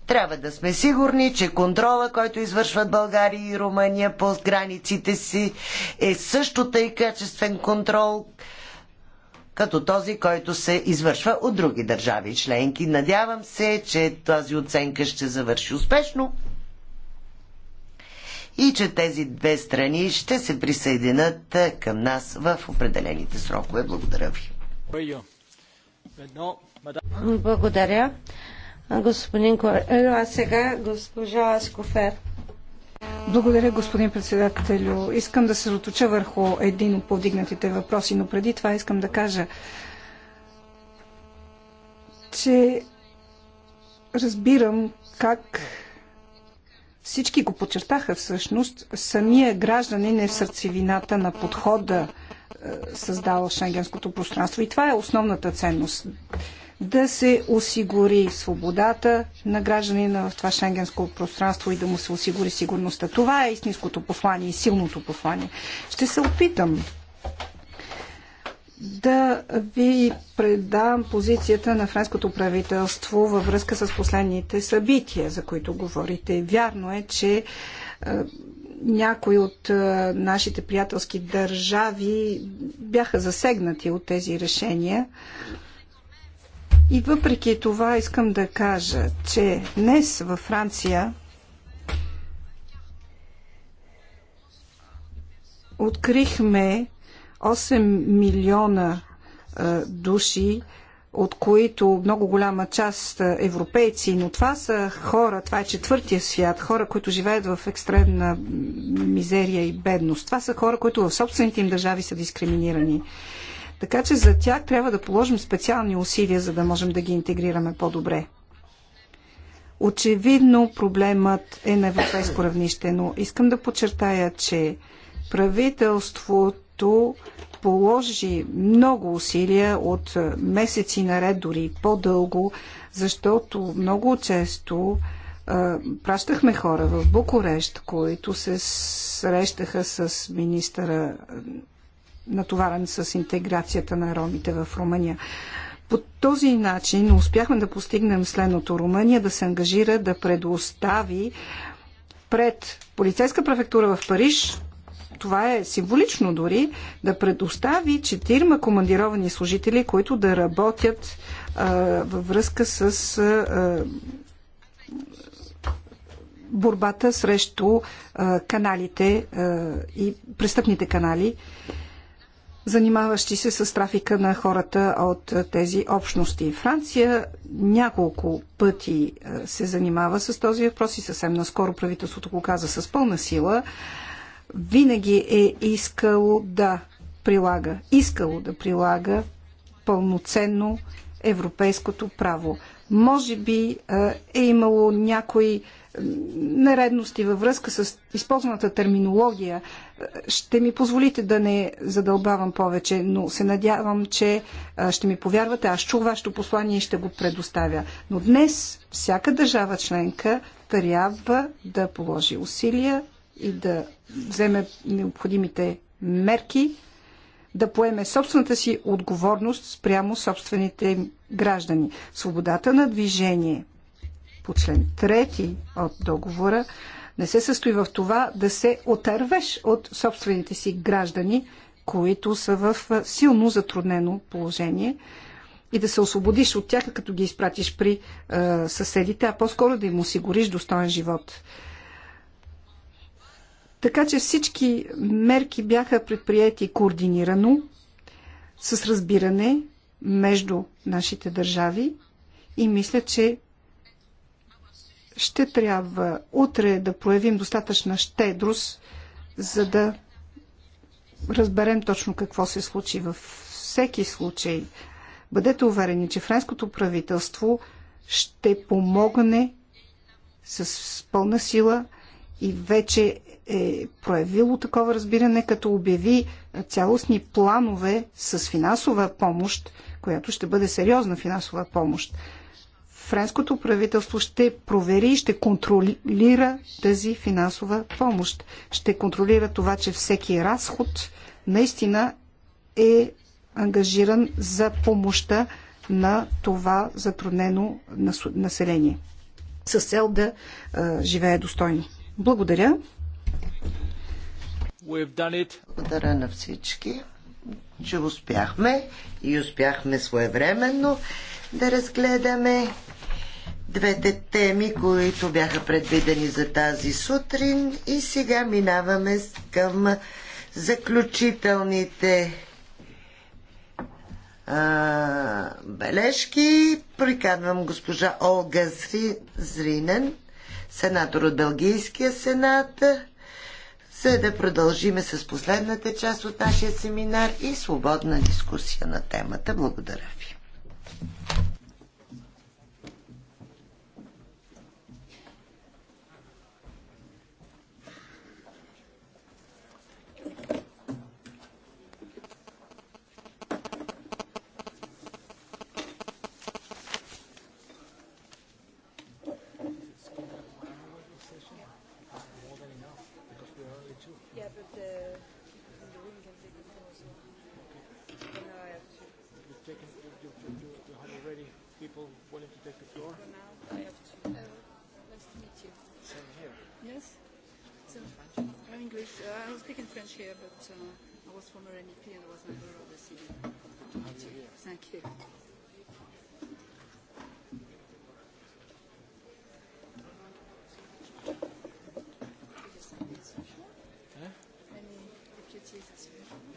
трябва да сме сигурни, че контрола, който извършват България и Румъния по границите си, е също тъй качествен контрол, като този, който се извършва от други държави членки. Надявам се, че тази оценка ще завърши успешно и че тези две страни ще се присъединят е, към нас в определените срокове. Благодаря ви. Благодаря. Господин Корел, а сега госпожа Аскофер. Благодаря, господин председателю. Искам да се заточа върху един от повдигнатите въпроси, но преди това искам да кажа, че разбирам как всички го подчертаха всъщност, самия гражданин е в сърцевината на подхода, е, създал шенгенското пространство. И това е основната ценност да се осигури свободата на гражданина в това шенгенско пространство и да му се осигури сигурността. Това е истинското послание и силното послание. Ще се опитам да ви предам позицията на френското правителство във връзка с последните събития, за които говорите. Вярно е, че е, някои от е, нашите приятелски държави бяха засегнати от тези решения. И въпреки това искам да кажа, че днес във Франция открихме 8 милиона души, от които много голяма част европейци, но това са хора, това е четвъртия свят, хора, които живеят в екстремна мизерия и бедност. Това са хора, които в собствените им държави са дискриминирани. Така че за тях трябва да положим специални усилия, за да можем да ги интегрираме по-добре. Очевидно проблемът е на европейско равнище, но искам да подчертая, че правителството положи много усилия от месеци наред, дори по-дълго, защото много често а, пращахме хора в Букурещ, които се срещаха с министъра натоварен с интеграцията на ромите в Румъния. По този начин успяхме да постигнем следното. Румъния да се ангажира да предостави пред полицейска префектура в Париж това е символично дори, да предостави четирма командировани служители, които да работят а, във връзка с а, борбата срещу а, каналите а, и престъпните канали занимаващи се с трафика на хората от е, тези общности. Франция няколко пъти е, се занимава с този въпрос и съвсем наскоро правителството го каза с пълна сила. Винаги е искало да прилага, искало да прилага пълноценно европейското право. Може би е, е имало някои нередности във връзка с използваната терминология. Ще ми позволите да не задълбавам повече, но се надявам, че ще ми повярвате. Аз чух вашето послание и ще го предоставя. Но днес всяка държава членка трябва да положи усилия и да вземе необходимите мерки, да поеме собствената си отговорност спрямо собствените граждани. Свободата на движение, по член 3 от договора не се състои в това да се отървеш от собствените си граждани, които са в силно затруднено положение и да се освободиш от тях, като ги изпратиш при е, съседите, а по-скоро да им осигуриш достоен живот. Така че всички мерки бяха предприяти координирано, с разбиране между нашите държави и мисля, че ще трябва утре да проявим достатъчна щедрост, за да разберем точно какво се случи. Във всеки случай, бъдете уверени, че френското правителство ще помогне с пълна сила и вече е проявило такова разбиране, като обяви цялостни планове с финансова помощ, която ще бъде сериозна финансова помощ френското правителство ще провери и ще контролира тази финансова помощ. Ще контролира това, че всеки разход наистина е ангажиран за помощта на това затруднено население с цел да а, живее достойно. Благодаря. Благодаря на всички, че успяхме и успяхме своевременно да разгледаме двете теми, които бяха предвидени за тази сутрин. И сега минаваме към заключителните а, бележки. Приканвам госпожа Олга Зри, Зринен, сенатор от Белгийския сенат, за да продължиме с последната част от нашия семинар и свободна дискусия на темата. Благодаря. here, but uh, I was former MEP and I was member of the CD. Thank you.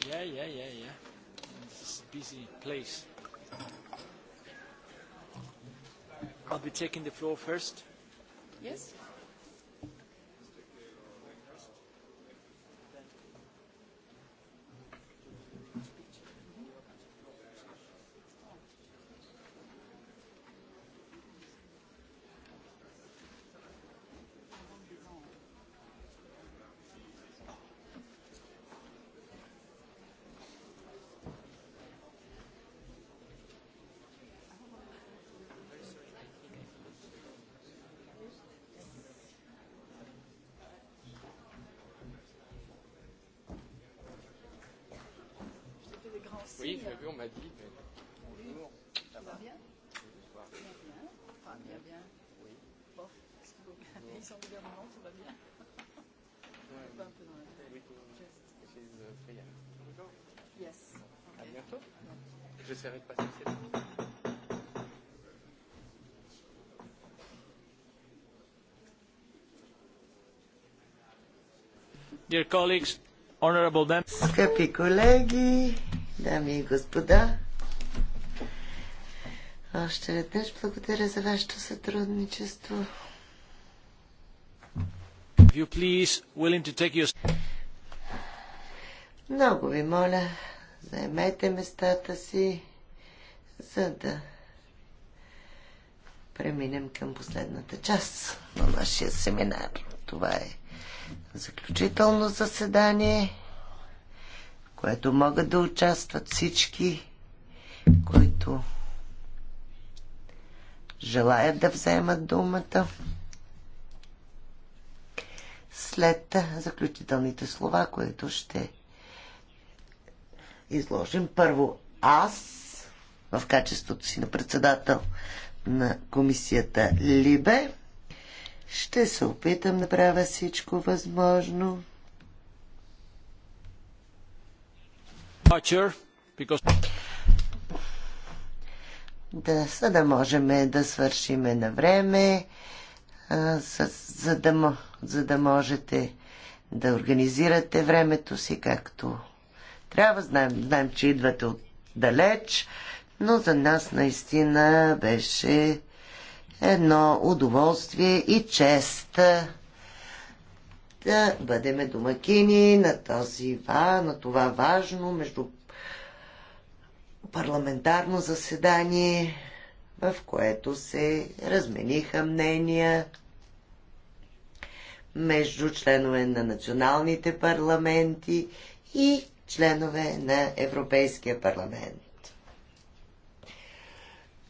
Yeah, yeah, yeah, yeah. It's a busy place. I'll be taking the floor first. Yes. savais pas si c'était. Dear colleagues, honorable members. Скъпи колеги, дами и господа, още веднъж благодаря за вашето сътрудничество. If you please, willing to take your... Много ви моля, Заемете местата си, за да преминем към последната част на нашия семинар. Това е заключително заседание, в което могат да участват всички, които желаят да вземат думата. След заключителните слова, които ще изложим. Първо аз, в качеството си на председател на комисията Либе, ще се опитам да правя всичко възможно. Да, за да можем да свършиме на време, за, за, да, за да можете да организирате времето си както трябва. Знаем, знаем, че идвате от далеч, но за нас наистина беше едно удоволствие и чест да бъдеме домакини на, този, на това важно между парламентарно заседание, в което се размениха мнения между членове на националните парламенти и членове на Европейския парламент.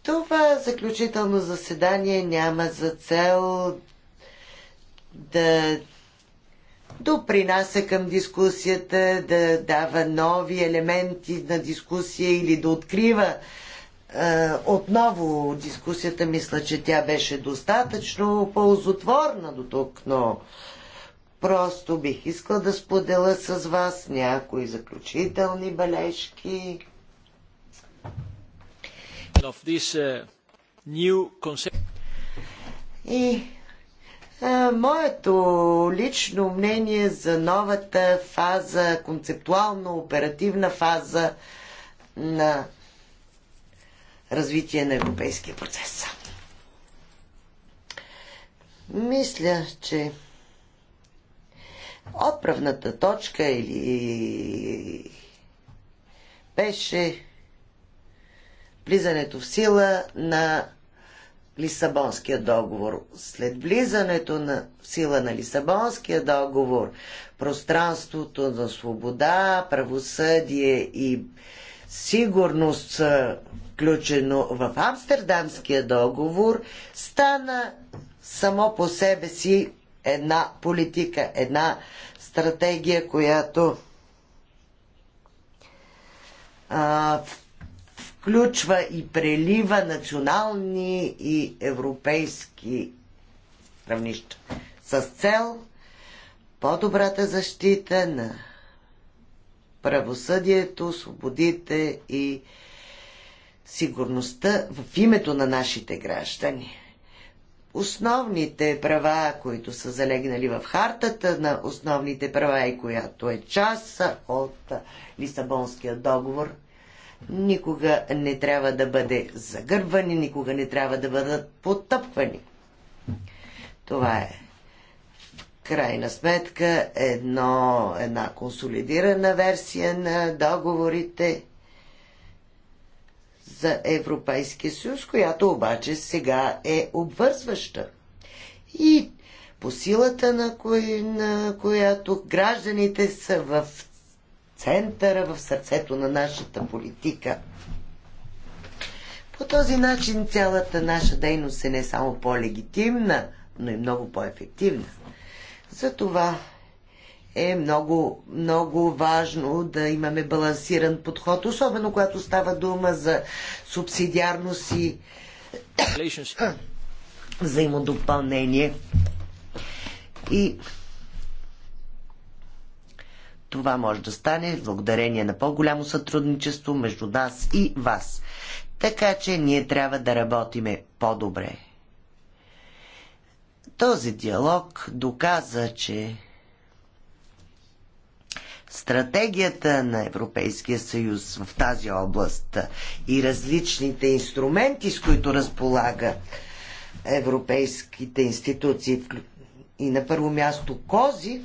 Това заключително заседание няма за цел да допринася към дискусията, да дава нови елементи на дискусия или да открива е, отново дискусията мисля, че тя беше достатъчно ползотворна до тук, но Просто бих искал да споделя с вас някои заключителни бележки. Uh, И а, моето лично мнение за новата фаза, концептуално-оперативна фаза на развитие на европейския процес. Мисля, че Отправната точка или беше влизането в сила на Лисабонския договор. След влизането на сила на Лисабонския договор, пространството на свобода, правосъдие и сигурност, са включено в Амстердамския договор, стана само по себе си една политика, една стратегия, която а, включва и прелива национални и европейски равнища с цел по-добрата защита на правосъдието, свободите и сигурността в името на нашите граждани основните права, които са залегнали в хартата на основните права и която е част от Лисабонския договор, никога не трябва да бъде загърбвани, никога не трябва да бъдат потъпвани. Това е в крайна сметка едно, една консолидирана версия на договорите за Европейския съюз, която обаче сега е обвързваща. И по силата на, кои, на която гражданите са в центъра, в сърцето на нашата политика. По този начин цялата наша дейност е не само по-легитимна, но и много по-ефективна. Затова е много, много важно да имаме балансиран подход, особено когато става дума за субсидиарност и взаимодопълнение. И това може да стане благодарение на по-голямо сътрудничество между нас и вас. Така че ние трябва да работиме по-добре. Този диалог доказа, че стратегията на Европейския съюз в тази област и различните инструменти, с които разполага европейските институции и на първо място Кози,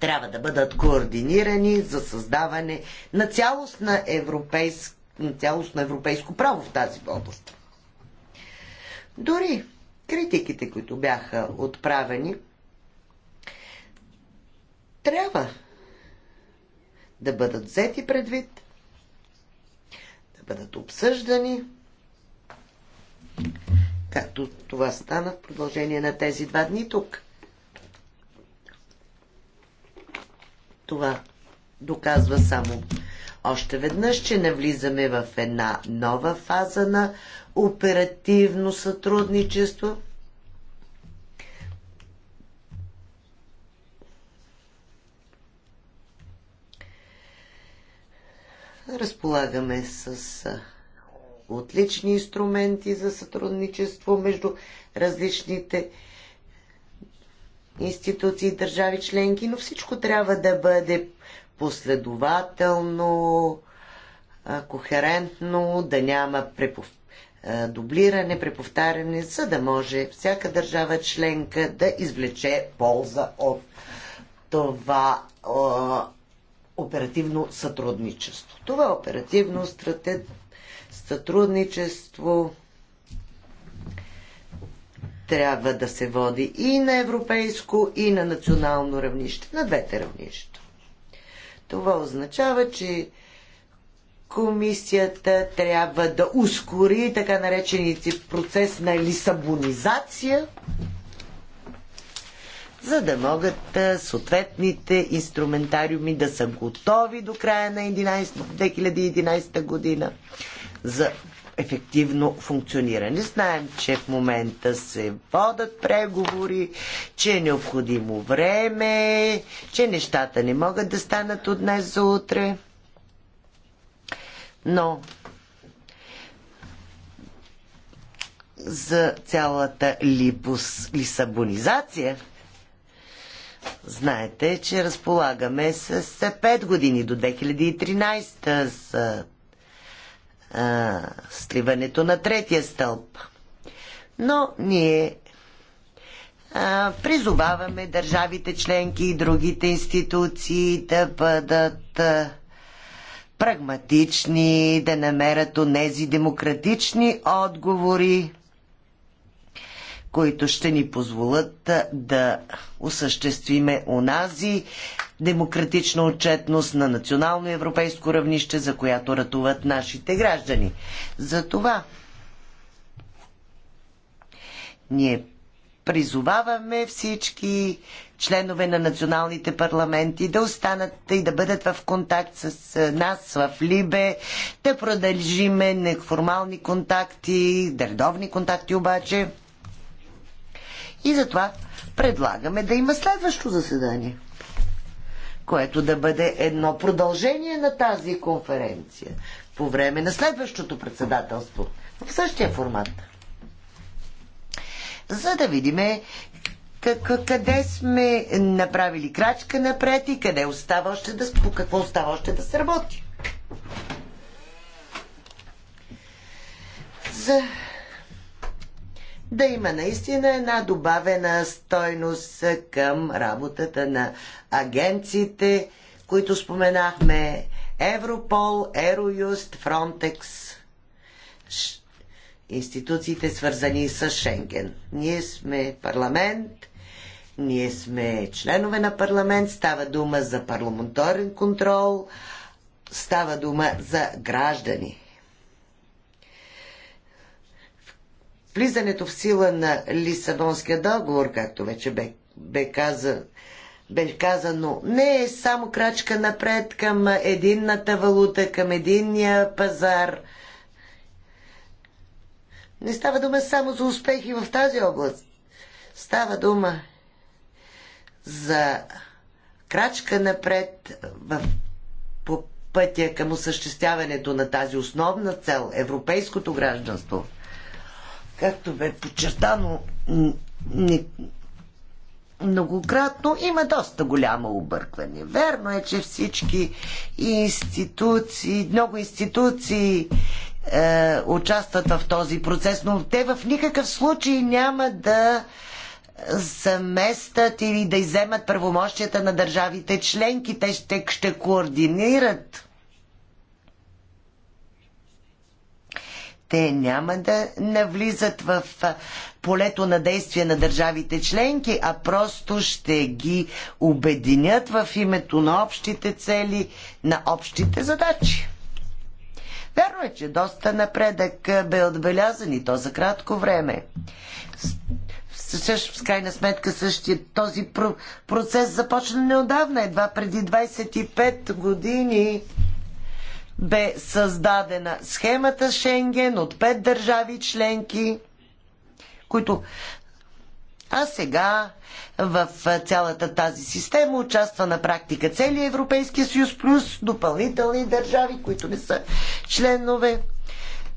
трябва да бъдат координирани за създаване на цялостна европейска на цялостно европейско право в тази област. Дори критиките, които бяха отправени, трябва да бъдат взети предвид, да бъдат обсъждани, както това стана в продължение на тези два дни тук. Това доказва само още веднъж, че навлизаме в една нова фаза на оперативно сътрудничество – Разполагаме с отлични инструменти за сътрудничество между различните институции и държави членки, но всичко трябва да бъде последователно, кохерентно, да няма препов... дублиране, преповтаряне, за да може всяка държава членка да извлече полза от това оперативно сътрудничество. Това е оперативно стратег... сътрудничество трябва да се води и на европейско, и на национално равнище, на двете равнища. Това означава, че комисията трябва да ускори така наречените процес на лисабонизация за да могат съответните инструментариуми да са готови до края на 11, 2011 година за ефективно функциониране. Знаем, че в момента се водат преговори, че е необходимо време, че нещата не могат да станат от днес за утре. Но за цялата липус, лисабонизация – Знаете, че разполагаме с 5 години до 2013 с а, сливането на третия стълб. Но ние а, призоваваме държавите членки и другите институции да бъдат а, прагматични, да намерят онези демократични отговори, които ще ни позволят да осъществиме онази демократична отчетност на национално и европейско равнище, за която ратуват нашите граждани. За това ние призоваваме всички членове на националните парламенти да останат и да бъдат в контакт с нас в Либе, да продължиме неформални контакти, дредовни контакти обаче – и затова предлагаме да има следващо заседание, което да бъде едно продължение на тази конференция по време на следващото председателство в същия формат. За да видиме къде сме направили крачка напред и къде остава още да, по какво остава още да се работи. За да има наистина една добавена стойност към работата на агенциите, които споменахме Европол, Евроюст, Фронтекс, институциите свързани с Шенген. Ние сме парламент, ние сме членове на парламент, става дума за парламентарен контрол, става дума за граждани. влизането в сила на Лисабонския договор, както вече бе, бе, каза, бе казано, не е само крачка напред към единната валута, към единния пазар. Не става дума само за успехи в тази област. Става дума за крачка напред в, по пътя към осъществяването на тази основна цел европейското гражданство – както бе подчертано многократно, има доста голямо объркване. Верно е, че всички институции, много институции е, участват в този процес, но те в никакъв случай няма да заместят или да иземат правомощията на държавите членки. Те ще, ще координират те няма да навлизат в полето на действие на държавите членки, а просто ще ги обединят в името на общите цели, на общите задачи. Вярно е, че доста напредък бе отбелязан и то за кратко време. В крайна сметка същия този процес започна неодавна, едва преди 25 години бе създадена схемата Шенген от пет държави членки, които а сега в цялата тази система участва на практика целият Европейския съюз плюс допълнителни държави, които не са членове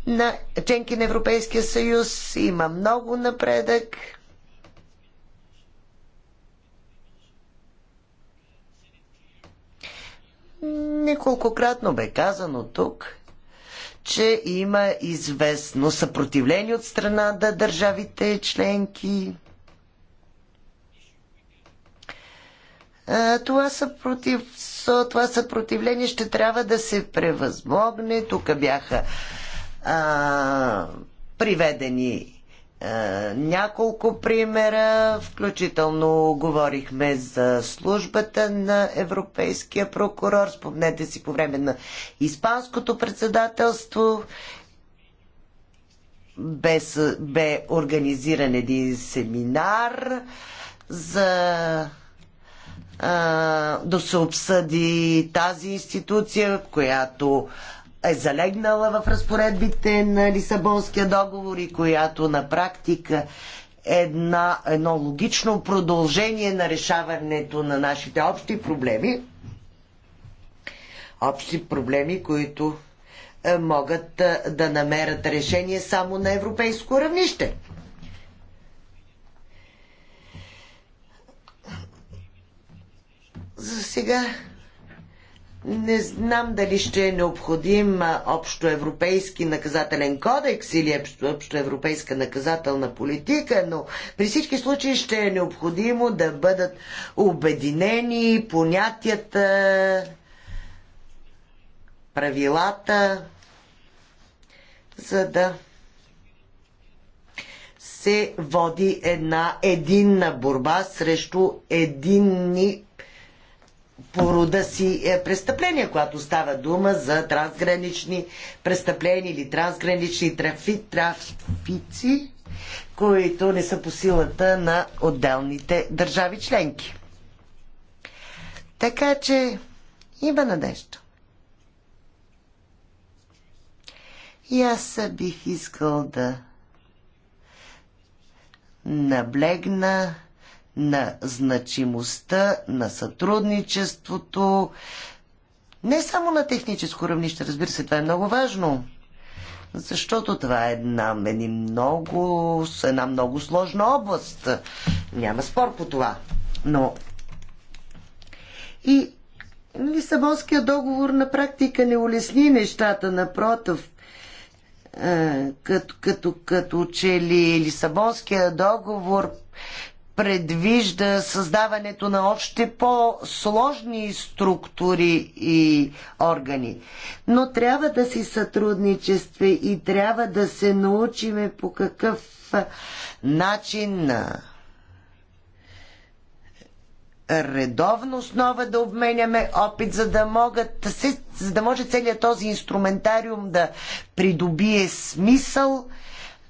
на членки на Европейския съюз. Има много напредък. Неколкократно бе казано тук, че има известно съпротивление от страна да държавите членки. Това, съпротив, това съпротивление ще трябва да се превъзмогне. Тук бяха а, приведени е, няколко примера, включително говорихме за службата на Европейския прокурор, спомнете си по време на Испанското председателство, бе, бе организиран един семинар за а, е, да се обсъди тази институция, която е залегнала в разпоредбите на Лисабонския договор и която на практика една, едно логично продължение на решаването на нашите общи проблеми. Общи проблеми, които е, могат е, да намерят решение само на европейско равнище. За сега не знам дали ще е необходим общоевропейски наказателен кодекс или общоевропейска наказателна политика, но при всички случаи ще е необходимо да бъдат обединени понятията, правилата, за да се води една единна борба срещу единни по рода си е, престъпления, когато става дума за трансгранични престъпления или трансгранични трафи, трафици, които не са по силата на отделните държави членки. Така че има надежда. И аз бих искал да наблегна на значимостта, на сътрудничеството, не само на техническо равнище, разбира се, това е много важно, защото това е една, е много, една много сложна област. Няма спор по това. Но и Лисабонския договор на практика не улесни нещата, напротив, е, като, като, като че ли Лисабонския договор предвижда създаването на още по-сложни структури и органи. Но трябва да си сътрудничестве и трябва да се научиме по какъв начин на редовна основа да обменяме опит, за да, могат, за да може целият този инструментариум да придобие смисъл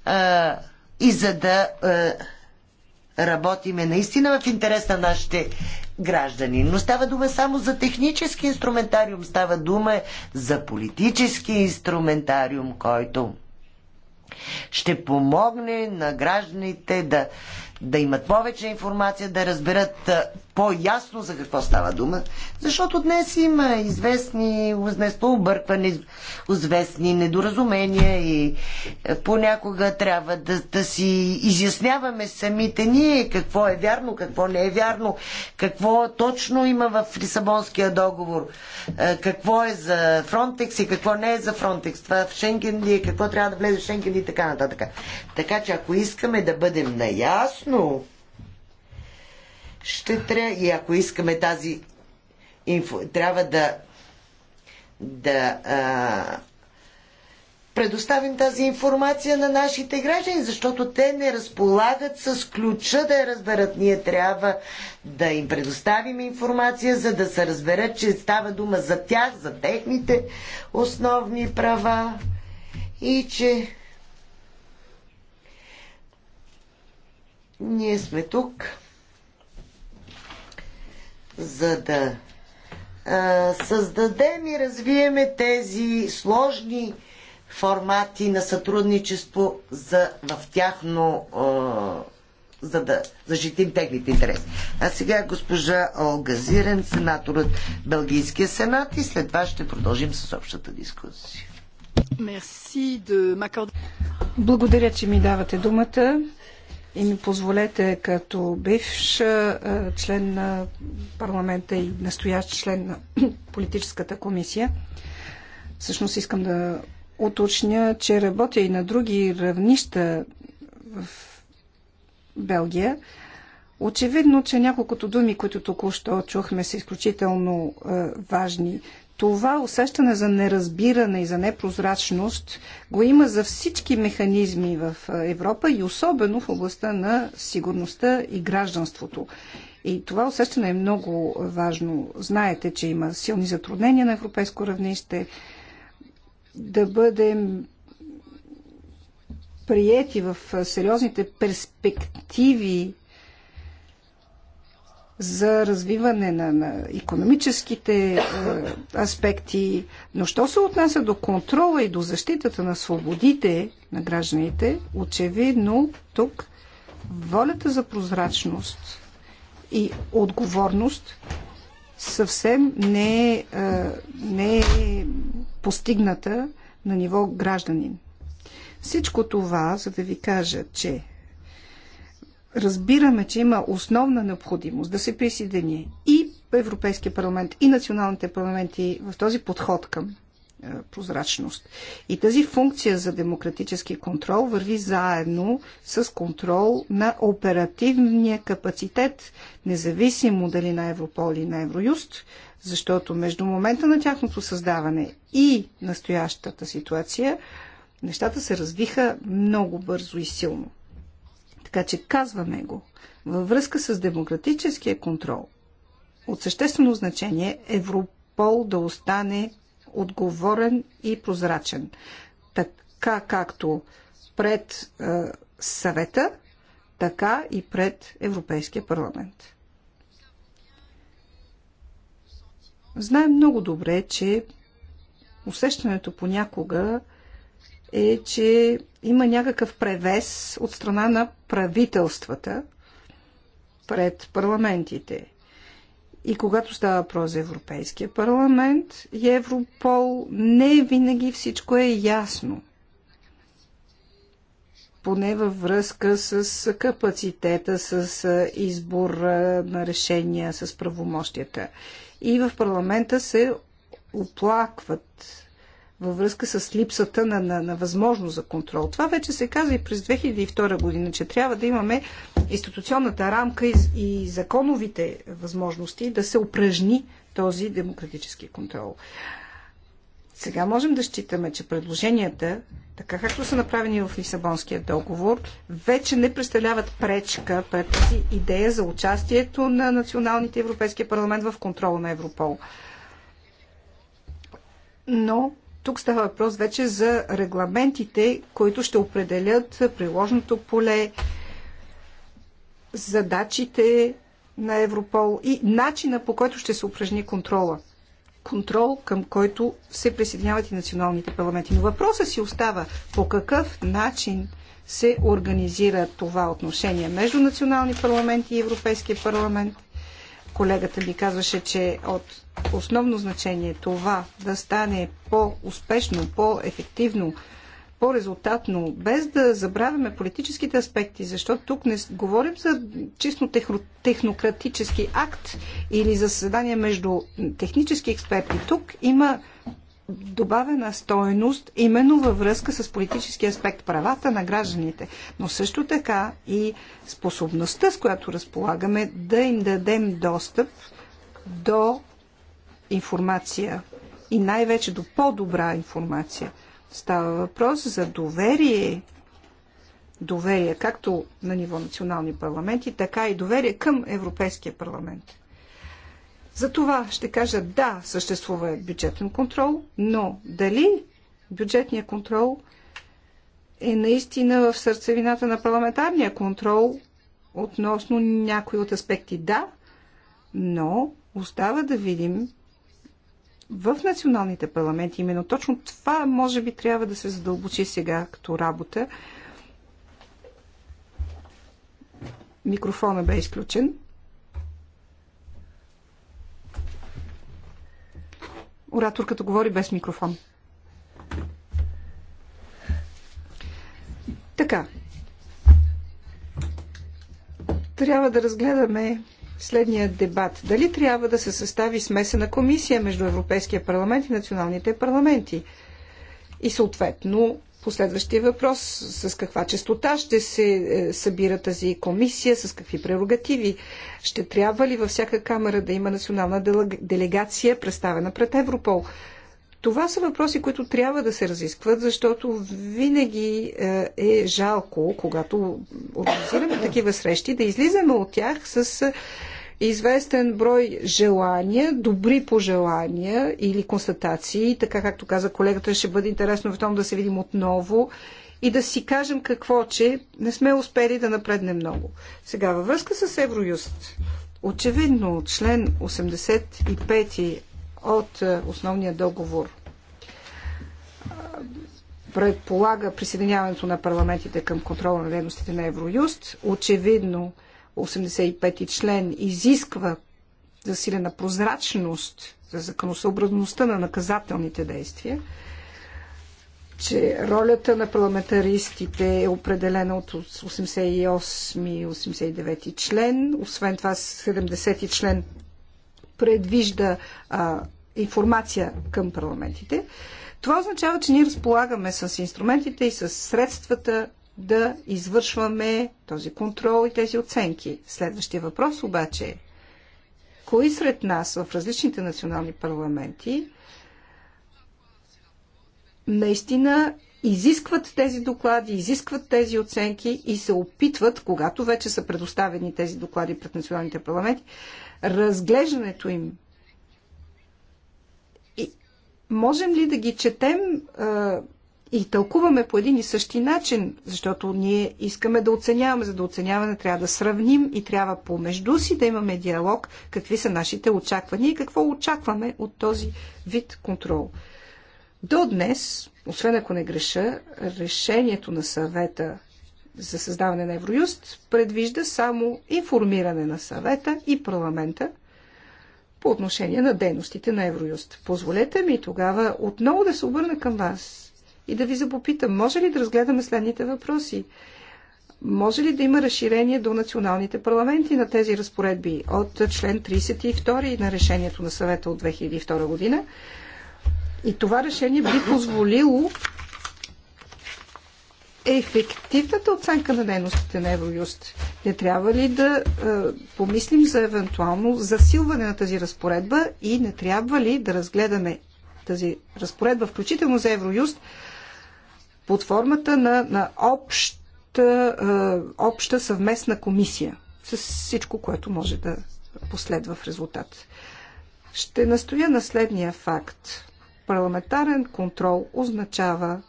а, и за да а, работиме наистина в интерес на нашите граждани. Но става дума само за технически инструментариум, става дума за политически инструментариум, който ще помогне на гражданите да да имат повече информация, да разберат по-ясно за какво става дума, защото днес има известни, известно объркване, известни недоразумения и понякога трябва да, да си изясняваме самите ние какво е вярно, какво не е вярно, какво точно има в Лисабонския договор, какво е за Фронтекс и какво не е за Фронтекс, това в Шенген ли е, какво трябва да влезе в Шенген и така нататък. Така че ако искаме да бъдем наясно, ясно. Ще трябва, и ако искаме тази инфо, трябва да да а, предоставим тази информация на нашите граждани, защото те не разполагат с ключа да я разберат. Ние трябва да им предоставим информация, за да се разберат, че става дума за тях, за техните основни права и че Ние сме тук, за да а, създадем и развиеме тези сложни формати на сътрудничество за, в тяхно а, за да защитим техните интереси. А сега госпожа Олга Зирен, сенатор от Белгийския сенат и след това ще продължим с общата дискусия. Благодаря, че ми давате думата. И ми позволете като бивш член на парламента и настоящ член на политическата комисия, всъщност искам да уточня, че работя и на други равнища в Белгия. Очевидно, че няколкото думи, които току-що чухме, са изключително важни това усещане за неразбиране и за непрозрачност го има за всички механизми в Европа и особено в областта на сигурността и гражданството. И това усещане е много важно. Знаете, че има силни затруднения на европейско равнище да бъдем приети в сериозните перспективи за развиване на, на економическите е, аспекти, но що се отнася до контрола и до защитата на свободите на гражданите, очевидно тук волята за прозрачност и отговорност съвсем не е, не е постигната на ниво гражданин. Всичко това, за да ви кажа, че разбираме, че има основна необходимост да се присъедини и Европейския парламент, и националните парламенти в този подход към е, прозрачност. И тази функция за демократически контрол върви заедно с контрол на оперативния капацитет, независимо дали на Европол или на Евроюст, защото между момента на тяхното създаване и настоящата ситуация, нещата се развиха много бързо и силно. Така че казваме го. Във връзка с демократическия контрол, от съществено значение Европол да остане отговорен и прозрачен. Така както пред е, съвета, така и пред Европейския парламент. Знаем много добре, че усещането понякога е, че има някакъв превес от страна на правителствата пред парламентите. И когато става въпрос за Европейския парламент и Европол, не винаги всичко е ясно. Поне във връзка с капацитета, с избор на решения, с правомощията. И в парламента се оплакват във връзка с липсата на, на, на възможност за контрол. Това вече се каза и през 2002 година, че трябва да имаме институционната рамка и, и законовите възможности да се упражни този демократически контрол. Сега можем да считаме, че предложенията, така както са направени в Лисабонския договор, вече не представляват пречка пред тази идея за участието на националните Европейския парламент в контрола на Европол. Но тук става въпрос вече за регламентите, които ще определят приложното поле, задачите на Европол и начина по който ще се упражни контрола. Контрол, към който се присъединяват и националните парламенти. Но въпросът си остава по какъв начин се организира това отношение между национални парламенти и Европейския парламент – Колегата ми казваше, че от основно значение е това да стане по-успешно, по-ефективно, по-резултатно, без да забравяме политическите аспекти, защото тук не говорим за чисто технократически акт или заседание между технически експерти. Тук има добавена стоеност именно във връзка с политически аспект правата на гражданите, но също така и способността, с която разполагаме, да им дадем достъп до информация и най-вече до по-добра информация. Става въпрос за доверие, доверие както на ниво национални парламенти, така и доверие към Европейския парламент. За това ще кажа да, съществува бюджетен контрол, но дали бюджетният контрол е наистина в сърцевината на парламентарния контрол относно някои от аспекти да, но остава да видим в националните парламенти, именно точно това може би трябва да се задълбочи сега като работа. Микрофона бе изключен. Ораторката говори без микрофон. Така. Трябва да разгледаме следния дебат. Дали трябва да се състави смесена комисия между Европейския парламент и националните парламенти? И съответно Последващия въпрос с каква частота ще се е, събира тази комисия, с какви прерогативи? Ще трябва ли във всяка камера да има национална делегация, представена пред Европол? Това са въпроси, които трябва да се разискват, защото винаги е, е жалко, когато организираме такива срещи, да излизаме от тях с е, известен брой желания, добри пожелания или констатации. Така както каза колегата, ще бъде интересно в том да се видим отново и да си кажем какво, че не сме успели да напреднем много. Сега, във връзка с Евроюст, очевидно член 85 от е, основния договор предполага присъединяването на парламентите към контрола на дейностите на Евроюст. Очевидно 85 член изисква засилена прозрачност за законосъобразността на наказателните действия, че ролята на парламентаристите е определена от 88-89 член. Освен това, 70 член предвижда а, информация към парламентите. Това означава, че ние разполагаме с инструментите и с средствата да извършваме този контрол и тези оценки. Следващия въпрос обаче е кои сред нас в различните национални парламенти наистина изискват тези доклади, изискват тези оценки и се опитват, когато вече са предоставени тези доклади пред националните парламенти, разглеждането им. И можем ли да ги четем и тълкуваме по един и същи начин, защото ние искаме да оценяваме. За да оценяваме трябва да сравним и трябва помежду си да имаме диалог какви са нашите очаквания и какво очакваме от този вид контрол. До днес, освен ако не греша, решението на съвета за създаване на Евроюст предвижда само информиране на съвета и парламента по отношение на дейностите на Евроюст. Позволете ми тогава отново да се обърна към вас и да ви запопитам, може ли да разгледаме следните въпроси? Може ли да има разширение до националните парламенти на тези разпоредби от член 32 на решението на съвета от 2002 година? И това решение би позволило ефективната оценка на дейностите на Евроюст. Не трябва ли да е, помислим за евентуално засилване на тази разпоредба и не трябва ли да разгледаме тази разпоредба, включително за Евроюст, под формата на, на обща, обща съвместна комисия с всичко, което може да последва в резултат. Ще настоя на следния факт. Парламентарен контрол означава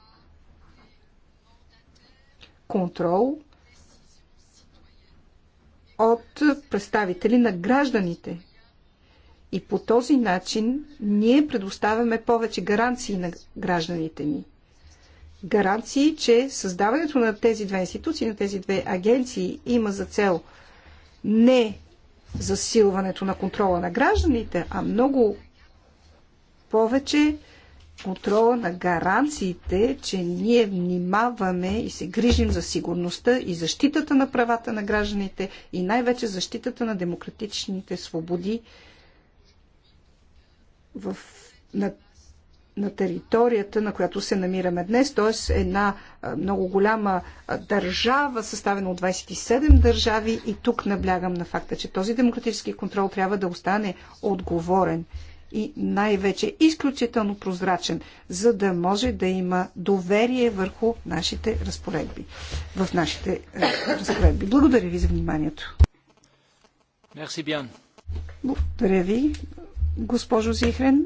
контрол от представители на гражданите. И по този начин ние предоставяме повече гаранции на гражданите ни гаранции, че създаването на тези две институции, на тези две агенции има за цел не засилването на контрола на гражданите, а много повече контрола на гаранциите, че ние внимаваме и се грижим за сигурността и защитата на правата на гражданите и най-вече защитата на демократичните свободи в, на на територията, на която се намираме днес, т.е. една много голяма държава, съставена от 27 държави и тук наблягам на факта, че този демократически контрол трябва да остане отговорен и най-вече изключително прозрачен, за да може да има доверие върху нашите разпоредби. В нашите е, разпоредби. Благодаря ви за вниманието. Благодаря ви, госпожо Зихрен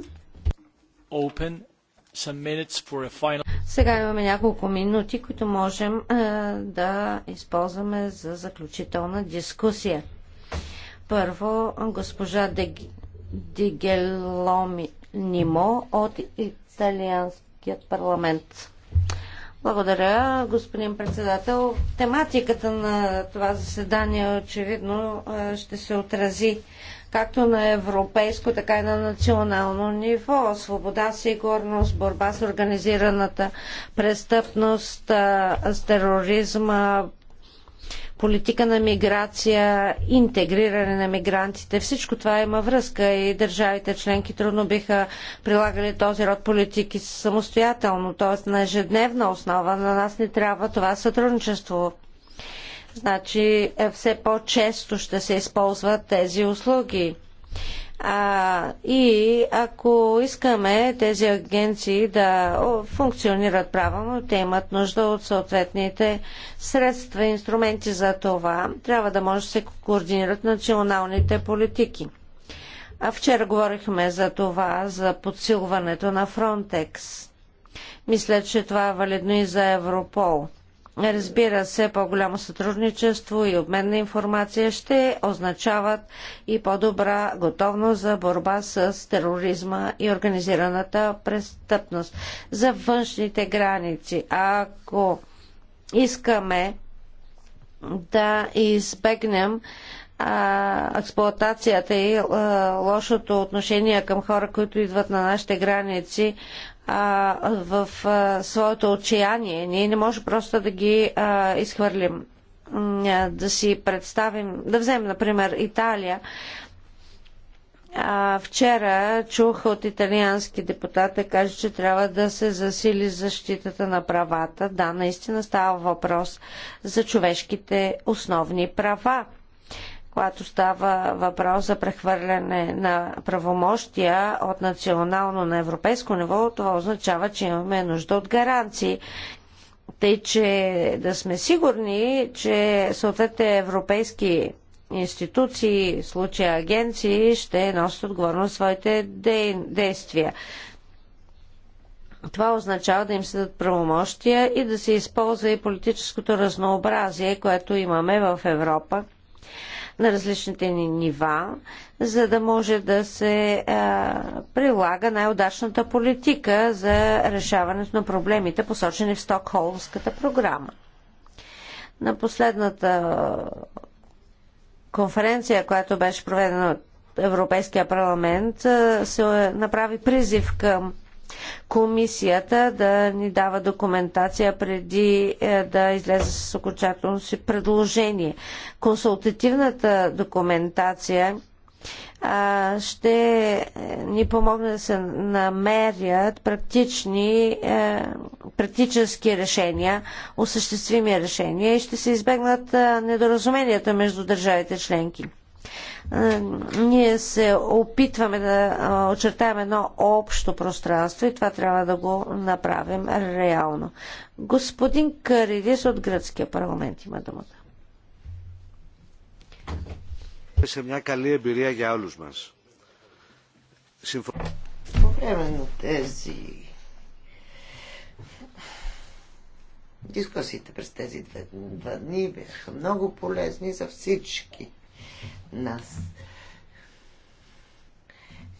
open some minutes for a final... Сега имаме няколко минути, които можем е, да използваме за заключителна дискусия. Първо, госпожа Дег... от Италианският парламент. Благодаря, господин председател. Тематиката на това заседание очевидно ще се отрази както на европейско, така и на национално ниво. Свобода, сигурност, борба с организираната престъпност, с тероризма, политика на миграция, интегриране на мигрантите. Всичко това има връзка и държавите членки трудно биха прилагали този род политики самостоятелно, т.е. на ежедневна основа. На нас не трябва това сътрудничество. Значи е, все по-често ще се използват тези услуги. А, и ако искаме тези агенции да функционират правилно, те имат нужда от съответните средства и инструменти за това. Трябва да може да се координират националните политики. А вчера говорихме за това, за подсилването на Фронтекс. Мисля, че това е валидно и за Европол. Разбира се, по-голямо сътрудничество и обмен на информация ще означават и по-добра готовност за борба с тероризма и организираната престъпност. За външните граници, ако искаме да избегнем а, експлоатацията и а, лошото отношение към хора, които идват на нашите граници а, в а, своето отчаяние. Ние не можем просто да ги а, изхвърлим. Да си представим, да вземем, например, Италия. А, вчера чух от италиански депутат каже, че трябва да се засили защитата на правата. Да, наистина става въпрос за човешките основни права когато става въпрос за прехвърляне на правомощия от национално на европейско ниво, това означава, че имаме нужда от гаранции. Тъй, че да сме сигурни, че съответните европейски институции, в случая агенции, ще носят отговорност своите действия. Това означава да им се дадат правомощия и да се използва и политическото разнообразие, което имаме в Европа на различните ни нива, за да може да се а, прилага най-удачната политика за решаването на проблемите, посочени в Стокхолмската програма. На последната конференция, която беше проведена от Европейския парламент, се направи призив към комисията да ни дава документация преди е, да излезе с окончателното си предложение. Консултативната документация ще е, ни помогне да се намерят практични, е, практически решения, осъществими решения и ще се избегнат недоразуменията между държавите членки. Е, ние се опитваме да очертаем едно общо пространство и това трябва да го направим реално. Господин Каридис от Гръцкия парламент има думата. μια καλή εμπειρία για όλους μας. По време на тези дискусиите през тези два дни бяха много полезни за всички нас.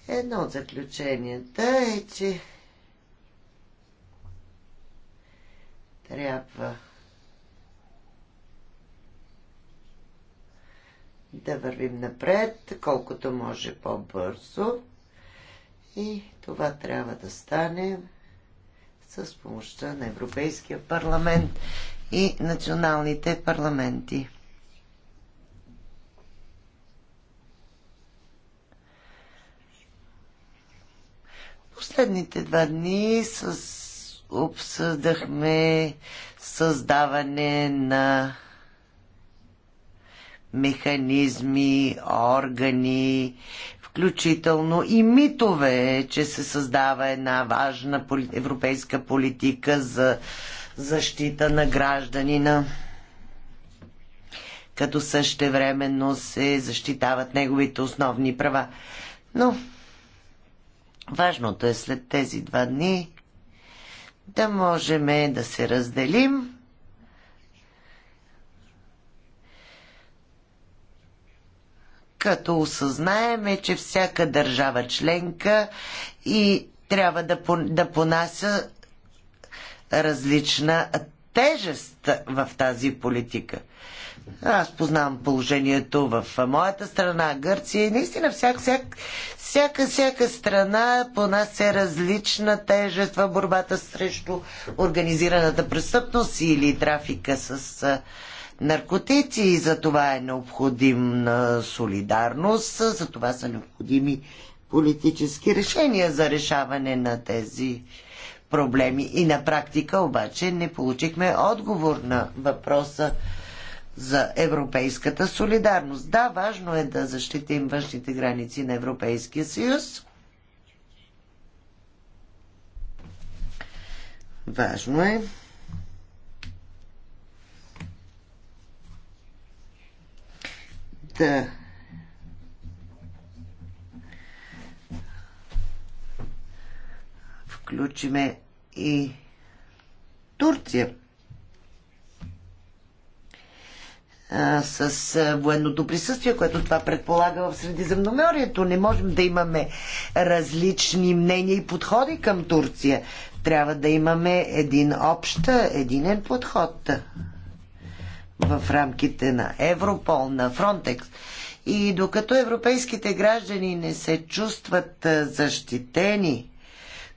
Едно от заключенията е, че трябва да вървим напред, колкото може по-бързо. И това трябва да стане с помощта на Европейския парламент и националните парламенти. Последните два дни с... обсъдахме създаване на механизми, органи, включително и митове, че се създава една важна европейска политика за защита на гражданина, като същевременно се защитават неговите основни права. Но Важното е след тези два дни да можем да се разделим. като осъзнаеме, че всяка държава членка и трябва да, да понася различна тежест в тази политика. Аз познавам положението в моята страна, Гърция и наистина всяк, всяк, всяка, всяка страна понася различна тежест в борбата срещу организираната престъпност или трафика с наркотици и за това е необходима солидарност, за това са необходими политически решения за решаване на тези проблеми. И на практика обаче не получихме отговор на въпроса за европейската солидарност. Да, важно е да защитим външните граници на Европейския съюз. Важно е. Да. Включиме и Турция. с военното присъствие, което това предполага в Средиземноморието. Не можем да имаме различни мнения и подходи към Турция. Трябва да имаме един общ, единен подход в рамките на Европол, на Фронтекс. И докато европейските граждани не се чувстват защитени,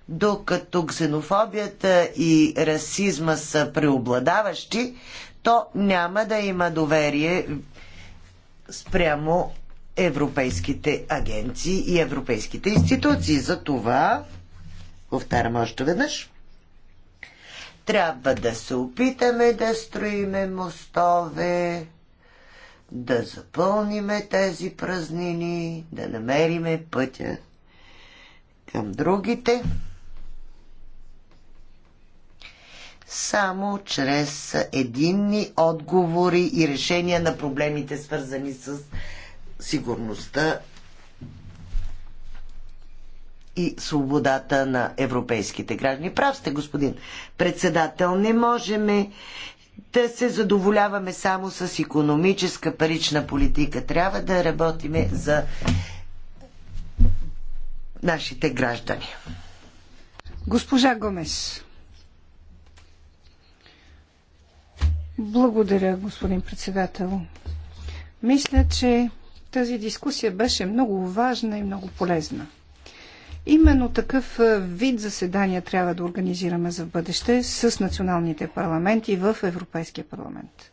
докато ксенофобията и расизма са преобладаващи, то няма да има доверие спрямо европейските агенции и европейските институции. За това, повтарям още веднъж, трябва да се опитаме да строиме мостове, да запълниме тези празнини, да намериме пътя към другите. само чрез единни отговори и решения на проблемите, свързани с сигурността и свободата на европейските граждани. Прав сте, господин председател. Не можем да се задоволяваме само с економическа парична политика. Трябва да работиме за нашите граждани. Госпожа Гомес. Благодаря, господин председател. Мисля, че тази дискусия беше много важна и много полезна. Именно такъв вид заседания трябва да организираме за бъдеще с националните парламенти в Европейския парламент.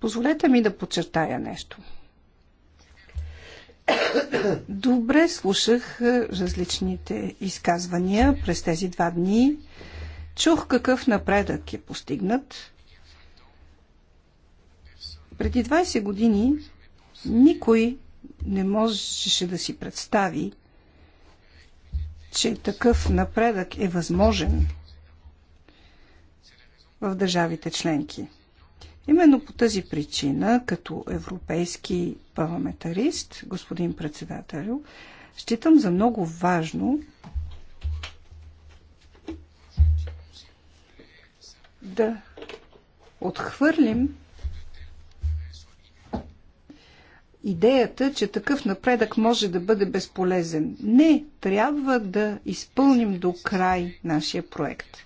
Позволете ми да подчертая нещо. Добре слушах различните изказвания през тези два дни. Чух какъв напредък е постигнат. Преди 20 години никой не можеше да си представи, че такъв напредък е възможен в държавите членки. Именно по тази причина, като европейски парламентарист, господин председател, считам за много важно да отхвърлим идеята, че такъв напредък може да бъде безполезен. Не, трябва да изпълним до край нашия проект.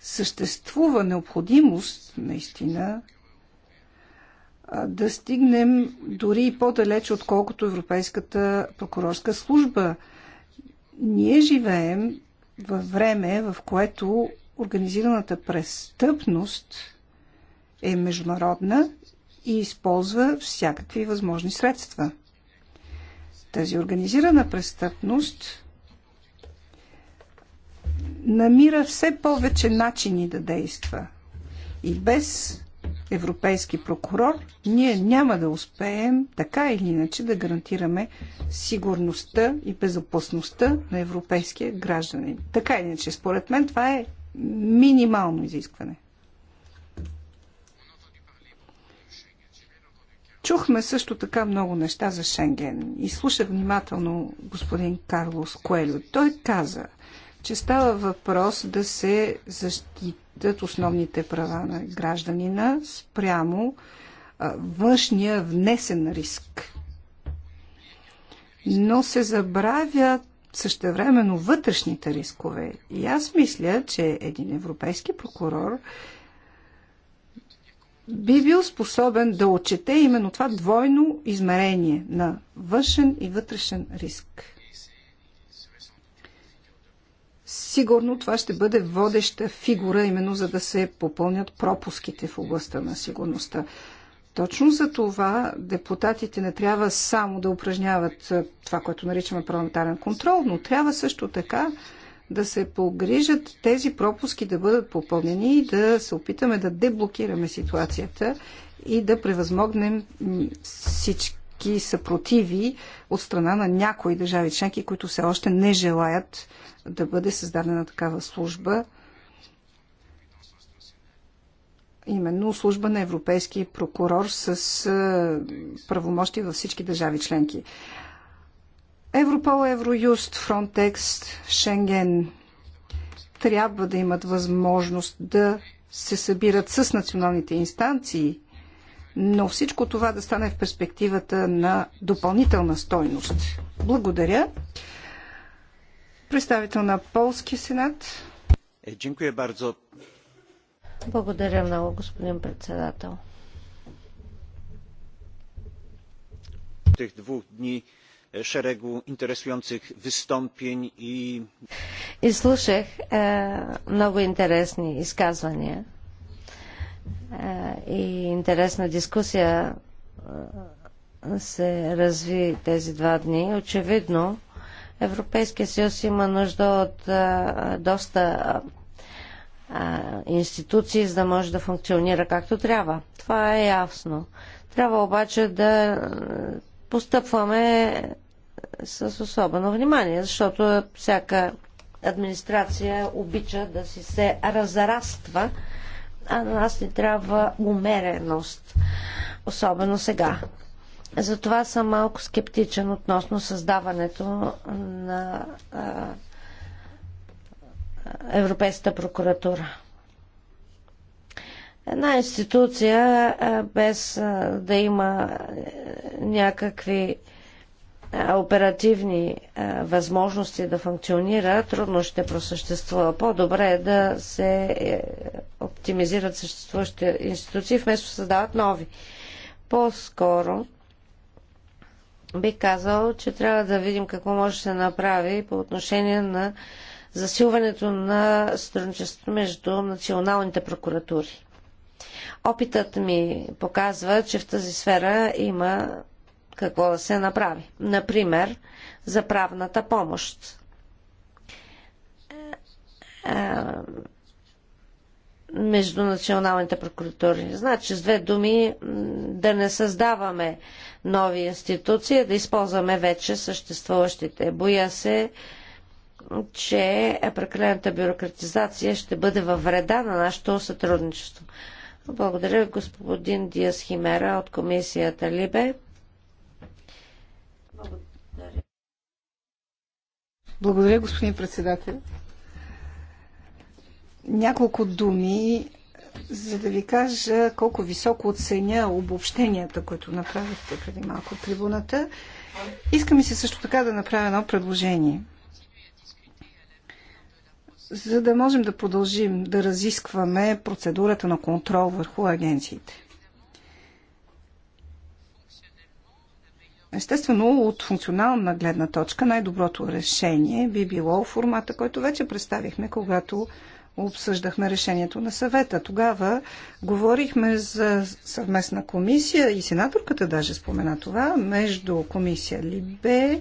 Съществува необходимост, наистина, да стигнем дори и по-далеч, отколкото Европейската прокурорска служба. Ние живеем във време, в което организираната престъпност е международна и използва всякакви възможни средства. Тази организирана престъпност намира все повече начини да действа. И без европейски прокурор ние няма да успеем така или иначе да гарантираме сигурността и безопасността на европейския гражданин. Така или иначе, според мен това е минимално изискване. Чухме също така много неща за Шенген и слушах внимателно господин Карлос Коелю. Той каза, че става въпрос да се защитат основните права на гражданина спрямо външния внесен риск. Но се забравят същевременно вътрешните рискове. И аз мисля, че един европейски прокурор би бил способен да отчете именно това двойно измерение на външен и вътрешен риск. Сигурно това ще бъде водеща фигура, именно за да се попълнят пропуските в областта на сигурността. Точно за това депутатите не трябва само да упражняват е, това, което наричаме парламентарен контрол, но трябва също така да се погрижат тези пропуски да бъдат попълнени и да се опитаме да деблокираме ситуацията и да превъзмогнем всички съпротиви от страна на някои държави членки, които все още не желаят да бъде създадена такава служба именно служба на европейски прокурор с е, правомощи във всички държави членки. Европол, Евроюст, Фронтекс, Шенген трябва да имат възможност да се събират с националните инстанции, но всичко това да стане в перспективата на допълнителна стойност. Благодаря. Представител на полския сенат. Е, благодаря много, господин председател. Изслушах е, И слушах е, много интересни изказвания е, и интересна дискусия е, се разви тези два дни. Очевидно, Европейския съюз има нужда от е, доста е, а, институции, за да може да функционира както трябва. Това е ясно. Трябва обаче да постъпваме с особено внимание, защото всяка администрация обича да си се разраства, а на нас ни трябва умереност, особено сега. Затова съм малко скептичен относно създаването на а, Европейската прокуратура. Една институция без да има някакви оперативни възможности да функционира, трудно ще просъществува. По-добре е да се е, оптимизират съществуващите институции, вместо да създават нови. По-скоро бих казал, че трябва да видим какво може да се направи по отношение на засилването на сътрудничеството между националните прокуратури. Опитът ми показва, че в тази сфера има какво да се направи. Например, за правната помощ. Е, е, между националните прокуратури. Значи, с две думи, да не създаваме нови институции, да използваме вече съществуващите. Боя се, че прекалената бюрократизация ще бъде във вреда на нашето сътрудничество. Благодаря господин Диас Химера от комисията Либе. Благодаря. Благодаря, господин председател. Няколко думи, за да ви кажа колко високо оценя обобщенията, които направихте преди малко от трибуната. Искам и се също така да направя едно предложение – за да можем да продължим да разискваме процедурата на контрол върху агенциите. Естествено, от функционална гледна точка най-доброто решение би било формата, който вече представихме, когато обсъждахме решението на съвета. Тогава говорихме за съвместна комисия и сенаторката даже спомена това между комисия Либе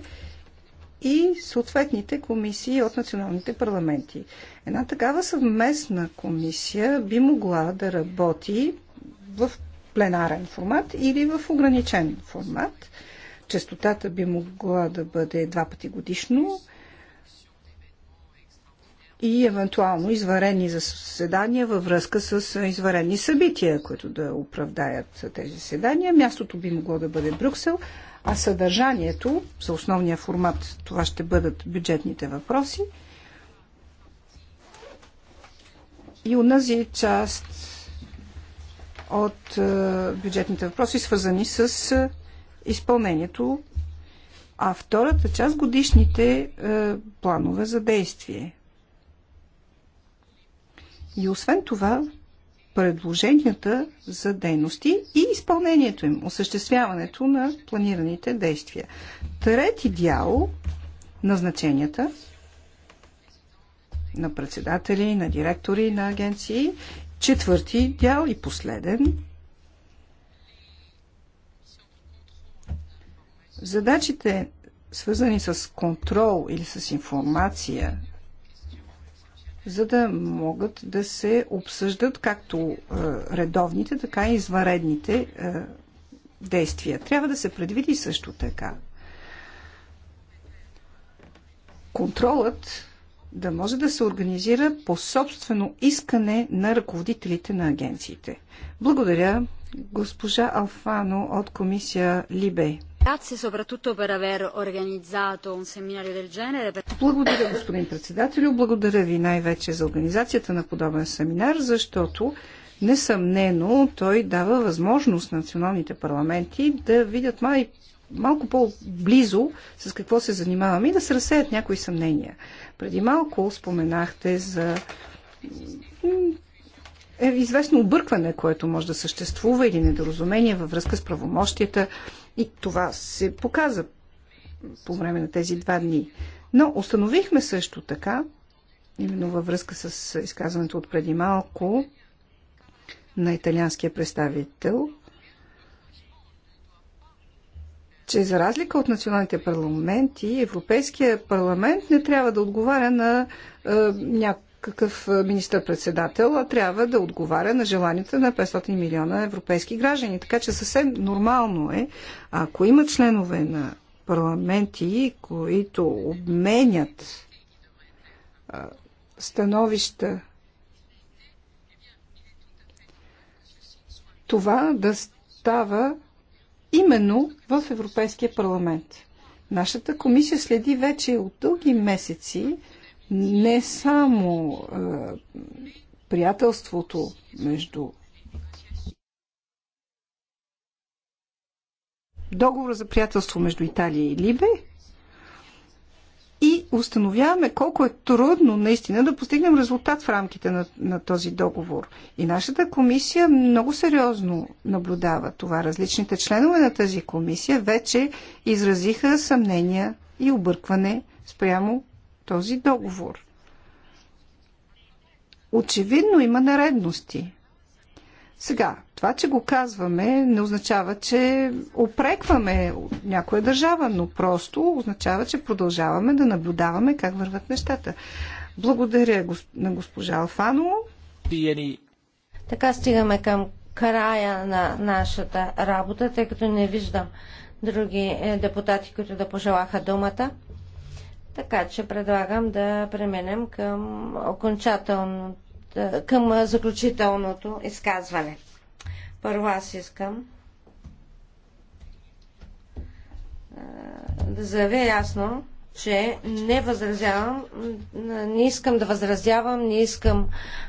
и съответните комисии от националните парламенти. Една такава съвместна комисия би могла да работи в пленарен формат или в ограничен формат. Честотата би могла да бъде два пъти годишно и евентуално изварени заседания във връзка с изварени събития, които да оправдаят тези заседания. Мястото би могло да бъде Брюксел, а съдържанието за основния формат това ще бъдат бюджетните въпроси и унази част от е, бюджетните въпроси, свързани с е, изпълнението, а втората част годишните е, планове за действие. И освен това, предложенията за дейности и изпълнението им, осъществяването на планираните действия. Трети дял назначенията на председатели, на директори на агенции. Четвърти дял и последен задачите свързани с контрол или с информация за да могат да се обсъждат както е, редовните, така и изваредните е, действия. Трябва да се предвиди също така контролът да може да се организира по собствено искане на ръководителите на агенциите. Благодаря госпожа Алфано от комисия Либе. Благодаря, господин председателю. Благодаря ви най-вече за организацията на подобен семинар, защото несъмнено той дава възможност на националните парламенти да видят май малко по-близо с какво се занимаваме и да се разсеят някои съмнения. Преди малко споменахте за е известно объркване, което може да съществува или недоразумение във връзка с правомощията и това се показа по време на тези два дни. Но установихме също така, именно във връзка с изказването от преди малко на италианския представител, че за разлика от националните парламенти, Европейския парламент не трябва да отговаря на е, ня какъв министър-председател, а трябва да отговаря на желанията на 500 милиона европейски граждани. Така че съвсем нормално е, ако има членове на парламенти, които обменят а, становища, това да става именно в Европейския парламент. Нашата комисия следи вече от дълги месеци не само е, приятелството между договор за приятелство между Италия и Либе и установяваме колко е трудно наистина да постигнем резултат в рамките на, на този договор. И нашата комисия много сериозно наблюдава това. Различните членове на тази комисия вече изразиха съмнения и объркване спрямо този договор. Очевидно има наредности. Сега, това, че го казваме, не означава, че опрекваме някоя държава, но просто означава, че продължаваме да наблюдаваме как върват нещата. Благодаря на госпожа Алфано. Така стигаме към края на нашата работа, тъй като не виждам други е, депутати, които да пожелаха думата. Така че предлагам да преминем към, окончателно, към заключителното изказване. Първо аз искам да заявя ясно, че не възразявам, не искам да възразявам, не искам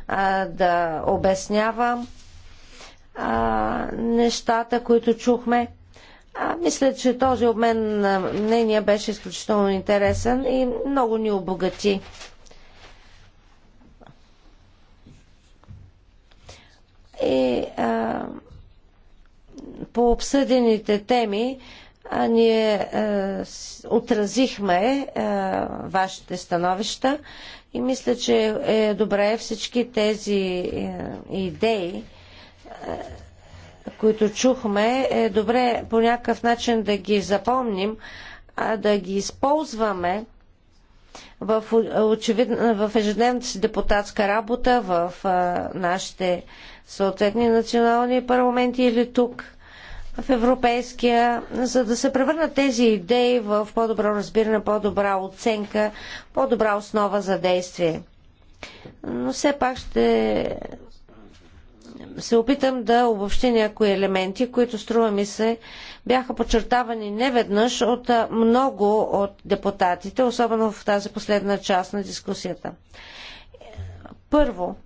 а, да обяснявам а, нещата, които чухме. А, мисля, че този обмен на мнения беше изключително интересен и много ни обогати. И а, по обсъдените теми а, ние а, отразихме а, вашите становища и мисля, че е добре всички тези а, идеи. А, които чухме, е добре по някакъв начин да ги запомним, а да ги използваме в, очевидно, в ежедневната си депутатска работа, в а, нашите съответни национални парламенти или тук в Европейския, за да се превърнат тези идеи в по-добро разбиране, по-добра оценка, по-добра основа за действие. Но все пак ще се опитам да обобщи някои елементи, които струва ми се бяха подчертавани неведнъж от много от депутатите, особено в тази последна част на дискусията. Първо,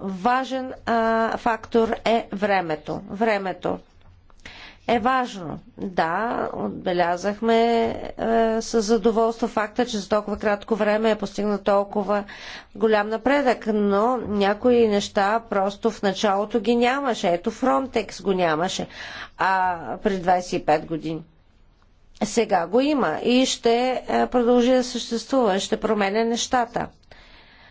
важен а, фактор е времето. Времето е важно. Да, отбелязахме е, с задоволство факта, че за толкова кратко време е постигнат толкова голям напредък, но някои неща просто в началото ги нямаше. Ето Фронтекс го нямаше а, при 25 години. Сега го има и ще е, продължи да съществува, ще променя нещата.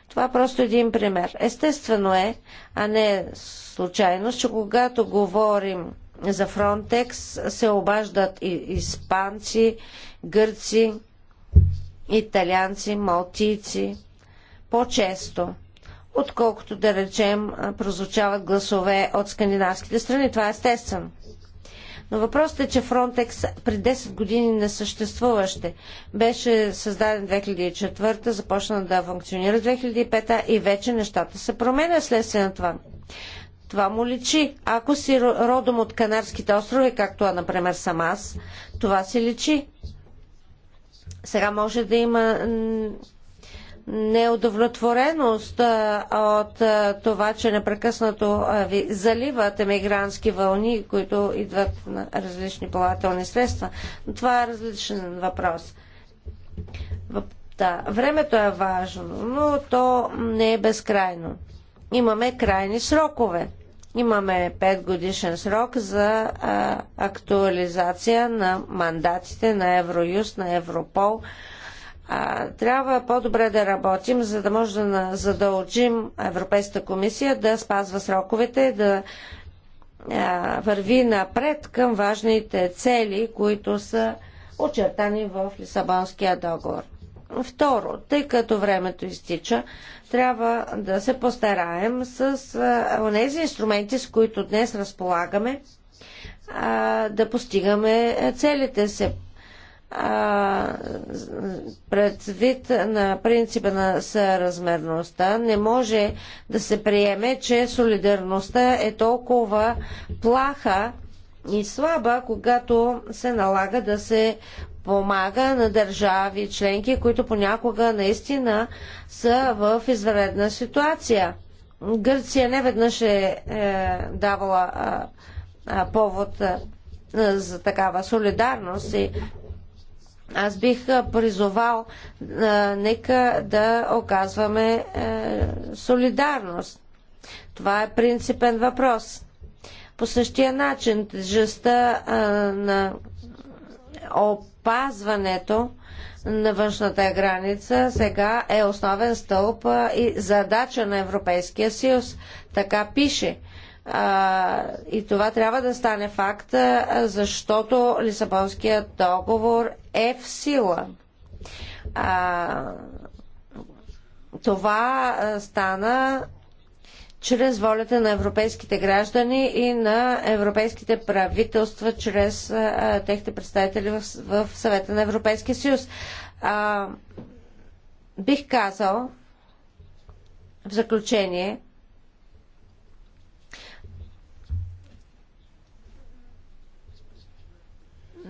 Това е просто един пример. Естествено е, а не случайност, че когато говорим за Фронтекс се обаждат и испанци, гърци, италианци, малтийци по-често, отколкото да речем прозвучават гласове от скандинавските страни. Това е естествено. Но въпросът е, че Фронтекс при 10 години не съществуваше. Беше създаден 2004, започна да функционира 2005 и вече нещата се променят следствие на това. Това му личи. Ако си родом от Канарските острови, както например съм аз, това си личи. Сега може да има неудовлетвореност от това, че непрекъснато ви заливат емигрантски вълни, които идват на различни плавателни средства. Но това е различен въпрос. Да, времето е важно, но то не е безкрайно. Имаме крайни срокове. Имаме 5 годишен срок за а, актуализация на мандатите на Евроюст, на Европол. А, трябва по-добре да работим, за да може да задължим Европейската комисия да спазва сроковете и да а, върви напред към важните цели, които са очертани в Лисабонския договор. Второ, тъй като времето изтича, трябва да се постараем с тези инструменти, с които днес разполагаме, а, да постигаме целите се. А, предвид на принципа на съразмерността, не може да се приеме, че солидарността е толкова плаха и слаба, когато се налага да се помага на държави членки, които понякога наистина са в извредна ситуация. Гърция не веднъж е, е давала е, повод е, за такава солидарност и аз бих призовал е, нека да оказваме е, солидарност. Това е принципен въпрос. По същия начин тежестта е, на оп опазването на външната граница сега е основен стълб и задача на Европейския съюз. Така пише. А, и това трябва да стане факт, защото Лисабонският договор е в сила. А, това стана чрез волята на европейските граждани и на европейските правителства, чрез а, техните представители в, в съвета на Европейския съюз. А, бих казал в заключение,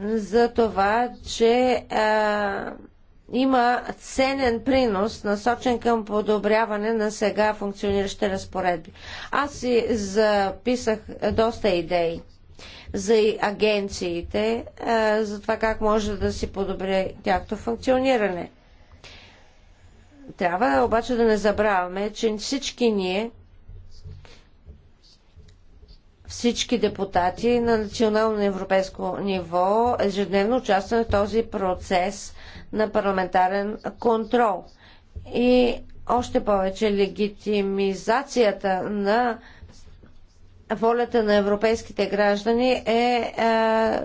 за това, че а, има ценен принос, насочен към подобряване на сега функциониращите разпоредби. Аз си записах е, доста идеи за агенциите, е, за това как може да си подобри тяхто функциониране. Трябва обаче да не забравяме, че всички ние, всички депутати на национално и европейско ниво ежедневно участваме в този процес на парламентарен контрол. И още повече легитимизацията на волята на европейските граждани е, е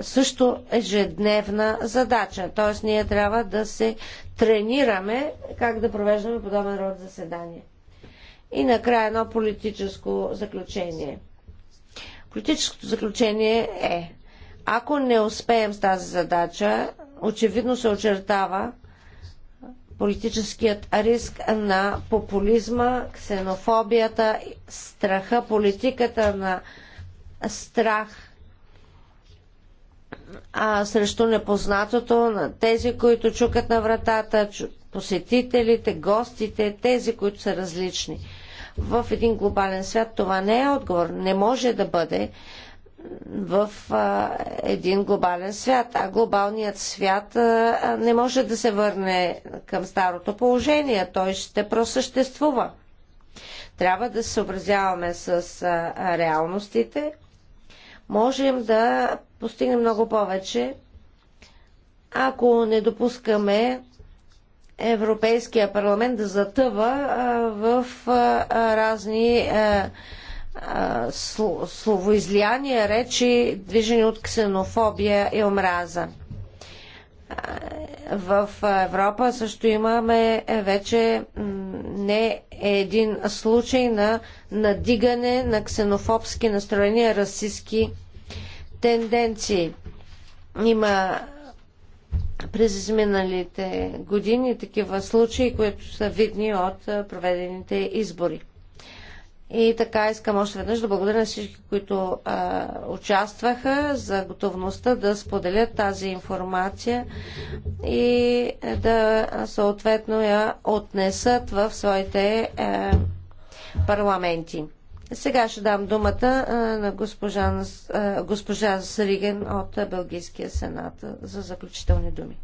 също ежедневна задача. Тоест ние трябва да се тренираме как да провеждаме подобен род заседания. И накрая едно политическо заключение. Политическото заключение е, ако не успеем с тази задача, очевидно се очертава политическият риск на популизма, ксенофобията, страха, политиката на страх а, срещу непознатото, на тези, които чукат на вратата, посетителите, гостите, тези, които са различни. В един глобален свят това не е отговор. Не може да бъде в а, един глобален свят. А глобалният свят а, не може да се върне към старото положение. Той ще просъществува. Трябва да се съобразяваме с а, реалностите. Можем да постигнем много повече, ако не допускаме Европейския парламент да затъва а, в а, разни. А, словоизлияния, речи, движени от ксенофобия и омраза. В Европа също имаме е, вече не един случай на надигане на ксенофобски настроения, расистски тенденции. Има през изминалите години такива случаи, които са видни от проведените избори. И така искам още веднъж да благодаря на всички, които а, участваха за готовността да споделят тази информация и да съответно я отнесат в своите а, парламенти. Сега ще дам думата а, на госпожа, а, госпожа Сриген от Белгийския сенат за заключителни думи.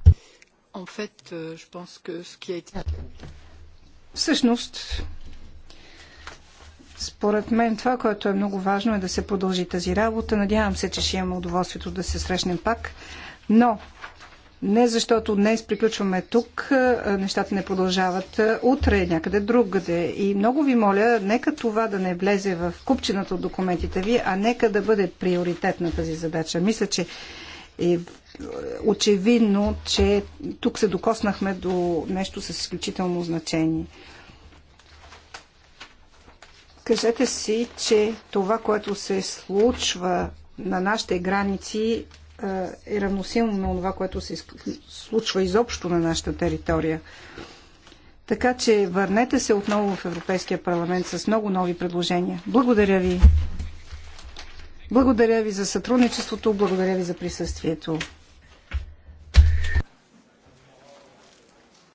Euh, Всъщност, според мен това, което е много важно е да се продължи тази работа. Надявам се, че ще имаме удоволствието да се срещнем пак. Но не защото днес приключваме тук, нещата не продължават утре, е някъде другаде. И много ви моля, нека това да не влезе в купчината от документите ви, а нека да бъде приоритет на тази задача. Мисля, че е очевидно, че тук се докоснахме до нещо с изключително значение. Кажете си, че това, което се случва на нашите граници е, е равносилно на това, което се случва изобщо на нашата територия. Така че върнете се отново в Европейския парламент с много нови предложения. Благодаря ви. Благодаря ви за сътрудничеството, благодаря ви за присъствието.